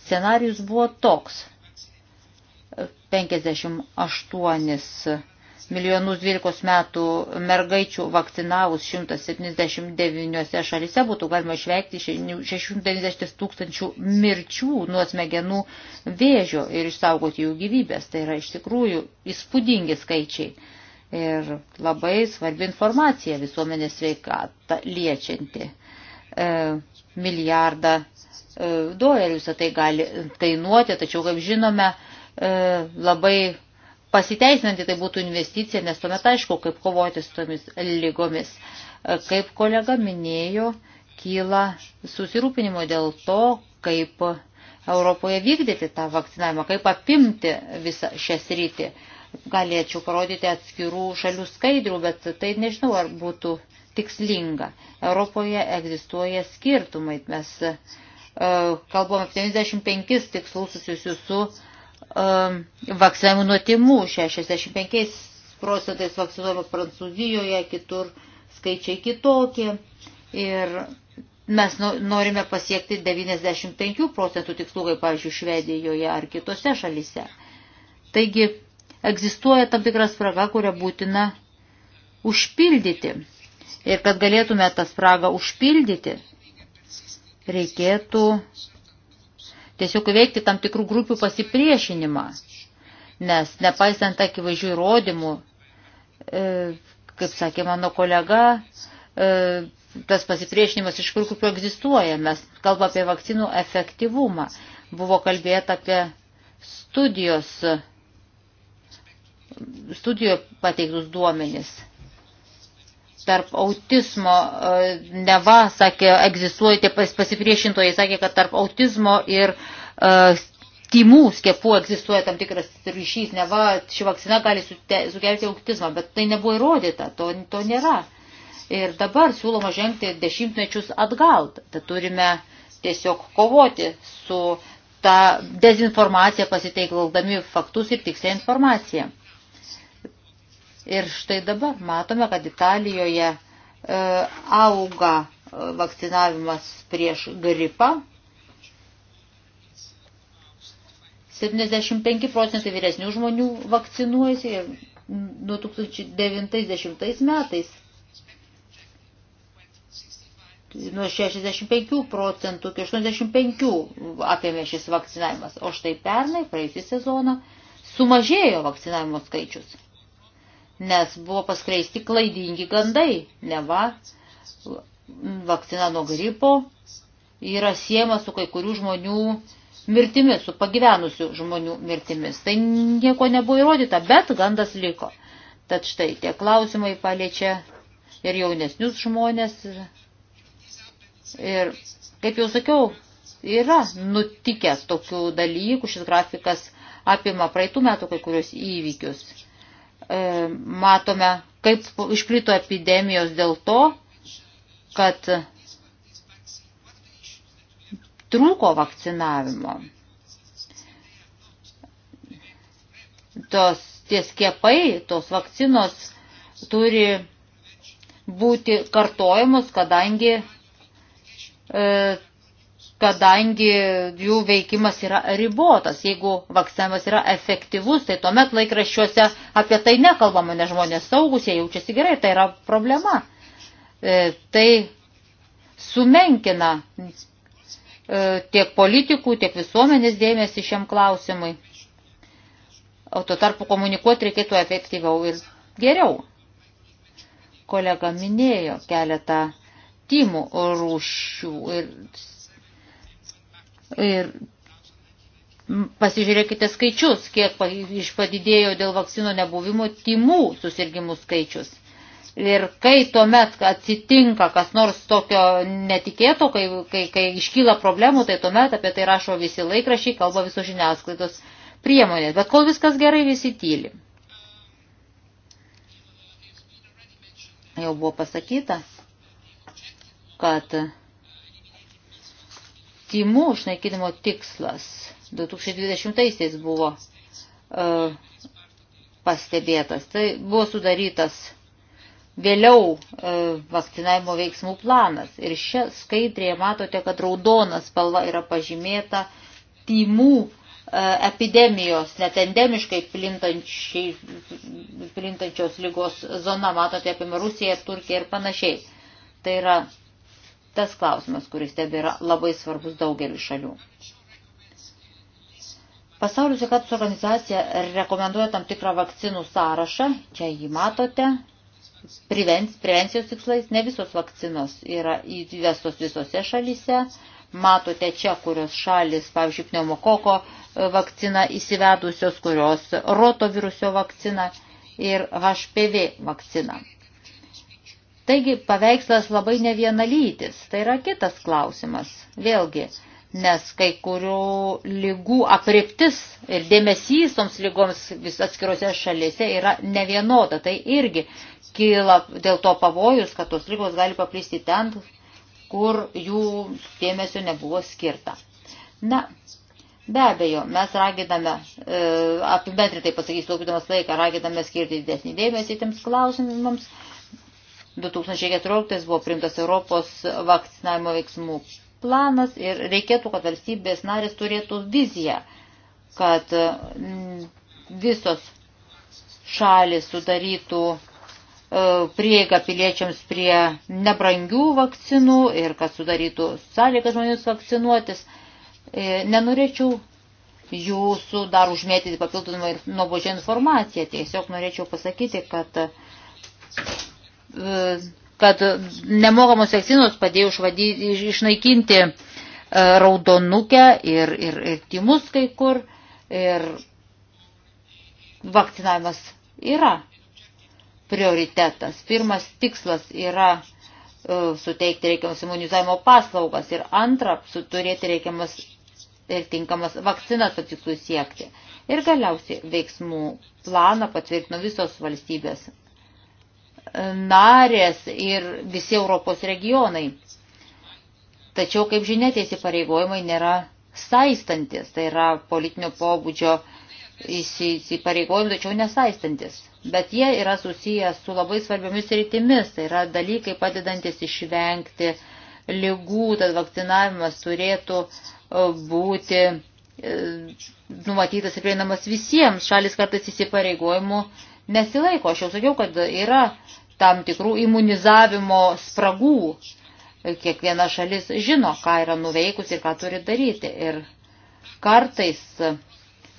Scenarius buvo toks. 58 milijonus 12 metų mergaičių vakcinavus 179 šalise būtų galima išveikti 690 tūkstančių mirčių nuo smegenų vėžio ir išsaugoti jų gyvybės. Tai yra iš tikrųjų įspūdingi skaičiai ir labai svarbi informacija visuomenės sveikatą liečianti. E, milijardą e, dolerių visą tai gali kainuoti, tačiau, kaip žinome, e, labai pasiteisinanti tai būtų investicija, nes tuomet aišku, kaip kovoti su tomis lygomis. Kaip kolega minėjo, kyla susirūpinimo dėl to, kaip Europoje vykdyti tą vakcinavimą, kaip apimti visą šią sritį. Galėčiau parodyti atskirų šalių skaidrų, bet tai nežinau, ar būtų tikslinga. Europoje egzistuoja skirtumai. Mes e, kalbame 75 tikslus susijusius su um, vakcinavimų nuo timų 65 procentais vakcinuojama Prancūzijoje, kitur skaičiai kitokie. Ir mes norime pasiekti 95 procentų tikslų, kaip pavyzdžiui, Švedijoje ar kitose šalise. Taigi egzistuoja tam tikras spraga, kurią būtina užpildyti. Ir kad galėtume tą spragą užpildyti, reikėtų tiesiog veikti tam tikrų grupių pasipriešinimą, nes nepaisant akivaizdžių įrodymų, e, kaip sakė mano kolega, e, tas pasipriešinimas iš kur kur egzistuoja. Mes kalbame apie vakcinų efektyvumą. Buvo kalbėta apie studijos, studijoje pateiktus duomenis tarp autizmo, e, neva, sakė, egzistuoja tie pasipriešintojai, sakė, kad tarp autizmo ir uh, e, timų skiepų egzistuoja tam tikras ryšys, neva, ši vakcina gali sukelti autizmą, bet tai nebuvo įrodyta, to, to nėra. Ir dabar siūloma žengti dešimtmečius atgal. Tad turime tiesiog kovoti su tą dezinformaciją pasiteikvaldami faktus ir tikslę informaciją. Ir štai dabar matome, kad Italijoje e, auga e, vakcinavimas prieš gripą. 75 procentai vyresnių žmonių vakcinuojasi ir nuo 2090 metais nuo 65 procentų iki 85 apėmė šis vakcinavimas. O štai pernai, praėjusį sezoną, sumažėjo vakcinavimo skaičius nes buvo paskleisti klaidingi gandai, neva vakcina nuo gripo yra siema su kai kurių žmonių mirtimis, su pagyvenusių žmonių mirtimis. Tai nieko nebuvo įrodyta, bet gandas liko. Tad štai tie klausimai paliečia ir jaunesnius žmonės. Ir, kaip jau sakiau, yra nutikęs tokių dalykų, šis grafikas apima praeitų metų kai kurios įvykius. E, matome, kaip išplito epidemijos dėl to, kad trūko vakcinavimo. Tos, tie skiepai, tos vakcinos turi būti kartojamos, kadangi e, kadangi jų veikimas yra ribotas. Jeigu vakcinavimas yra efektyvus, tai tuomet laikraščiuose apie tai nekalbama, nes žmonės saugus, jie jaučiasi gerai, tai yra problema. E, tai sumenkina e, tiek politikų, tiek visuomenės dėmesį šiam klausimui. O tuo tarpu komunikuoti reikėtų efektyviau ir geriau. Kolega minėjo keletą tymų rūšių ir Ir pasižiūrėkite skaičius, kiek padidėjo dėl vakcino nebuvimo timų susirgymų skaičius. Ir kai tuomet atsitinka kas nors tokio netikėto, kai, kai, kai iškyla problemų, tai tuomet apie tai rašo visi laikrašiai, kalba visos žiniasklaidos priemonės. Bet kol viskas gerai, visi tyli. Jau buvo pasakyta, kad tymų išnaikinimo tikslas 2020-aisiais buvo uh, pastebėtas. Tai buvo sudarytas vėliau uh, vakcinavimo veiksmų planas. Ir šią skaidrėje matote, kad raudonas spalva yra pažymėta tymų uh, epidemijos, net endemiškai plintančios lygos zona, matote, apima Rusiją, Turkiją ir panašiai. Tai yra tas klausimas, kuris tebėra labai svarbus daugeliu šalių. Pasaulio sveikatos organizacija rekomenduoja tam tikrą vakcinų sąrašą, čia jį matote, prevencijos tikslais, ne visos vakcinos yra įvestos visose šalyse, matote čia, kurios šalis, pavyzdžiui, pneumokoko e, vakciną įsivedusios, kurios roto virusio vakciną ir HPV vakciną. Taigi paveikslas labai nevienalytis, tai yra kitas klausimas, vėlgi, nes kai kurių lygų apriptis ir dėmesys toms lygoms vis atskirose šalyse yra nevienoda, tai irgi kyla dėl to pavojus, kad tos lygos gali paplisti ten, kur jų dėmesio nebuvo skirta. Na, Be abejo, mes raginame, e, apibendrintai pasakysiu, laukdamas laiką, raginame skirti didesnį dėmesį tiems klausimams, 2014 buvo priimtas Europos vakcinavimo veiksmų planas ir reikėtų, kad valstybės narės turėtų viziją, kad mm, visos šalis sudarytų e, prieigą piliečiams prie nebrangių vakcinų ir kad sudarytų sąlygas žmonėms vakcinuotis. E, nenorėčiau jūsų dar užmėtyti papildomą ir nuobodžią informaciją. Tiesiog norėčiau pasakyti, kad kad nemokamos vakcinos padėjo išvady, išnaikinti e, raudonukę ir, ir, ir timus kai kur. Ir vakcinavimas yra prioritetas. Pirmas tikslas yra e, suteikti reikiamas imunizavimo paslaugas ir antra, turėti reikiamas ir tinkamas vakcinas to tikslui siekti. Ir galiausiai veiksmų planą patvirtino visos valstybės narės ir visi Europos regionai. Tačiau, kaip žinia, tie įsipareigojimai nėra saistantis, tai yra politinio pobūdžio įsipareigojimai, tačiau nesaistantis. Bet jie yra susijęs su labai svarbiomis rytimis, tai yra dalykai padedantis išvengti lygų, tad vakcinavimas turėtų e, būti e, numatytas ir prieinamas visiems. Šalis kartais įsipareigojimų nesilaiko. Aš jau sakiau, kad yra tam tikrų imunizavimo spragų. Kiekviena šalis žino, ką yra nuveikusi ir ką turi daryti. Ir kartais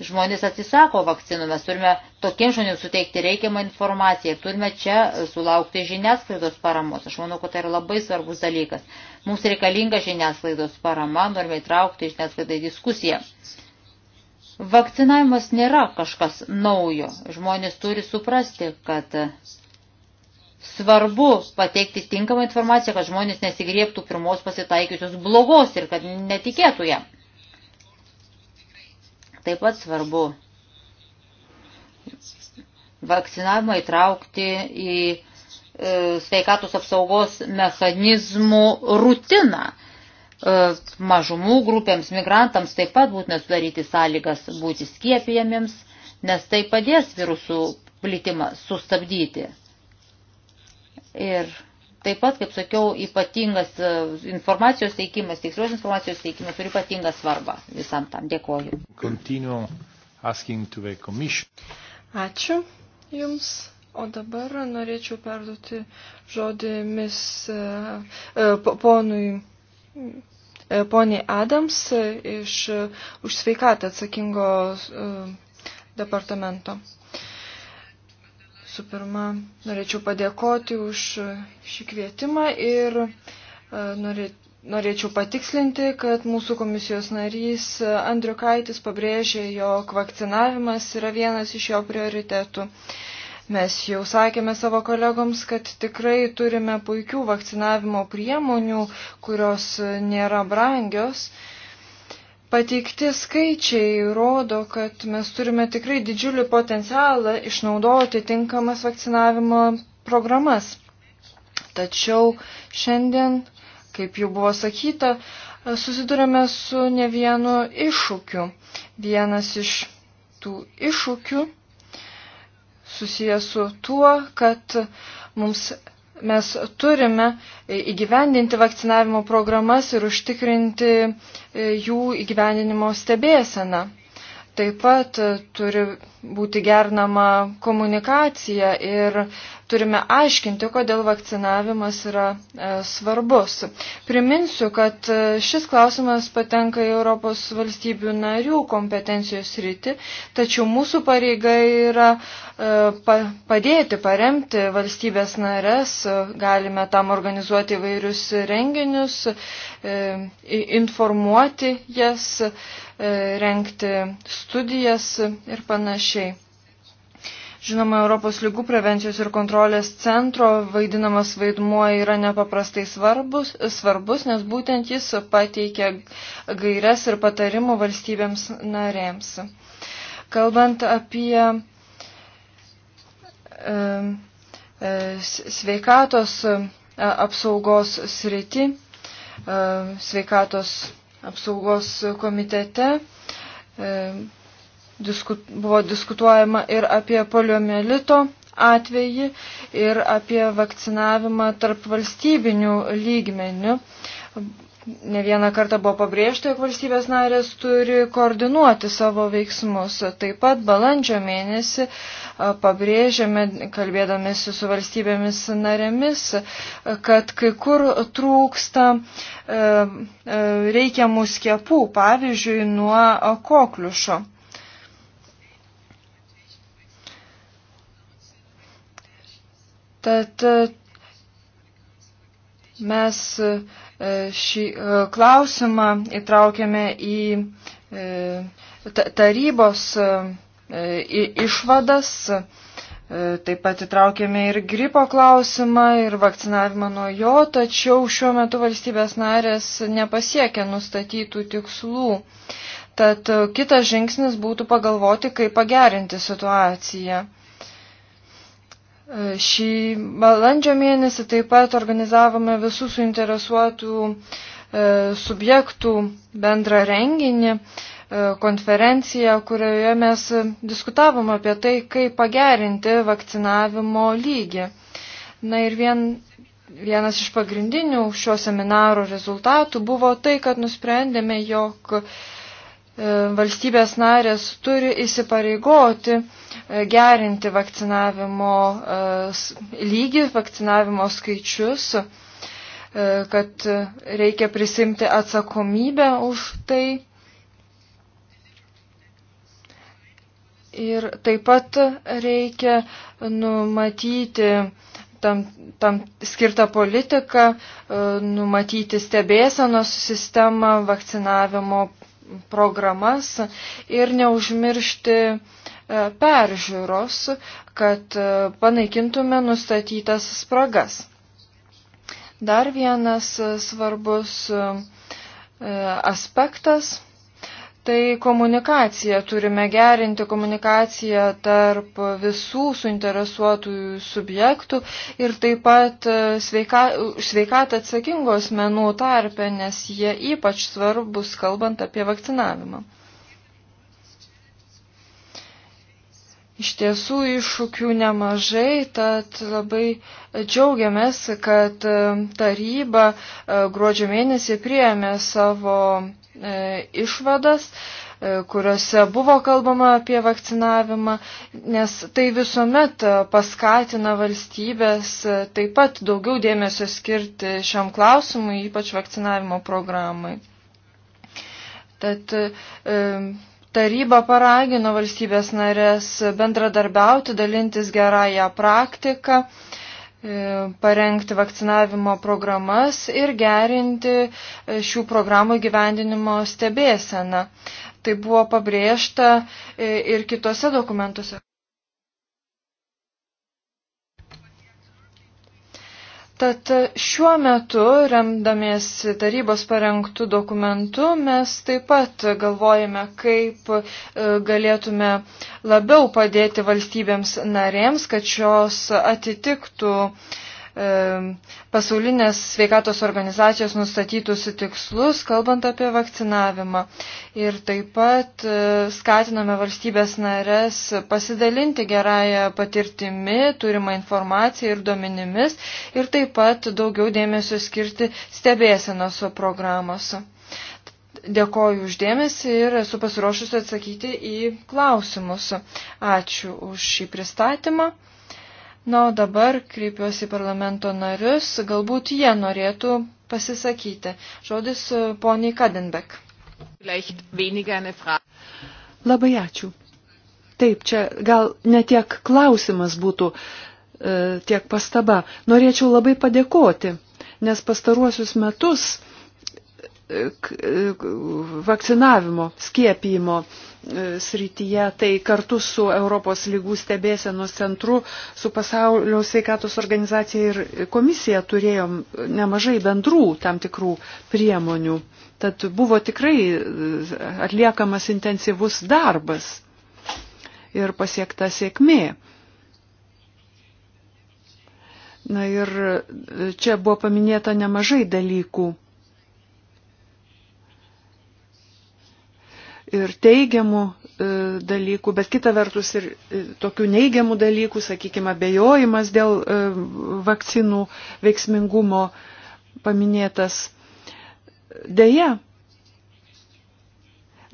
žmonės atsisako vakcinų, mes turime tokiems žmonėms suteikti reikiamą informaciją ir turime čia sulaukti žiniasklaidos paramos. Aš manau, kad tai yra labai svarbus dalykas. Mums reikalinga žiniasklaidos parama, norime įtraukti žiniasklaidą į diskusiją. Vakcinavimas nėra kažkas naujo. Žmonės turi suprasti, kad svarbu pateikti tinkamą informaciją, kad žmonės nesigriebtų pirmos pasitaikiusios blogos ir kad netikėtų ją. Taip pat svarbu vakcinavimą įtraukti į e, sveikatos apsaugos mechanizmų rutiną. E, mažumų grupėms, migrantams taip pat būtina sudaryti sąlygas būti skiepijamiems, nes tai padės virusų plitimą sustabdyti. Ir taip pat, kaip sakiau, ypatingas e, informacijos teikimas, tikslios informacijos teikimas turi ypatingą svarbą visam tam. Dėkoju. Ačiū
Jums. O dabar norėčiau perduoti žodį mis, e, ponui E, poniai Adams e, iš už sveikatą atsakingo e, departamento. Su pirma, norėčiau padėkoti už šį kvietimą ir norėčiau Norėčiau patikslinti, kad mūsų komisijos narys Andriukaitis pabrėžė, jog vakcinavimas yra vienas iš jo prioritetų. Uh, Mes jau sakėme savo kolegoms, kad tikrai turime puikių vakcinavimo priemonių, kurios nėra brangios. Pateikti skaičiai rodo, kad mes turime tikrai didžiulį potencialą išnaudoti tinkamas vakcinavimo programas. Tačiau šiandien, kaip jau buvo sakyta, susidurime su ne vienu iššūkiu. Vienas iš tų iššūkių susijęs su tuo, kad mums, mes turime įgyvendinti vakcinavimo programas ir užtikrinti e, jų įgyvendinimo stebėseną. Taip pat e, turi būti gernama komunikacija ir turime aiškinti, kodėl vakcinavimas yra e, svarbus. Priminsiu, kad e, šis klausimas patenka į Europos valstybių narių kompetencijos rytį, tačiau mūsų pareiga yra e, padėti, paremti valstybės nares, galime tam organizuoti įvairius renginius, informuoti jas, renkti studijas ir panašiai. Žinoma, Europos lygų prevencijos ir kontrolės centro vaidinamas vaidmuo yra nepaprastai svarbus, svarbus nes būtent jis pateikia gairias ir patarimų valstybėms narėms. Kalbant apie e, e, sveikatos e, apsaugos sritį, e, sveikatos apsaugos komitete, e, disku, buvo diskutuojama ir apie poliomielito atvejį, ir apie vakcinavimą tarp valstybinių lygmenių. Ne vieną kartą buvo pabrėžta, jog valstybės narės turi koordinuoti savo veiksmus. Taip pat balandžio mėnesį pabrėžėme, kalbėdamėsi su valstybėmis narėmis, kad kai kur trūksta e, e, reikiamų skiepų, pavyzdžiui, nuo kokliušo. Tad e, mes e, šį e, klausimą įtraukėme į tarybos išvadas, taip pat įtraukėme ir gripo klausimą, ir vakcinavimą nuo jo, tačiau šiuo metu valstybės narės nepasiekia nustatytų tikslų. Tad kitas žingsnis būtų pagalvoti, kaip pagerinti situaciją. Šį balandžio mėnesį taip pat organizavome visų suinteresuotų e, subjektų bendrą renginį, e, konferenciją, kurioje mes diskutavom apie tai, kaip pagerinti vakcinavimo lygį. Na ir vien, vienas iš pagrindinių šio seminaro rezultatų buvo tai, kad nusprendėme, jog E, valstybės narės turi įsipareigoti e, gerinti vakcinavimo e, lygį, vakcinavimo skaičius, kad reikia prisimti atsakomybę už tai. Ir taip pat reikia numatyti tam, tam skirtą politiką, numatyti stebėsenos sistemą, vakcinavimo programas ir neužmiršti e, peržiūros, kad e, panaikintume nustatytas spragas. Dar vienas e, svarbus aspektas tai komunikacija. Turime gerinti komunikaciją tarp visų suinteresuotų subjektų ir taip pat e, sveika, sveikatą atsakingos menų tarpę, nes jie ypač svarbus kalbant apie vakcinavimą. Iš tiesų iššūkių nemažai, tad labai džiaugiamės, kad e, taryba e, gruodžio mėnesį priėmė savo e, išvadas, kuriuose buvo kalbama apie vakcinavimą, nes tai visuomet paskatina valstybės taip pat daugiau dėmesio skirti šiam klausimui, ypač vakcinavimo programai. Tad Taryba paragino valstybės narės bendradarbiauti, dalintis gerąją praktiką, e, parengti vakcinavimo programas ir gerinti e, šių programų gyvendinimo stebėseną. Tai buvo pabrėžta e, ir kitose dokumentuose. Tad šiuo metu, remdamiesi tarybos parengtų dokumentų, mes taip pat galvojame, kaip e, galėtume labiau padėti valstybėms narėms, kad šios atitiktų uh, E, pasaulinės sveikatos organizacijos nustatytus tikslus, kalbant apie vakcinavimą. Ir taip pat e, skatiname valstybės narės pasidalinti gerąją patirtimi, turimą informaciją ir duomenimis ir taip pat daugiau dėmesio skirti stebėsenos programos. Dėkoju uždėmesi ir esu pasiruošusi atsakyti į klausimus. Ačiū už šį pristatymą. Na, o dabar kreipiuosi parlamento narius, galbūt jie norėtų pasisakyti. Žodis e, poniai Kadenbek.
Labai ačiū. Taip, čia gal netiek klausimas būtų, e, tiek pastaba. Norėčiau labai padėkoti, nes pastaruosius metus e,
e,
vakcinavimo, skiepijimo e, E, srityje, tai kartu su Europos lygų stebėsenos centru, su pasaulio sveikatos organizacija ir komisija turėjom nemažai bendrų tam tikrų priemonių. Tad buvo tikrai e, atliekamas intensyvus darbas ir pasiekta sėkmė. Na ir e, čia buvo paminėta nemažai dalykų ir teigiamų e, dalykų, bet kita vertus ir e, tokių neigiamų dalykų, sakykime, abejojimas dėl e, vakcinų veiksmingumo paminėtas. Deja,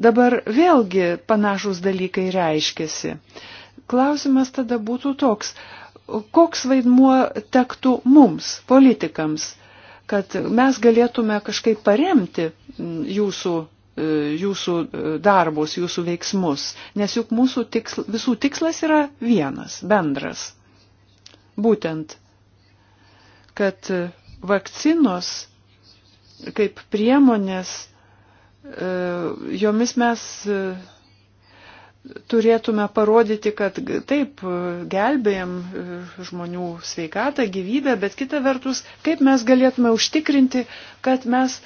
dabar vėlgi panašus dalykai reiškėsi. Klausimas tada būtų toks, koks vaidmuo tektų mums, politikams, kad mes galėtume kažkaip paremti jūsų E, jūsų e, darbus, jūsų veiksmus, nes juk mūsų tiksl, visų tikslas yra vienas, bendras. Būtent, kad vakcinos kaip priemonės, e, jomis mes turėtume parodyti, kad taip, gelbėjom e, žmonių sveikatą, gyvybę, bet kita vertus, kaip mes galėtume užtikrinti, kad mes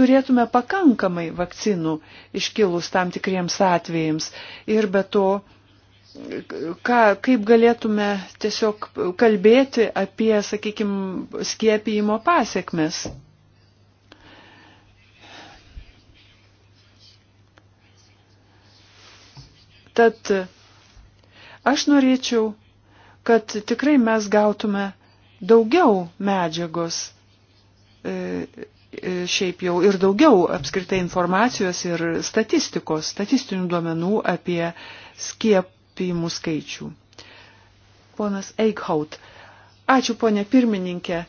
turėtume pakankamai vakcinų iškilus tam tikriems atvejams. Ir be to, ką, kaip galėtume tiesiog kalbėti apie, sakykime, skiepijimo pasiekmes. Tad aš norėčiau, kad tikrai mes gautume daugiau medžiagos e, e, šiaip jau ir daugiau apskritai informacijos ir statistikos, statistinių duomenų apie skiepimų skaičių. Ponas Eichhaut, ačiū ponė pirmininkė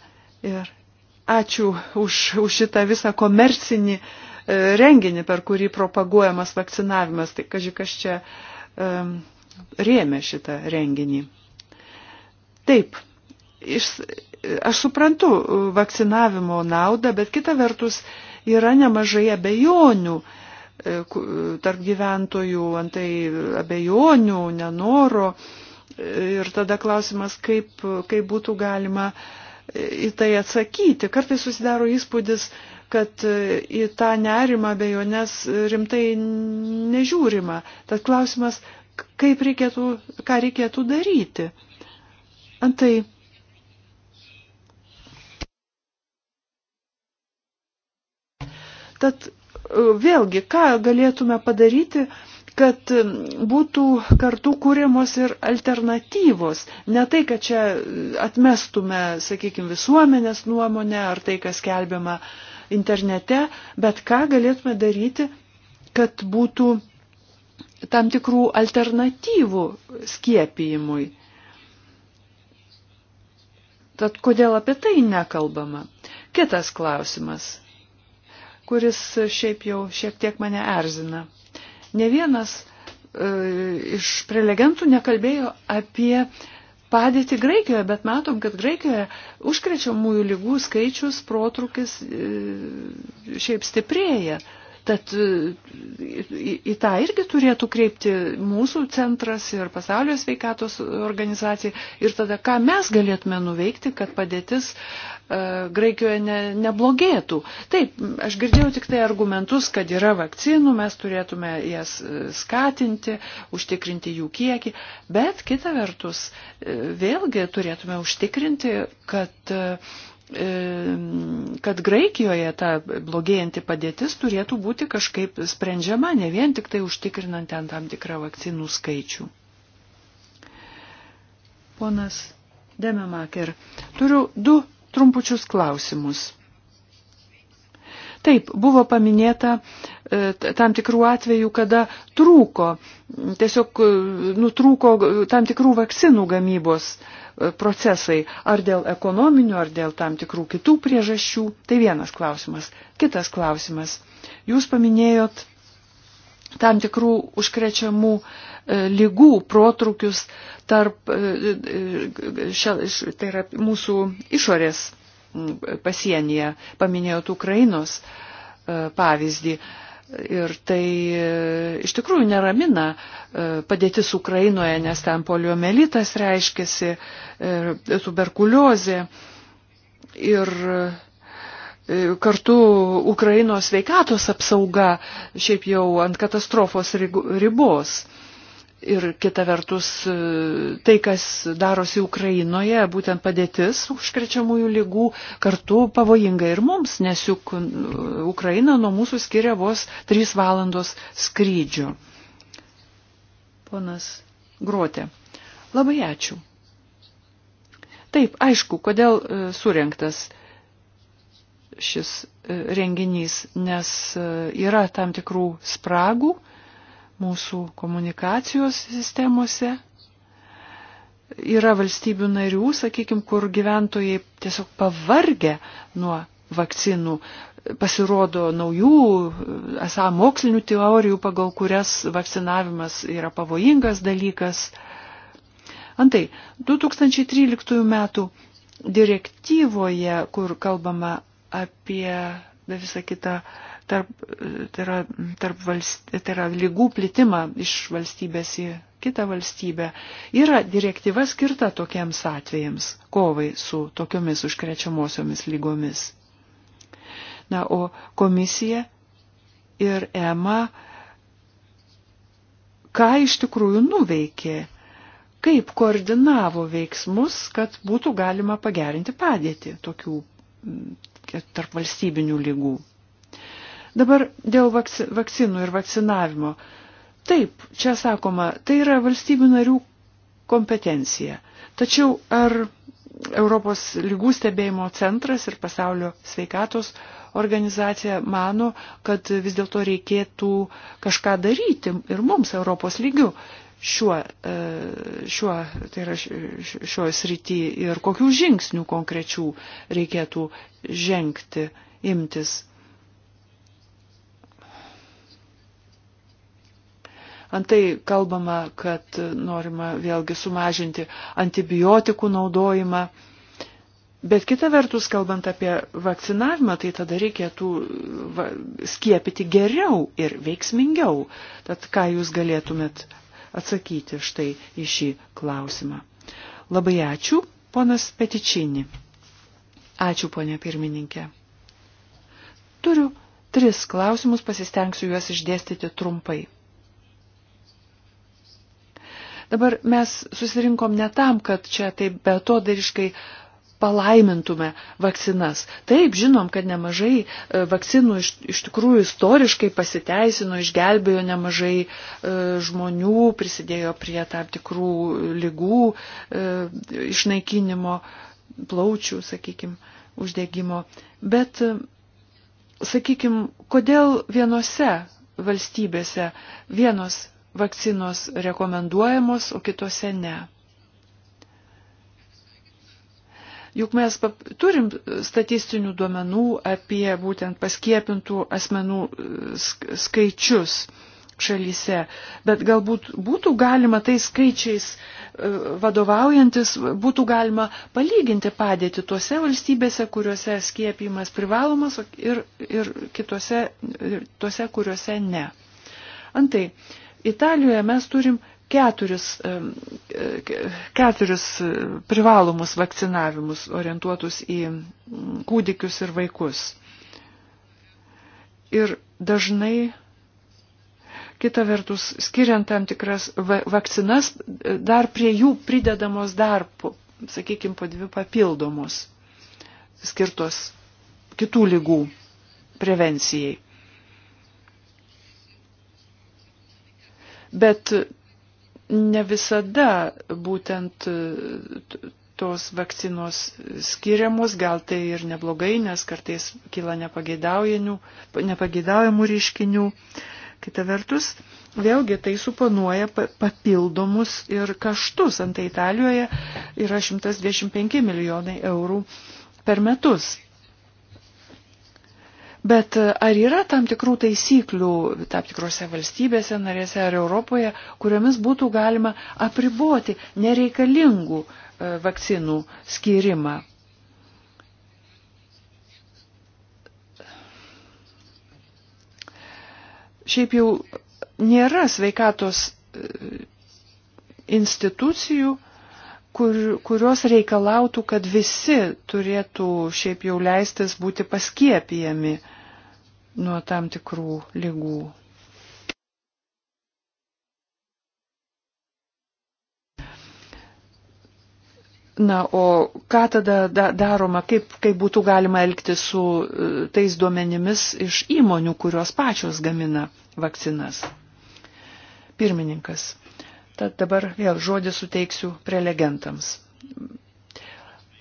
ir ačiū už, už šitą visą komercinį uh, E, renginį, per kurį propaguojamas vakcinavimas. Tai kažkas čia e, rėmė šitą renginį. Taip, iš, aš suprantu e, vakcinavimo naudą, bet kita vertus yra nemažai abejonių tarp gyventojų, antai abejonių, nenoro. Ir tada klausimas, kaip, kaip būtų galima į tai atsakyti. Kartai susidaro įspūdis, kad į tą nerimą bejonės rimtai nežiūrima. Tad klausimas, kaip reikėtų, ką reikėtų daryti. Antai, tad e, vėlgi, ką galėtume padaryti, kad būtų kartu kūrimos ir alternatyvos. Ne tai, kad čia atmestume, sakykime, visuomenės nuomonę ar tai, kas kelbiama uh, internete, bet ką galėtume daryti, kad būtų tam tikrų alternatyvų skiepijimui. Tad kodėl apie tai nekalbama? Kitas klausimas, kuris šiaip jau šiek tiek mane erzina. Ne vienas e, iš prelegentų nekalbėjo apie padėtį Graikijoje, bet matom, kad Graikijoje užkrečiamųjų lygų skaičius, protrukis e, šiaip stiprėja. Tad e, į tą irgi turėtų kreipti mūsų centras ir pasaulio sveikatos organizacija. Ir tada, ką mes galėtume nuveikti, kad padėtis e, Graikijoje ne, neblogėtų. Taip, aš girdėjau tik tai argumentus, kad yra vakcinų, mes turėtume jas e, skatinti, užtikrinti jų kiekį, bet kita vertus, vėlgi turėtume užtikrinti, kad uh, E, kad Graikijoje ta blogėjanti padėtis turėtų būti kažkaip sprendžiama, ne vien tik tai užtikrinant ten tam tikrą vakcinų skaičių. Ponas Dememaker, turiu du trumpučius klausimus. Taip, buvo paminėta e, tam tikrų atvejų, kada trūko, tiesiog e, nutrūko tam tikrų vakcinų gamybos e, procesai, ar dėl ekonominių, ar dėl tam tikrų kitų priežasčių. Tai vienas klausimas. Kitas klausimas. Jūs paminėjot tam tikrų užkrečiamų lygų protrukius tarp, tai yra mūsų išorės pasienyje. Paminėjot Ukrainos e, pavyzdį. Ir tai e, iš tikrųjų neramina e, padėtis Ukrainoje, nes ten poliomelitas reiškiasi, tuberkuliozė. Ir kartu Ukrainos sveikatos apsauga šiaip jau ant katastrofos ribos. Ir kita vertus, e, tai, kas darosi Ukrainoje, būtent padėtis užkrečiamųjų lygų, kartu pavojinga ir mums, nes juk Ukraina nuo mūsų skiria vos 3 valandos skrydžio. Ponas Gruotė. Labai ačiū. Taip, aišku, kodėl e, surinktas šis e, renginys, nes yra tam tikrų spragų mūsų komunikacijos sistemose. Yra valstybių narių, sakykime, kur gyventojai tiesiog pavargę nuo vakcinų, pasirodo naujų, esą mokslinių teorijų, pagal kurias vakcinavimas yra pavojingas dalykas. Antai, 2013 m. direktyvoje, kur kalbama apie be visą kitą uh, tarp, tai yra, tarp valst, tai yra lygų plitimą iš valstybės į kitą valstybę, yra direktyva skirta tokiems atvejams, kovai su tokiomis užkrečiamosiomis lygomis. Na, o komisija ir EMA, ką iš tikrųjų nuveikė, kaip koordinavo veiksmus, kad būtų galima pagerinti padėtį tokių tarp valstybinių lygų. Dabar dėl vakcinų ir vakcinavimo. Taip, čia sakoma, tai yra valstybių narių kompetencija. Tačiau ar Europos lygų stebėjimo centras ir pasaulio sveikatos organizacija mano, kad vis dėlto reikėtų kažką daryti ir mums Europos lygių šiuo, e, šiuo, tai yra šiuo srity ir kokių žingsnių konkrečių reikėtų žengti, imtis. Antai kalbama, kad norima vėlgi sumažinti antibiotikų naudojimą. Bet kita vertus, kalbant apie vakcinavimą, tai tada reikėtų va, skiepyti geriau ir veiksmingiau. Tad ką jūs galėtumėt atsakyti štai į šį klausimą? Labai ačiū, ponas Petičinį. Ačiū, ponė pirmininkė. Turiu tris klausimus, pasistengsiu juos išdėstyti trumpai. Dabar mes susirinkom ne tam, kad čia taip betodariškai palaimintume vakcinas. Taip, žinom, kad nemažai e, vakcinų iš, iš tikrųjų istoriškai pasiteisino, išgelbėjo nemažai e, žmonių, prisidėjo prie tam tikrų lygų e, išnaikinimo, plaučių, sakykime, uždegimo. Bet, e, sakykime, kodėl vienose valstybėse vienos vakcinos rekomenduojamos, o kitose ne. Juk mes turim statistinių duomenų apie būtent paskiepintų asmenų e, skaičius šalyse, bet galbūt būtų galima tais skaičiais e, vadovaujantis, būtų galima palyginti padėti tuose valstybėse, kuriuose skiepimas privalomas ir, ir kitose, ir tuose, kuriuose ne. Antai, Italijoje mes turim keturis, keturis e, privalomus vakcinavimus orientuotus į kūdikius ir vaikus. Ir dažnai, kita vertus, skiriant tam tikras vakcinas, e, dar prie jų pridedamos dar, sakykime, po dvi papildomos skirtos kitų lygų prevencijai. Bet ne visada būtent tos vakcinos skiriamos, gal tai ir neblogai, nes kartais kyla nepageidaujamų reiškinių. Kita vertus, vėlgi tai suponuoja papildomus ir kaštus. Antai Italijoje yra 125 milijonai eurų per metus. Bet e, ar yra tam tikrų taisyklių tam tikrose valstybėse, narėse ar Europoje, kuriomis būtų galima apriboti nereikalingų e, vakcinų skirimą? Šiaip jau nėra sveikatos e, institucijų, kur, kurios reikalautų, kad visi turėtų šiaip jau leistis būti paskiepijami nuo tam tikrų lygų. Na, o ką tada daroma, kaip, kaip būtų galima elgti su e, tais duomenimis iš įmonių, kurios pačios gamina vakcinas? Pirmininkas. Tad dabar vėl žodį suteiksiu prelegentams.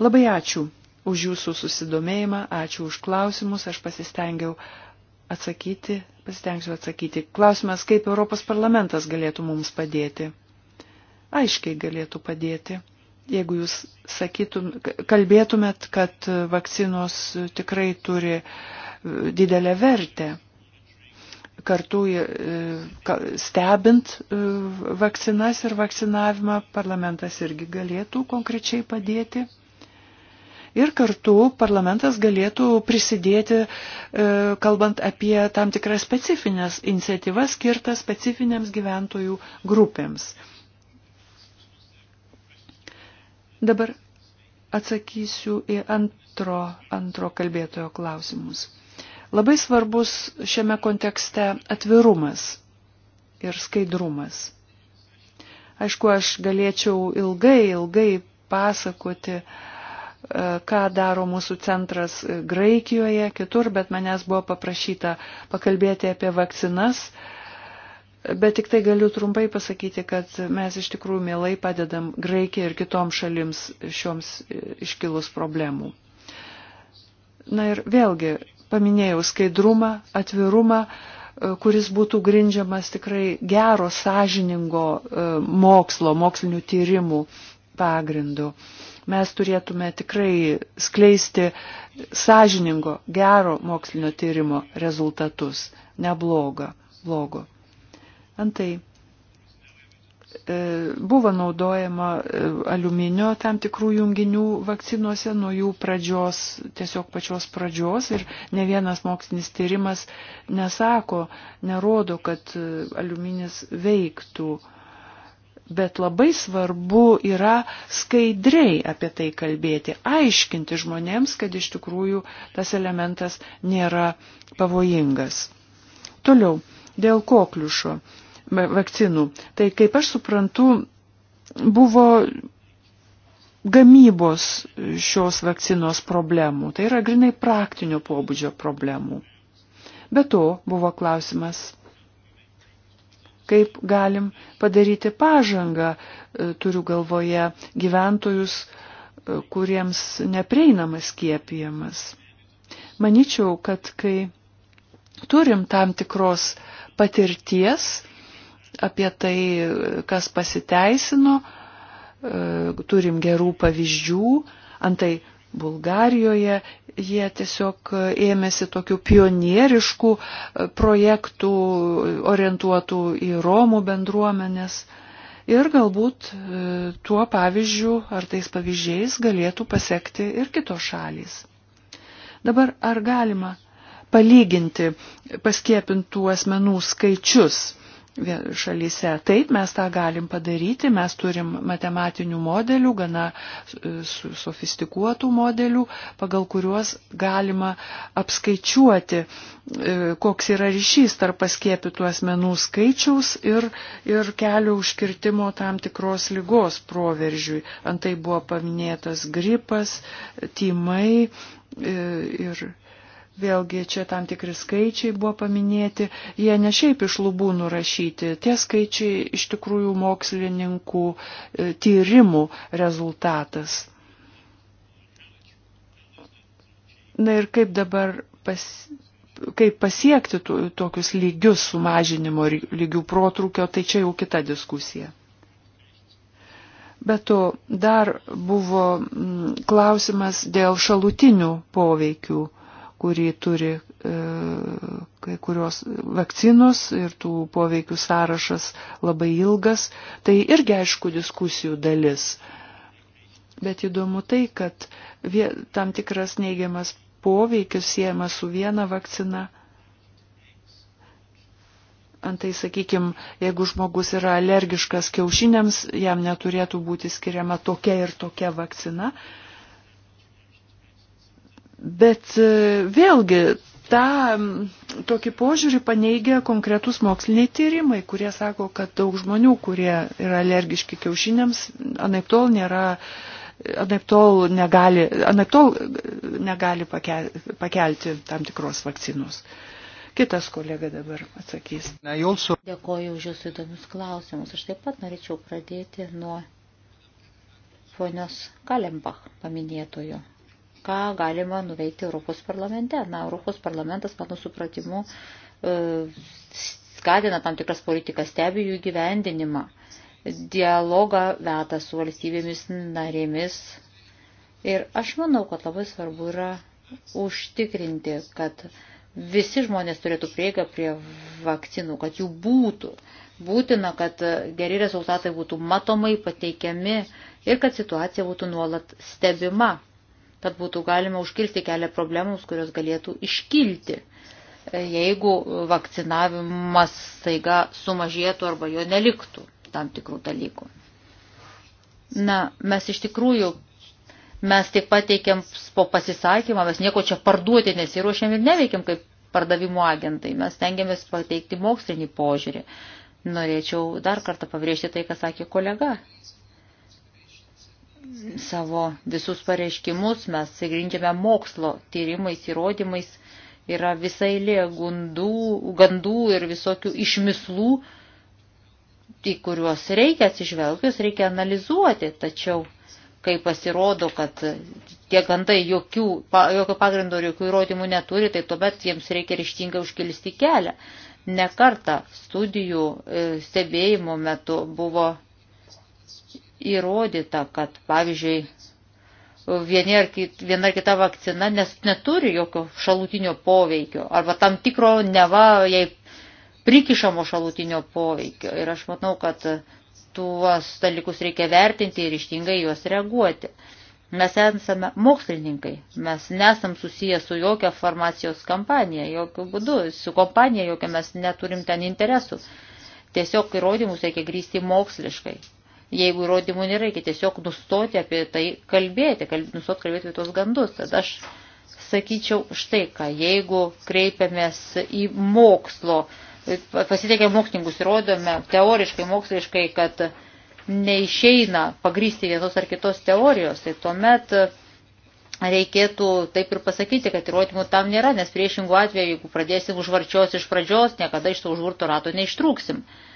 Labai ačiū už jūsų susidomėjimą, ačiū už klausimus, aš pasistengiau atsakyti, pasistengsiu atsakyti. Klausimas, kaip Europos parlamentas galėtų mums padėti? Aiškiai galėtų padėti. Jeigu jūs sakytum, kalbėtumėt, kad vakcinos tikrai turi e, didelę vertę, kartu e, stebint e, vakcinas ir vakcinavimą parlamentas irgi galėtų konkrečiai padėti. Ir kartu parlamentas galėtų prisidėti, e, kalbant apie tam tikras specifines iniciatyvas skirtas specifinėms gyventojų grupėms. Dabar atsakysiu į antro, antro kalbėtojo klausimus. Labai svarbus šiame kontekste atvirumas ir skaidrumas. Aišku, aš galėčiau ilgai, ilgai pasakoti, e, ką daro mūsų centras Graikijoje, kitur, bet manęs buvo paprašyta pakalbėti apie vakcinas. Bet tik tai galiu trumpai pasakyti, kad mes iš tikrųjų mielai padedam Graikijai ir kitoms šalims šioms iškilus problemų. Na ir vėlgi, paminėjau skaidrumą, atvirumą, e, kuris būtų grindžiamas tikrai gero, sąžiningo e, mokslo, mokslinių tyrimų pagrindu. Mes turėtume tikrai skleisti sąžiningo, gero mokslinio tyrimo rezultatus, neblogą, blogo. Antai E, buvo naudojama e, aliuminio tam tikrų junginių vakcinuose nuo jų pradžios, tiesiog pačios pradžios ir ne vienas mokslinis tyrimas nesako, nerodo, kad e, aliuminis veiktų. Bet labai svarbu yra skaidriai apie tai kalbėti, aiškinti žmonėms, kad iš tikrųjų tas elementas nėra pavojingas. Toliau, dėl kokliušo vakcinų. Tai kaip aš suprantu, buvo gamybos šios vakcinos problemų. Tai yra grinai praktinio pobūdžio problemų. Be to buvo klausimas, kaip galim padaryti pažangą, e, turiu galvoje gyventojus, e, kuriems neprieinamas skiepijamas. Maničiau, kad kai turim tam tikros patirties, apie tai, kas pasiteisino, e, turim gerų pavyzdžių. Antai Bulgarijoje jie tiesiog ėmėsi tokių pionieriškų e, projektų orientuotų į Romų bendruomenės. Ir galbūt e, tuo pavyzdžiu ar tais pavyzdžiais galėtų pasiekti ir kitos šalys. Dabar ar galima palyginti paskiepintų asmenų skaičius šalyse. Taip, mes tą galim padaryti, mes turim matematinių modelių, gana e, sofistikuotų modelių, pagal kuriuos galima apskaičiuoti, e, koks yra ryšys tarp paskėpytų asmenų skaičiaus ir, ir kelio užkirtimo tam tikros lygos proveržiui. Antai buvo paminėtas gripas, tymai e, ir. Vėlgi čia tam tikri skaičiai buvo paminėti, jie ne šiaip iš lubų nurašyti, tie skaičiai iš tikrųjų mokslininkų e, tyrimų rezultatas. Na ir kaip dabar pas, kaip pasiekti tų, tokius lygius sumažinimo lygių protrukio, tai čia jau kita diskusija. Bet to dar buvo klausimas dėl šalutinių poveikių kurį turi e, kai kurios vakcinos ir tų poveikių sąrašas labai ilgas, tai irgi aišku diskusijų dalis. Bet įdomu tai, kad tam tikras neigiamas poveikis siejamas su viena vakcina. Antai, sakykime, jeigu žmogus yra alergiškas kiaušiniams, jam neturėtų būti skiriama tokia ir tokia vakcina, Bet e, vėlgi tą tokį požiūrį paneigia konkretus moksliniai tyrimai, kurie sako, kad daug žmonių, kurie yra alergiški kiaušiniams, anaip tol nėra, anaip tol negali, anaip tol e, negali pakelti tam tikros vakcinos.
Kitas kolega dabar atsakys. Dėkoju už jūsų įdomius klausimus. Aš taip pat norėčiau pradėti nuo ponios Kalembach paminėtojo ką galima nuveikti Europos parlamente. Na, Europos parlamentas, mano supratimu, e, skatina tam tikras politikas, stebi jų gyvendinimą, dialogą veda su valstybėmis narėmis. Ir aš manau, kad labai svarbu yra užtikrinti, kad visi žmonės turėtų prieigą prie vakcinų, kad jų būtų. Būtina, kad geri rezultatai būtų matomai pateikiami ir kad situacija būtų nuolat stebima kad būtų galima užkirsti kelią problemams, kurios galėtų iškilti, e, jeigu vakcinavimas staiga sumažėtų arba jo neliktų tam tikrų dalykų. Na, mes iš tikrųjų, mes tik pateikėm po pasisakymą, mes nieko čia parduoti nesiruošėm ir neveikiam kaip pardavimo agentai, mes tengiamės pateikti mokslinį požiūrį. Norėčiau dar kartą pabrėžti tai, ką sakė kolega savo visus pareiškimus, mes grindžiame mokslo tyrimais, įrodymais, yra visai lė gundų, gandų ir visokių išmislų, į kuriuos reikia atsižvelgti, juos reikia analizuoti, tačiau kai pasirodo, kad tie gandai jokių, jokio pagrindo ir jokių įrodymų neturi, tai tuomet jiems reikia ryštingai užkilsti kelią. Nekarta studijų e, stebėjimo metu buvo įrodyta, kad, pavyzdžiui, vieni ar kit, viena ar kita vakcina nes neturi jokio šalutinio poveikio arba tam tikro neva jai prikišamo šalutinio poveikio. Ir aš manau, kad tuos dalykus reikia vertinti ir ištingai juos reaguoti. Mes esame mokslininkai, mes nesam susiję su jokia farmacijos kompanija, jokių būdų, su kompanija jokia mes neturim ten interesų. Tiesiog įrodymus reikia grįsti moksliškai jeigu įrodymų nėra, reikia tiesiog nustoti apie tai kalbėti, kalb, nustoti kalbėti apie tos gandus. Tad aš sakyčiau štai ką, jeigu kreipiamės į mokslo, pasiteikia mokslininkus, įrodome teoriškai, moksliškai, kad neišeina pagrysti vienos ar kitos teorijos, tai tuomet reikėtų taip ir pasakyti, kad įrodymų tam nėra, nes priešingų atveju, jeigu pradėsim užvarčios iš pradžios, niekada iš to užburto rato neištrūksim. Uh,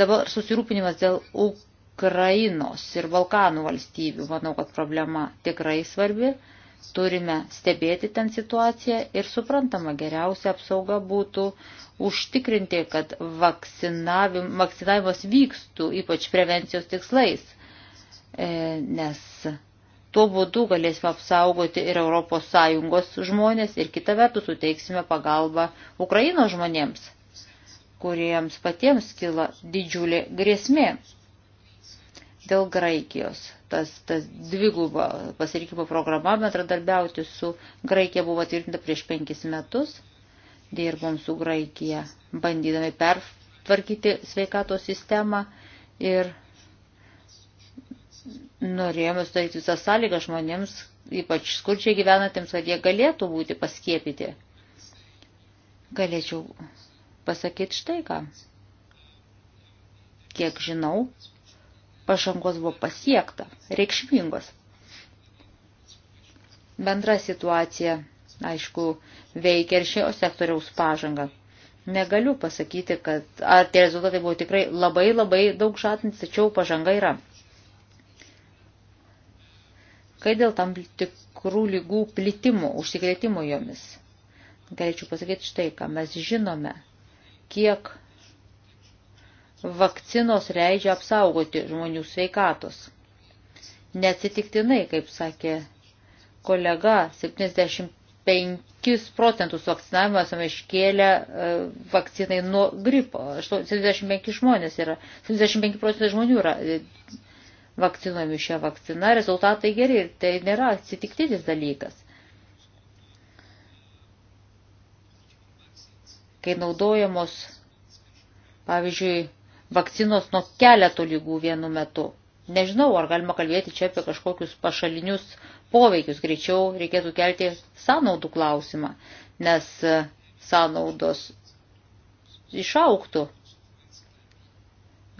Dabar susirūpinimas dėl Ukrainos ir Balkanų valstybių. Manau, kad problema tikrai svarbi. Turime stebėti ten situaciją ir suprantama, geriausia apsauga būtų užtikrinti, kad vakcinavimas vykstų, ypač prevencijos tikslais, e, nes tuo būdu galėsime apsaugoti ir ES žmonės ir kitą vertus suteiksime pagalbą Ukrainos žmonėms kuriems patiems kila didžiulė grėsmė dėl Graikijos. Tas, tas dviguba pasirinkimo programa bendradarbiauti su Graikija buvo tvirtinta prieš penkis metus. Dirbom su Graikija, bandydami pertvarkyti sveikatos sistemą ir norėjome sudaryti visą sąlygą žmonėms, ypač skurčiai gyvenantiems, kad jie galėtų būti paskiepyti. Galėčiau pasakyti štai ką. Kiek žinau, pažangos buvo pasiekta, reikšmingos. Bendra situacija, aišku, veikia ir šio sektoriaus pažanga. Negaliu pasakyti, kad ar tie rezultatai buvo tikrai labai labai daug žadantis, tačiau pažanga yra. Kai dėl tam tikrų lygų plitimo, užsikrėtimo jomis, galėčiau pasakyti štai ką, mes žinome, kiek vakcinos leidžia apsaugoti žmonių sveikatos. Neatsitiktinai, kaip sakė kolega, 75 procentus vakcinavimo esame iškėlę e, vakcinai nuo gripo. 75 žmonės yra, 75 procentai žmonių yra e, vakcinuojami šią vakciną, rezultatai geri ir tai nėra atsitiktinis dalykas. kai naudojamos, pavyzdžiui, vakcinos nuo keleto lygų vienu metu. Nežinau, ar galima kalbėti čia apie kažkokius pašalinius poveikius. Greičiau reikėtų kelti sąnaudų klausimą, nes e, sąnaudos išauktų.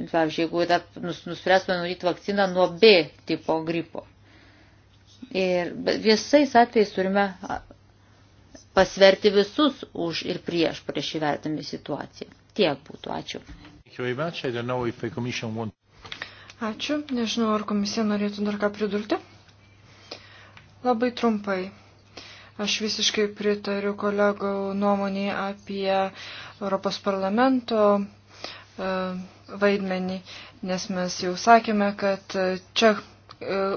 Pavyzdžiui, jeigu nuspręsime nuryti vakciną nuo B tipo gripo. Ir visais atvejais turime pasverti visus už ir prieš prieš įvertami situaciją. Tiek būtų. Ačiū.
Ačiū. Nežinau, ar komisija norėtų dar ką pridurti. Labai trumpai. Aš visiškai pritariu kolegų nuomonį apie Europos parlamento e, vaidmenį, nes mes jau sakėme, kad čia e,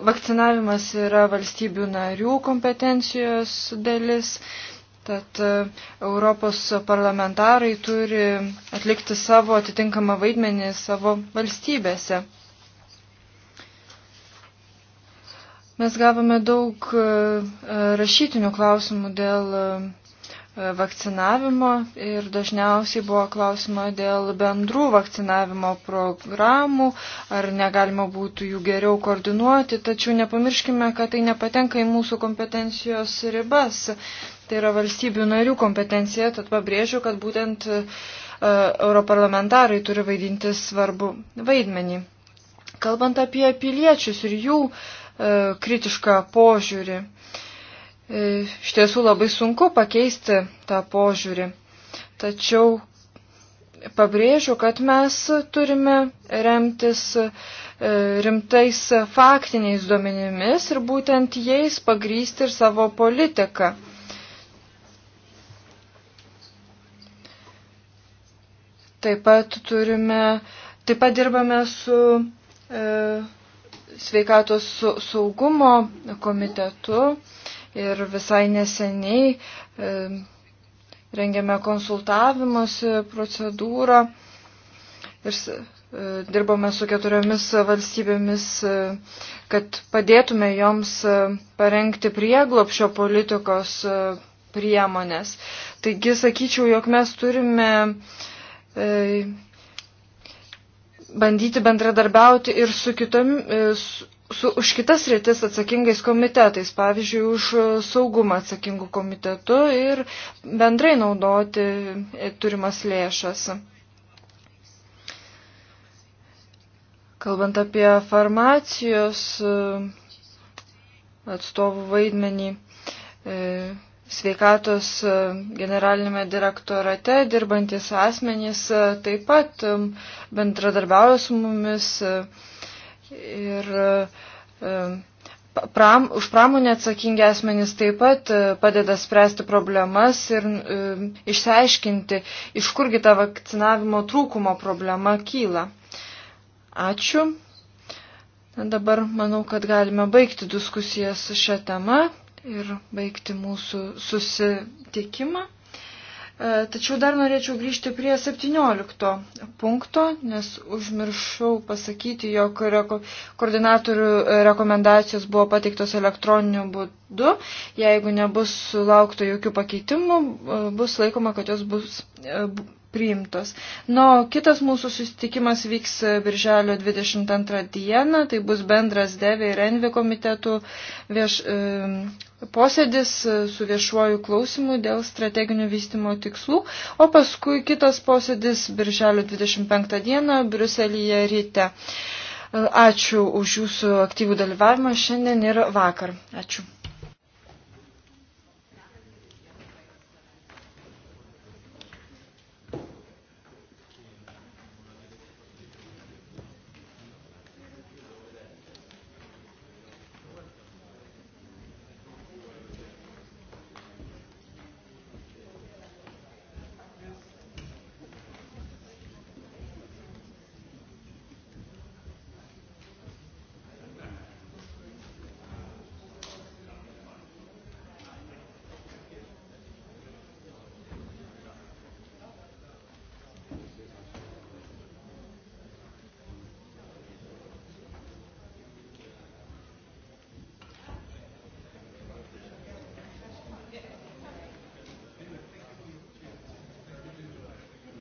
vakcinavimas yra valstybių narių kompetencijos dalis Tad e, Europos parlamentarai turi atlikti savo atitinkamą vaidmenį savo valstybėse. Mes gavome daug e, e, rašytinių klausimų dėl vakcinavimo ir dažniausiai buvo klausima dėl bendrų vakcinavimo programų, ar negalima būtų jų geriau koordinuoti, tačiau nepamirškime, kad tai nepatenka į mūsų kompetencijos ribas. Tai yra valstybių narių kompetencija, tad pabrėžiu, kad būtent e, europarlamentarai turi vaidinti svarbu vaidmenį. Kalbant apie piliečius ir jų e, kritišką požiūrį, e, iš tiesų labai sunku pakeisti tą požiūrį. Tačiau pabrėžiu, kad mes turime remtis rimtais faktiniais duomenimis ir būtent jais pagrysti ir savo politiką. Taip pat turime, taip pat dirbame su e, sveikatos su, saugumo komitetu ir visai neseniai e, rengėme konsultavimuose procedūrą ir e, dirbome su keturiomis valstybėmis, e, kad padėtume joms e, parengti prieglopšio politikos e, priemonės. Taigi sakyčiau, jog mes turime e, E, bandyti bendradarbiauti ir su, kitom, e, su, su už kitas rytis atsakingais komitetais, pavyzdžiui, už saugumą atsakingų komitetų ir bendrai naudoti e, turimas lėšas. Kalbant apie farmacijos atstovų vaidmenį, sveikatos e, generalinėme direktorate dirbantis asmenys e, taip pat e, bendradarbiauja su mumis ir pram, už pramonę atsakingi asmenys taip pat padeda spręsti problemas ir išsiaiškinti, iš kurgi ta vakcinavimo trūkumo problema kyla. Ačiū. Na, dabar manau, kad galime baigti diskusijas šią temą ir baigti mūsų susitikimą. E, tačiau dar norėčiau grįžti prie 17 punkto, nes užmiršau pasakyti, jog reko, koordinatorių rekomendacijos buvo pateiktos elektroniniu būdu. Jeigu nebus sulaukta jokių pakeitimų, e, bus laikoma, kad jos bus e, priimtos. Na, kitas mūsų susitikimas vyks birželio 22 dieną, tai bus bendras Devė ir Envi komitetų vieš, posėdis e, su viešuoju klausimu dėl strateginių vystimo tikslų, o paskui kitas posėdis birželio 25 dieną Briuselyje ryte. E, ačiū už jūsų aktyvų dalyvavimą šiandien ir vakar. Ačiū.